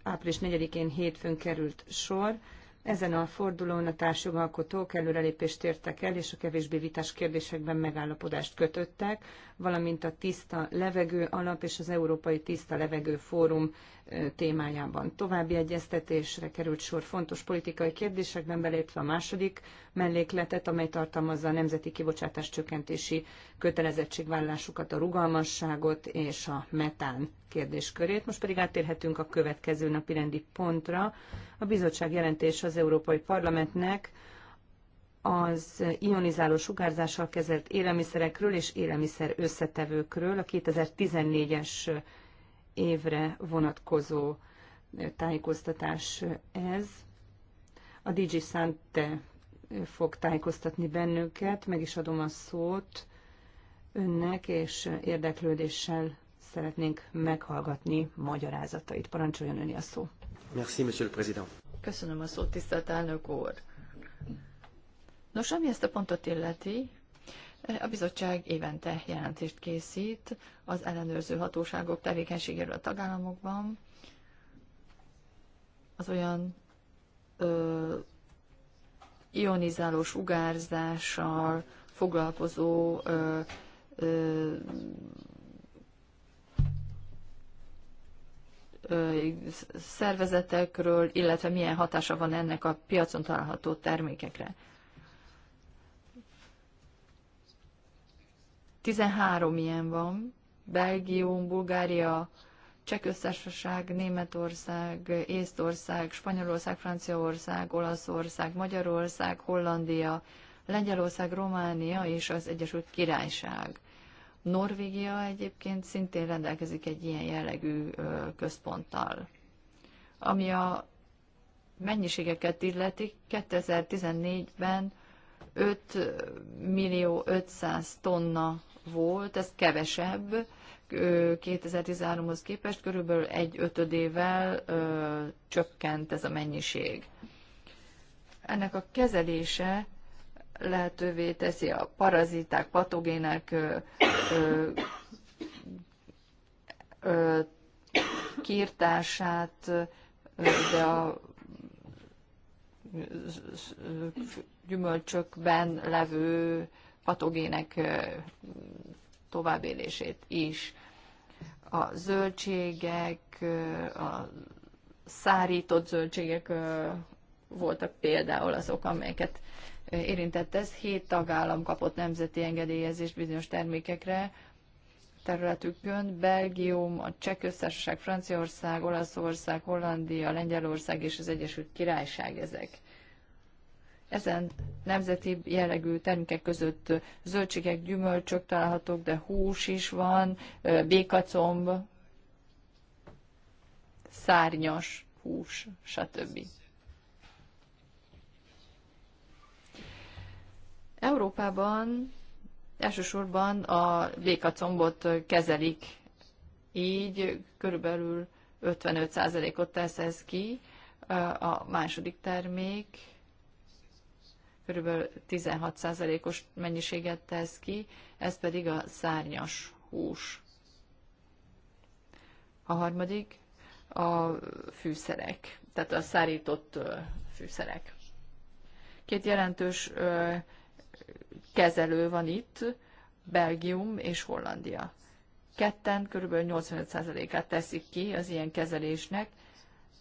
április 4-én hétfőn került sor. Ezen a fordulón a társjogalkotók előrelépést értek el, és a kevésbé vitás kérdésekben megállapodást kötöttek valamint a tiszta levegő alap és az Európai Tiszta Levegő Fórum témájában. További egyeztetésre került sor fontos politikai kérdésekben, belépve a második mellékletet, amely tartalmazza a nemzeti kibocsátás csökkentési kötelezettségvállásukat, a rugalmasságot és a metán kérdéskörét. Most pedig áttérhetünk a következő napi rendi pontra. A bizottság jelentés az Európai Parlamentnek az ionizáló sugárzással kezelt élelmiszerekről és élelmiszer összetevőkről a 2014-es évre vonatkozó tájékoztatás ez. A DG Sante fog tájékoztatni bennünket, meg is adom a szót önnek, és érdeklődéssel szeretnénk meghallgatni magyarázatait. Parancsoljon öni a szó. Merci, monsieur le président. Köszönöm a szót, tisztelt elnök úr. Nos, ami ezt a pontot illeti, a bizottság évente jelentést készít az ellenőrző hatóságok tevékenységéről a tagállamokban, az olyan ö, ionizáló sugárzással foglalkozó ö, ö, szervezetekről, illetve milyen hatása van ennek a piacon található termékekre. 13 ilyen van, Belgium, Bulgária, Csehköztársaság, Németország, Észtország, Spanyolország, Franciaország, Olaszország, Magyarország, Hollandia, Lengyelország, Románia és az Egyesült Királyság. Norvégia egyébként szintén rendelkezik egy ilyen jellegű központtal. Ami a mennyiségeket illeti, 2014-ben 5 millió 500 tonna volt, ez kevesebb 2013-hoz képest, körülbelül egy ötödével ö, csökkent ez a mennyiség. Ennek a kezelése lehetővé teszi a paraziták, patogének kírtását, de a gyümölcsökben levő patogének továbbélését is. A zöldségek, a szárított zöldségek voltak például azok, amelyeket érintett ez. Hét tagállam kapott nemzeti engedélyezést bizonyos termékekre területükön. Belgium, a Cseh Köztársaság, Franciaország, Olaszország, Hollandia, Lengyelország és az Egyesült Királyság ezek. Ezen nemzeti jellegű termékek között zöldségek, gyümölcsök találhatók, de hús is van, békacomb, szárnyas hús, stb. Európában elsősorban a békacombot kezelik, így körülbelül 55%-ot tesz ez ki. A második termék kb. 16%-os mennyiséget tesz ki, ez pedig a szárnyas hús. A harmadik a fűszerek, tehát a szárított fűszerek. Két jelentős kezelő van itt, Belgium és Hollandia. Ketten kb. 85%-át teszik ki az ilyen kezelésnek,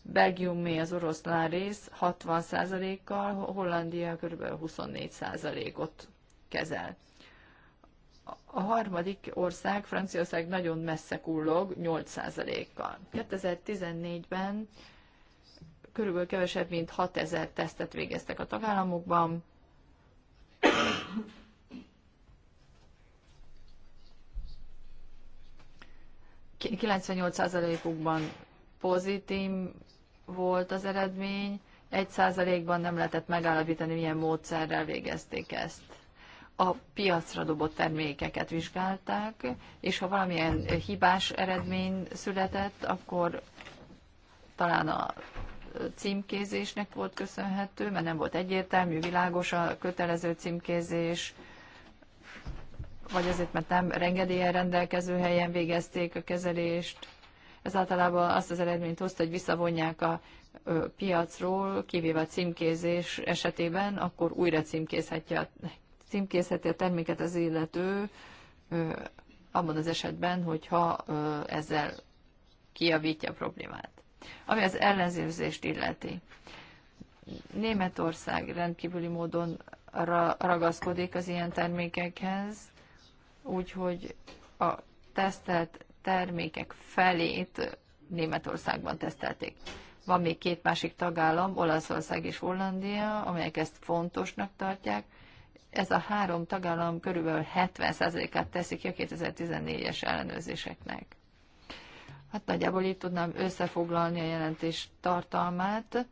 Belgiumé az oroszlán rész 60%-kal, Hollandia kb. 24%-ot kezel. A harmadik ország, Franciaország nagyon messze kullog, 8%-kal. 2014-ben körülbelül kevesebb, mint 6000 tesztet végeztek a tagállamokban. K- 98%-ukban pozitív volt az eredmény, egy százalékban nem lehetett megállapítani, milyen módszerrel végezték ezt. A piacra dobott termékeket vizsgálták, és ha valamilyen hibás eredmény született, akkor talán a címkézésnek volt köszönhető, mert nem volt egyértelmű, világos a kötelező címkézés, vagy azért, mert nem rengedélyen rendelkező helyen végezték a kezelést ez általában azt az eredményt hozta, hogy visszavonják a piacról, kivéve a címkézés esetében, akkor újra címkézhetje, címkézheti a terméket az illető, abban az esetben, hogyha ezzel kiavítja a problémát. Ami az ellenzőzést illeti. Németország rendkívüli módon ragaszkodik az ilyen termékekhez, úgyhogy a tesztelt termékek felét Németországban tesztelték. Van még két másik tagállam, Olaszország és Hollandia, amelyek ezt fontosnak tartják. Ez a három tagállam körülbelül 70%-át teszik ki a 2014-es ellenőrzéseknek. Hát nagyjából így tudnám összefoglalni a jelentés tartalmát.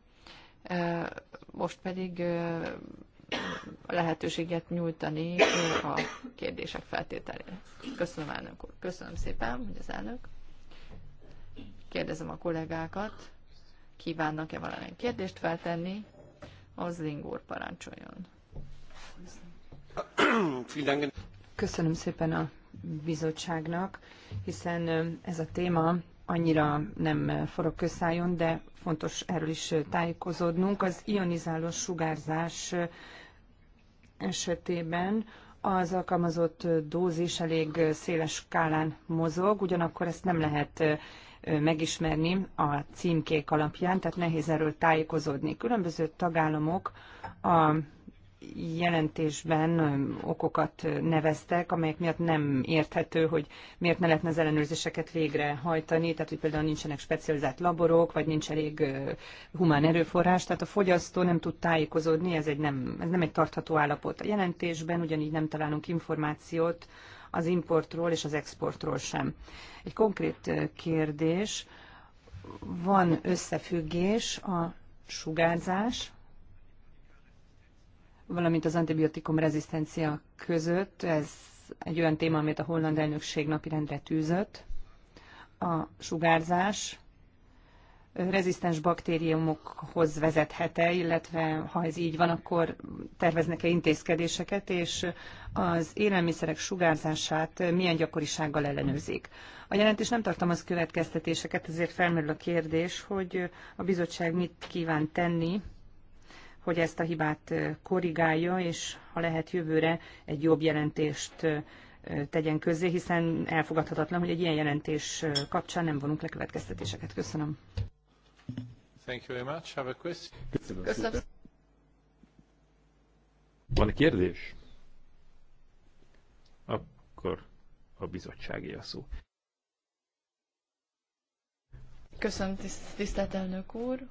Most pedig lehetőséget nyújtani a kérdések feltételére. Köszönöm, elnök úr. Köszönöm szépen, hogy az elnök. Kérdezem a kollégákat, kívánnak-e valamilyen kérdést feltenni? Az Lingór parancsoljon. Köszönöm szépen a bizottságnak, hiszen ez a téma annyira nem forog közszájon, de fontos erről is tájékozódnunk. Az ionizáló sugárzás esetében az alkalmazott dózis elég széles skálán mozog, ugyanakkor ezt nem lehet megismerni a címkék alapján, tehát nehéz erről tájékozódni. Különböző tagállamok a jelentésben okokat neveztek, amelyek miatt nem érthető, hogy miért ne lehetne az ellenőrzéseket végrehajtani, tehát hogy például nincsenek specializált laborok, vagy nincs elég humán erőforrás, tehát a fogyasztó nem tud tájékozódni, ez, egy nem, ez nem egy tartható állapot. A jelentésben ugyanígy nem találunk információt az importról és az exportról sem. Egy konkrét kérdés, van összefüggés a sugárzás, valamint az antibiotikum rezisztencia között. Ez egy olyan téma, amit a holland elnökség napirendre tűzött. A sugárzás rezisztens baktériumokhoz vezethet-e, illetve ha ez így van, akkor terveznek-e intézkedéseket, és az élelmiszerek sugárzását milyen gyakorisággal ellenőrzik. A jelentés nem tartalmaz következtetéseket, ezért felmerül a kérdés, hogy a bizottság mit kíván tenni hogy ezt a hibát korrigálja, és ha lehet jövőre egy jobb jelentést tegyen közzé, hiszen elfogadhatatlan, hogy egy ilyen jelentés kapcsán nem vonunk le következtetéseket. Köszönöm. Thank you very much. Have a question. Köszönöm. Köszönöm. Van egy kérdés? Akkor a bizottsági a szó. Köszönöm, tisztelt elnök úr.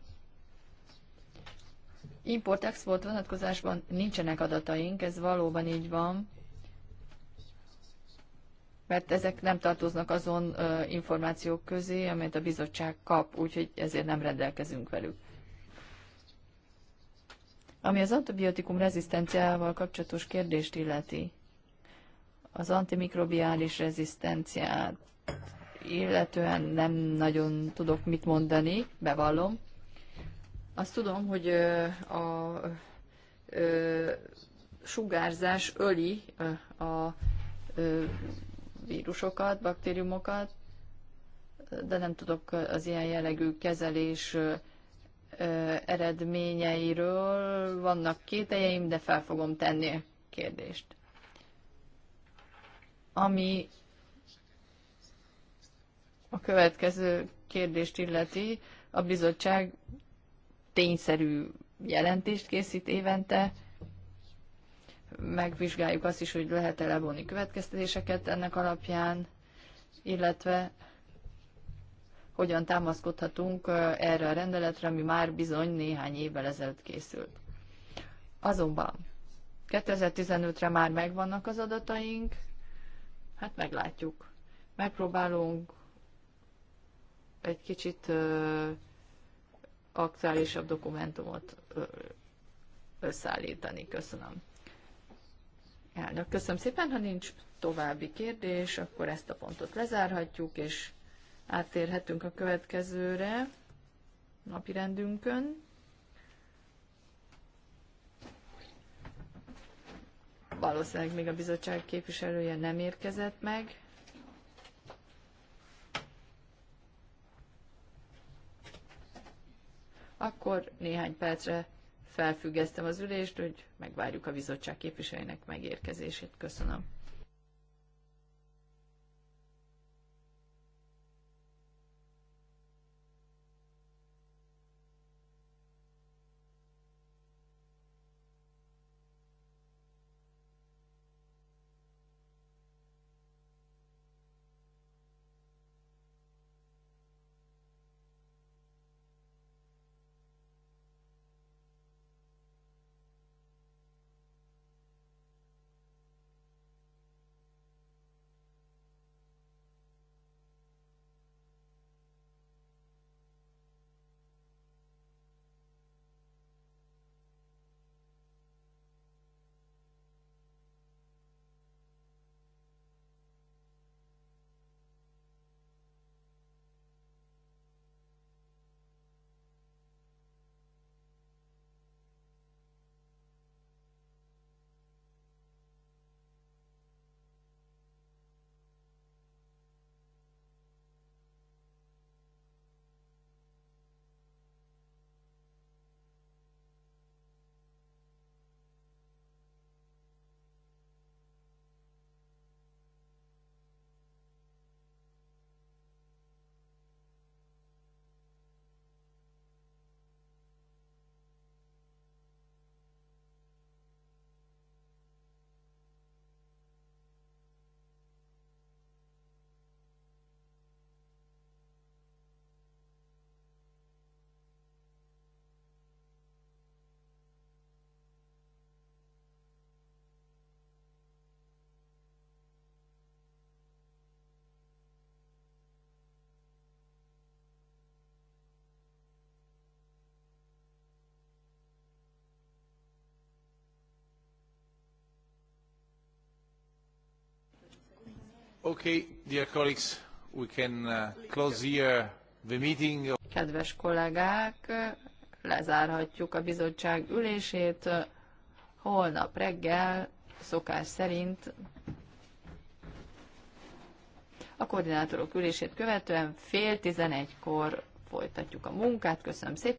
Import-export vonatkozásban nincsenek adataink, ez valóban így van, mert ezek nem tartoznak azon információk közé, amelyet a bizottság kap, úgyhogy ezért nem rendelkezünk velük. Ami az antibiotikum rezisztenciával kapcsolatos kérdést illeti, az antimikrobiális rezisztenciát illetően nem nagyon tudok mit mondani, bevallom. Azt tudom, hogy a sugárzás öli a vírusokat, baktériumokat, de nem tudok az ilyen jellegű kezelés eredményeiről. Vannak kételjeim, de fel fogom tenni a kérdést. Ami a következő kérdést illeti, a bizottság tényszerű jelentést készít évente, megvizsgáljuk azt is, hogy lehet-e levonni következtetéseket ennek alapján, illetve hogyan támaszkodhatunk erre a rendeletre, ami már bizony néhány évvel ezelőtt készült. Azonban 2015-re már megvannak az adataink, hát meglátjuk. Megpróbálunk egy kicsit aktuálisabb dokumentumot összeállítani. Köszönöm. Elnök, köszönöm szépen. Ha nincs további kérdés, akkor ezt a pontot lezárhatjuk, és áttérhetünk a következőre napirendünkön. Valószínűleg még a bizottság képviselője nem érkezett meg. akkor néhány percre felfüggesztem az ülést, hogy megvárjuk a bizottság képviselőinek megérkezését. Köszönöm. Okay, dear colleagues, we can uh, close here the meeting. Kedves kollégák, lezárhatjuk a bizottság ülését. Holnap reggel szokás szerint a koordinátorok ülését követően fél tizenegykor folytatjuk a munkát. Köszönöm szépen!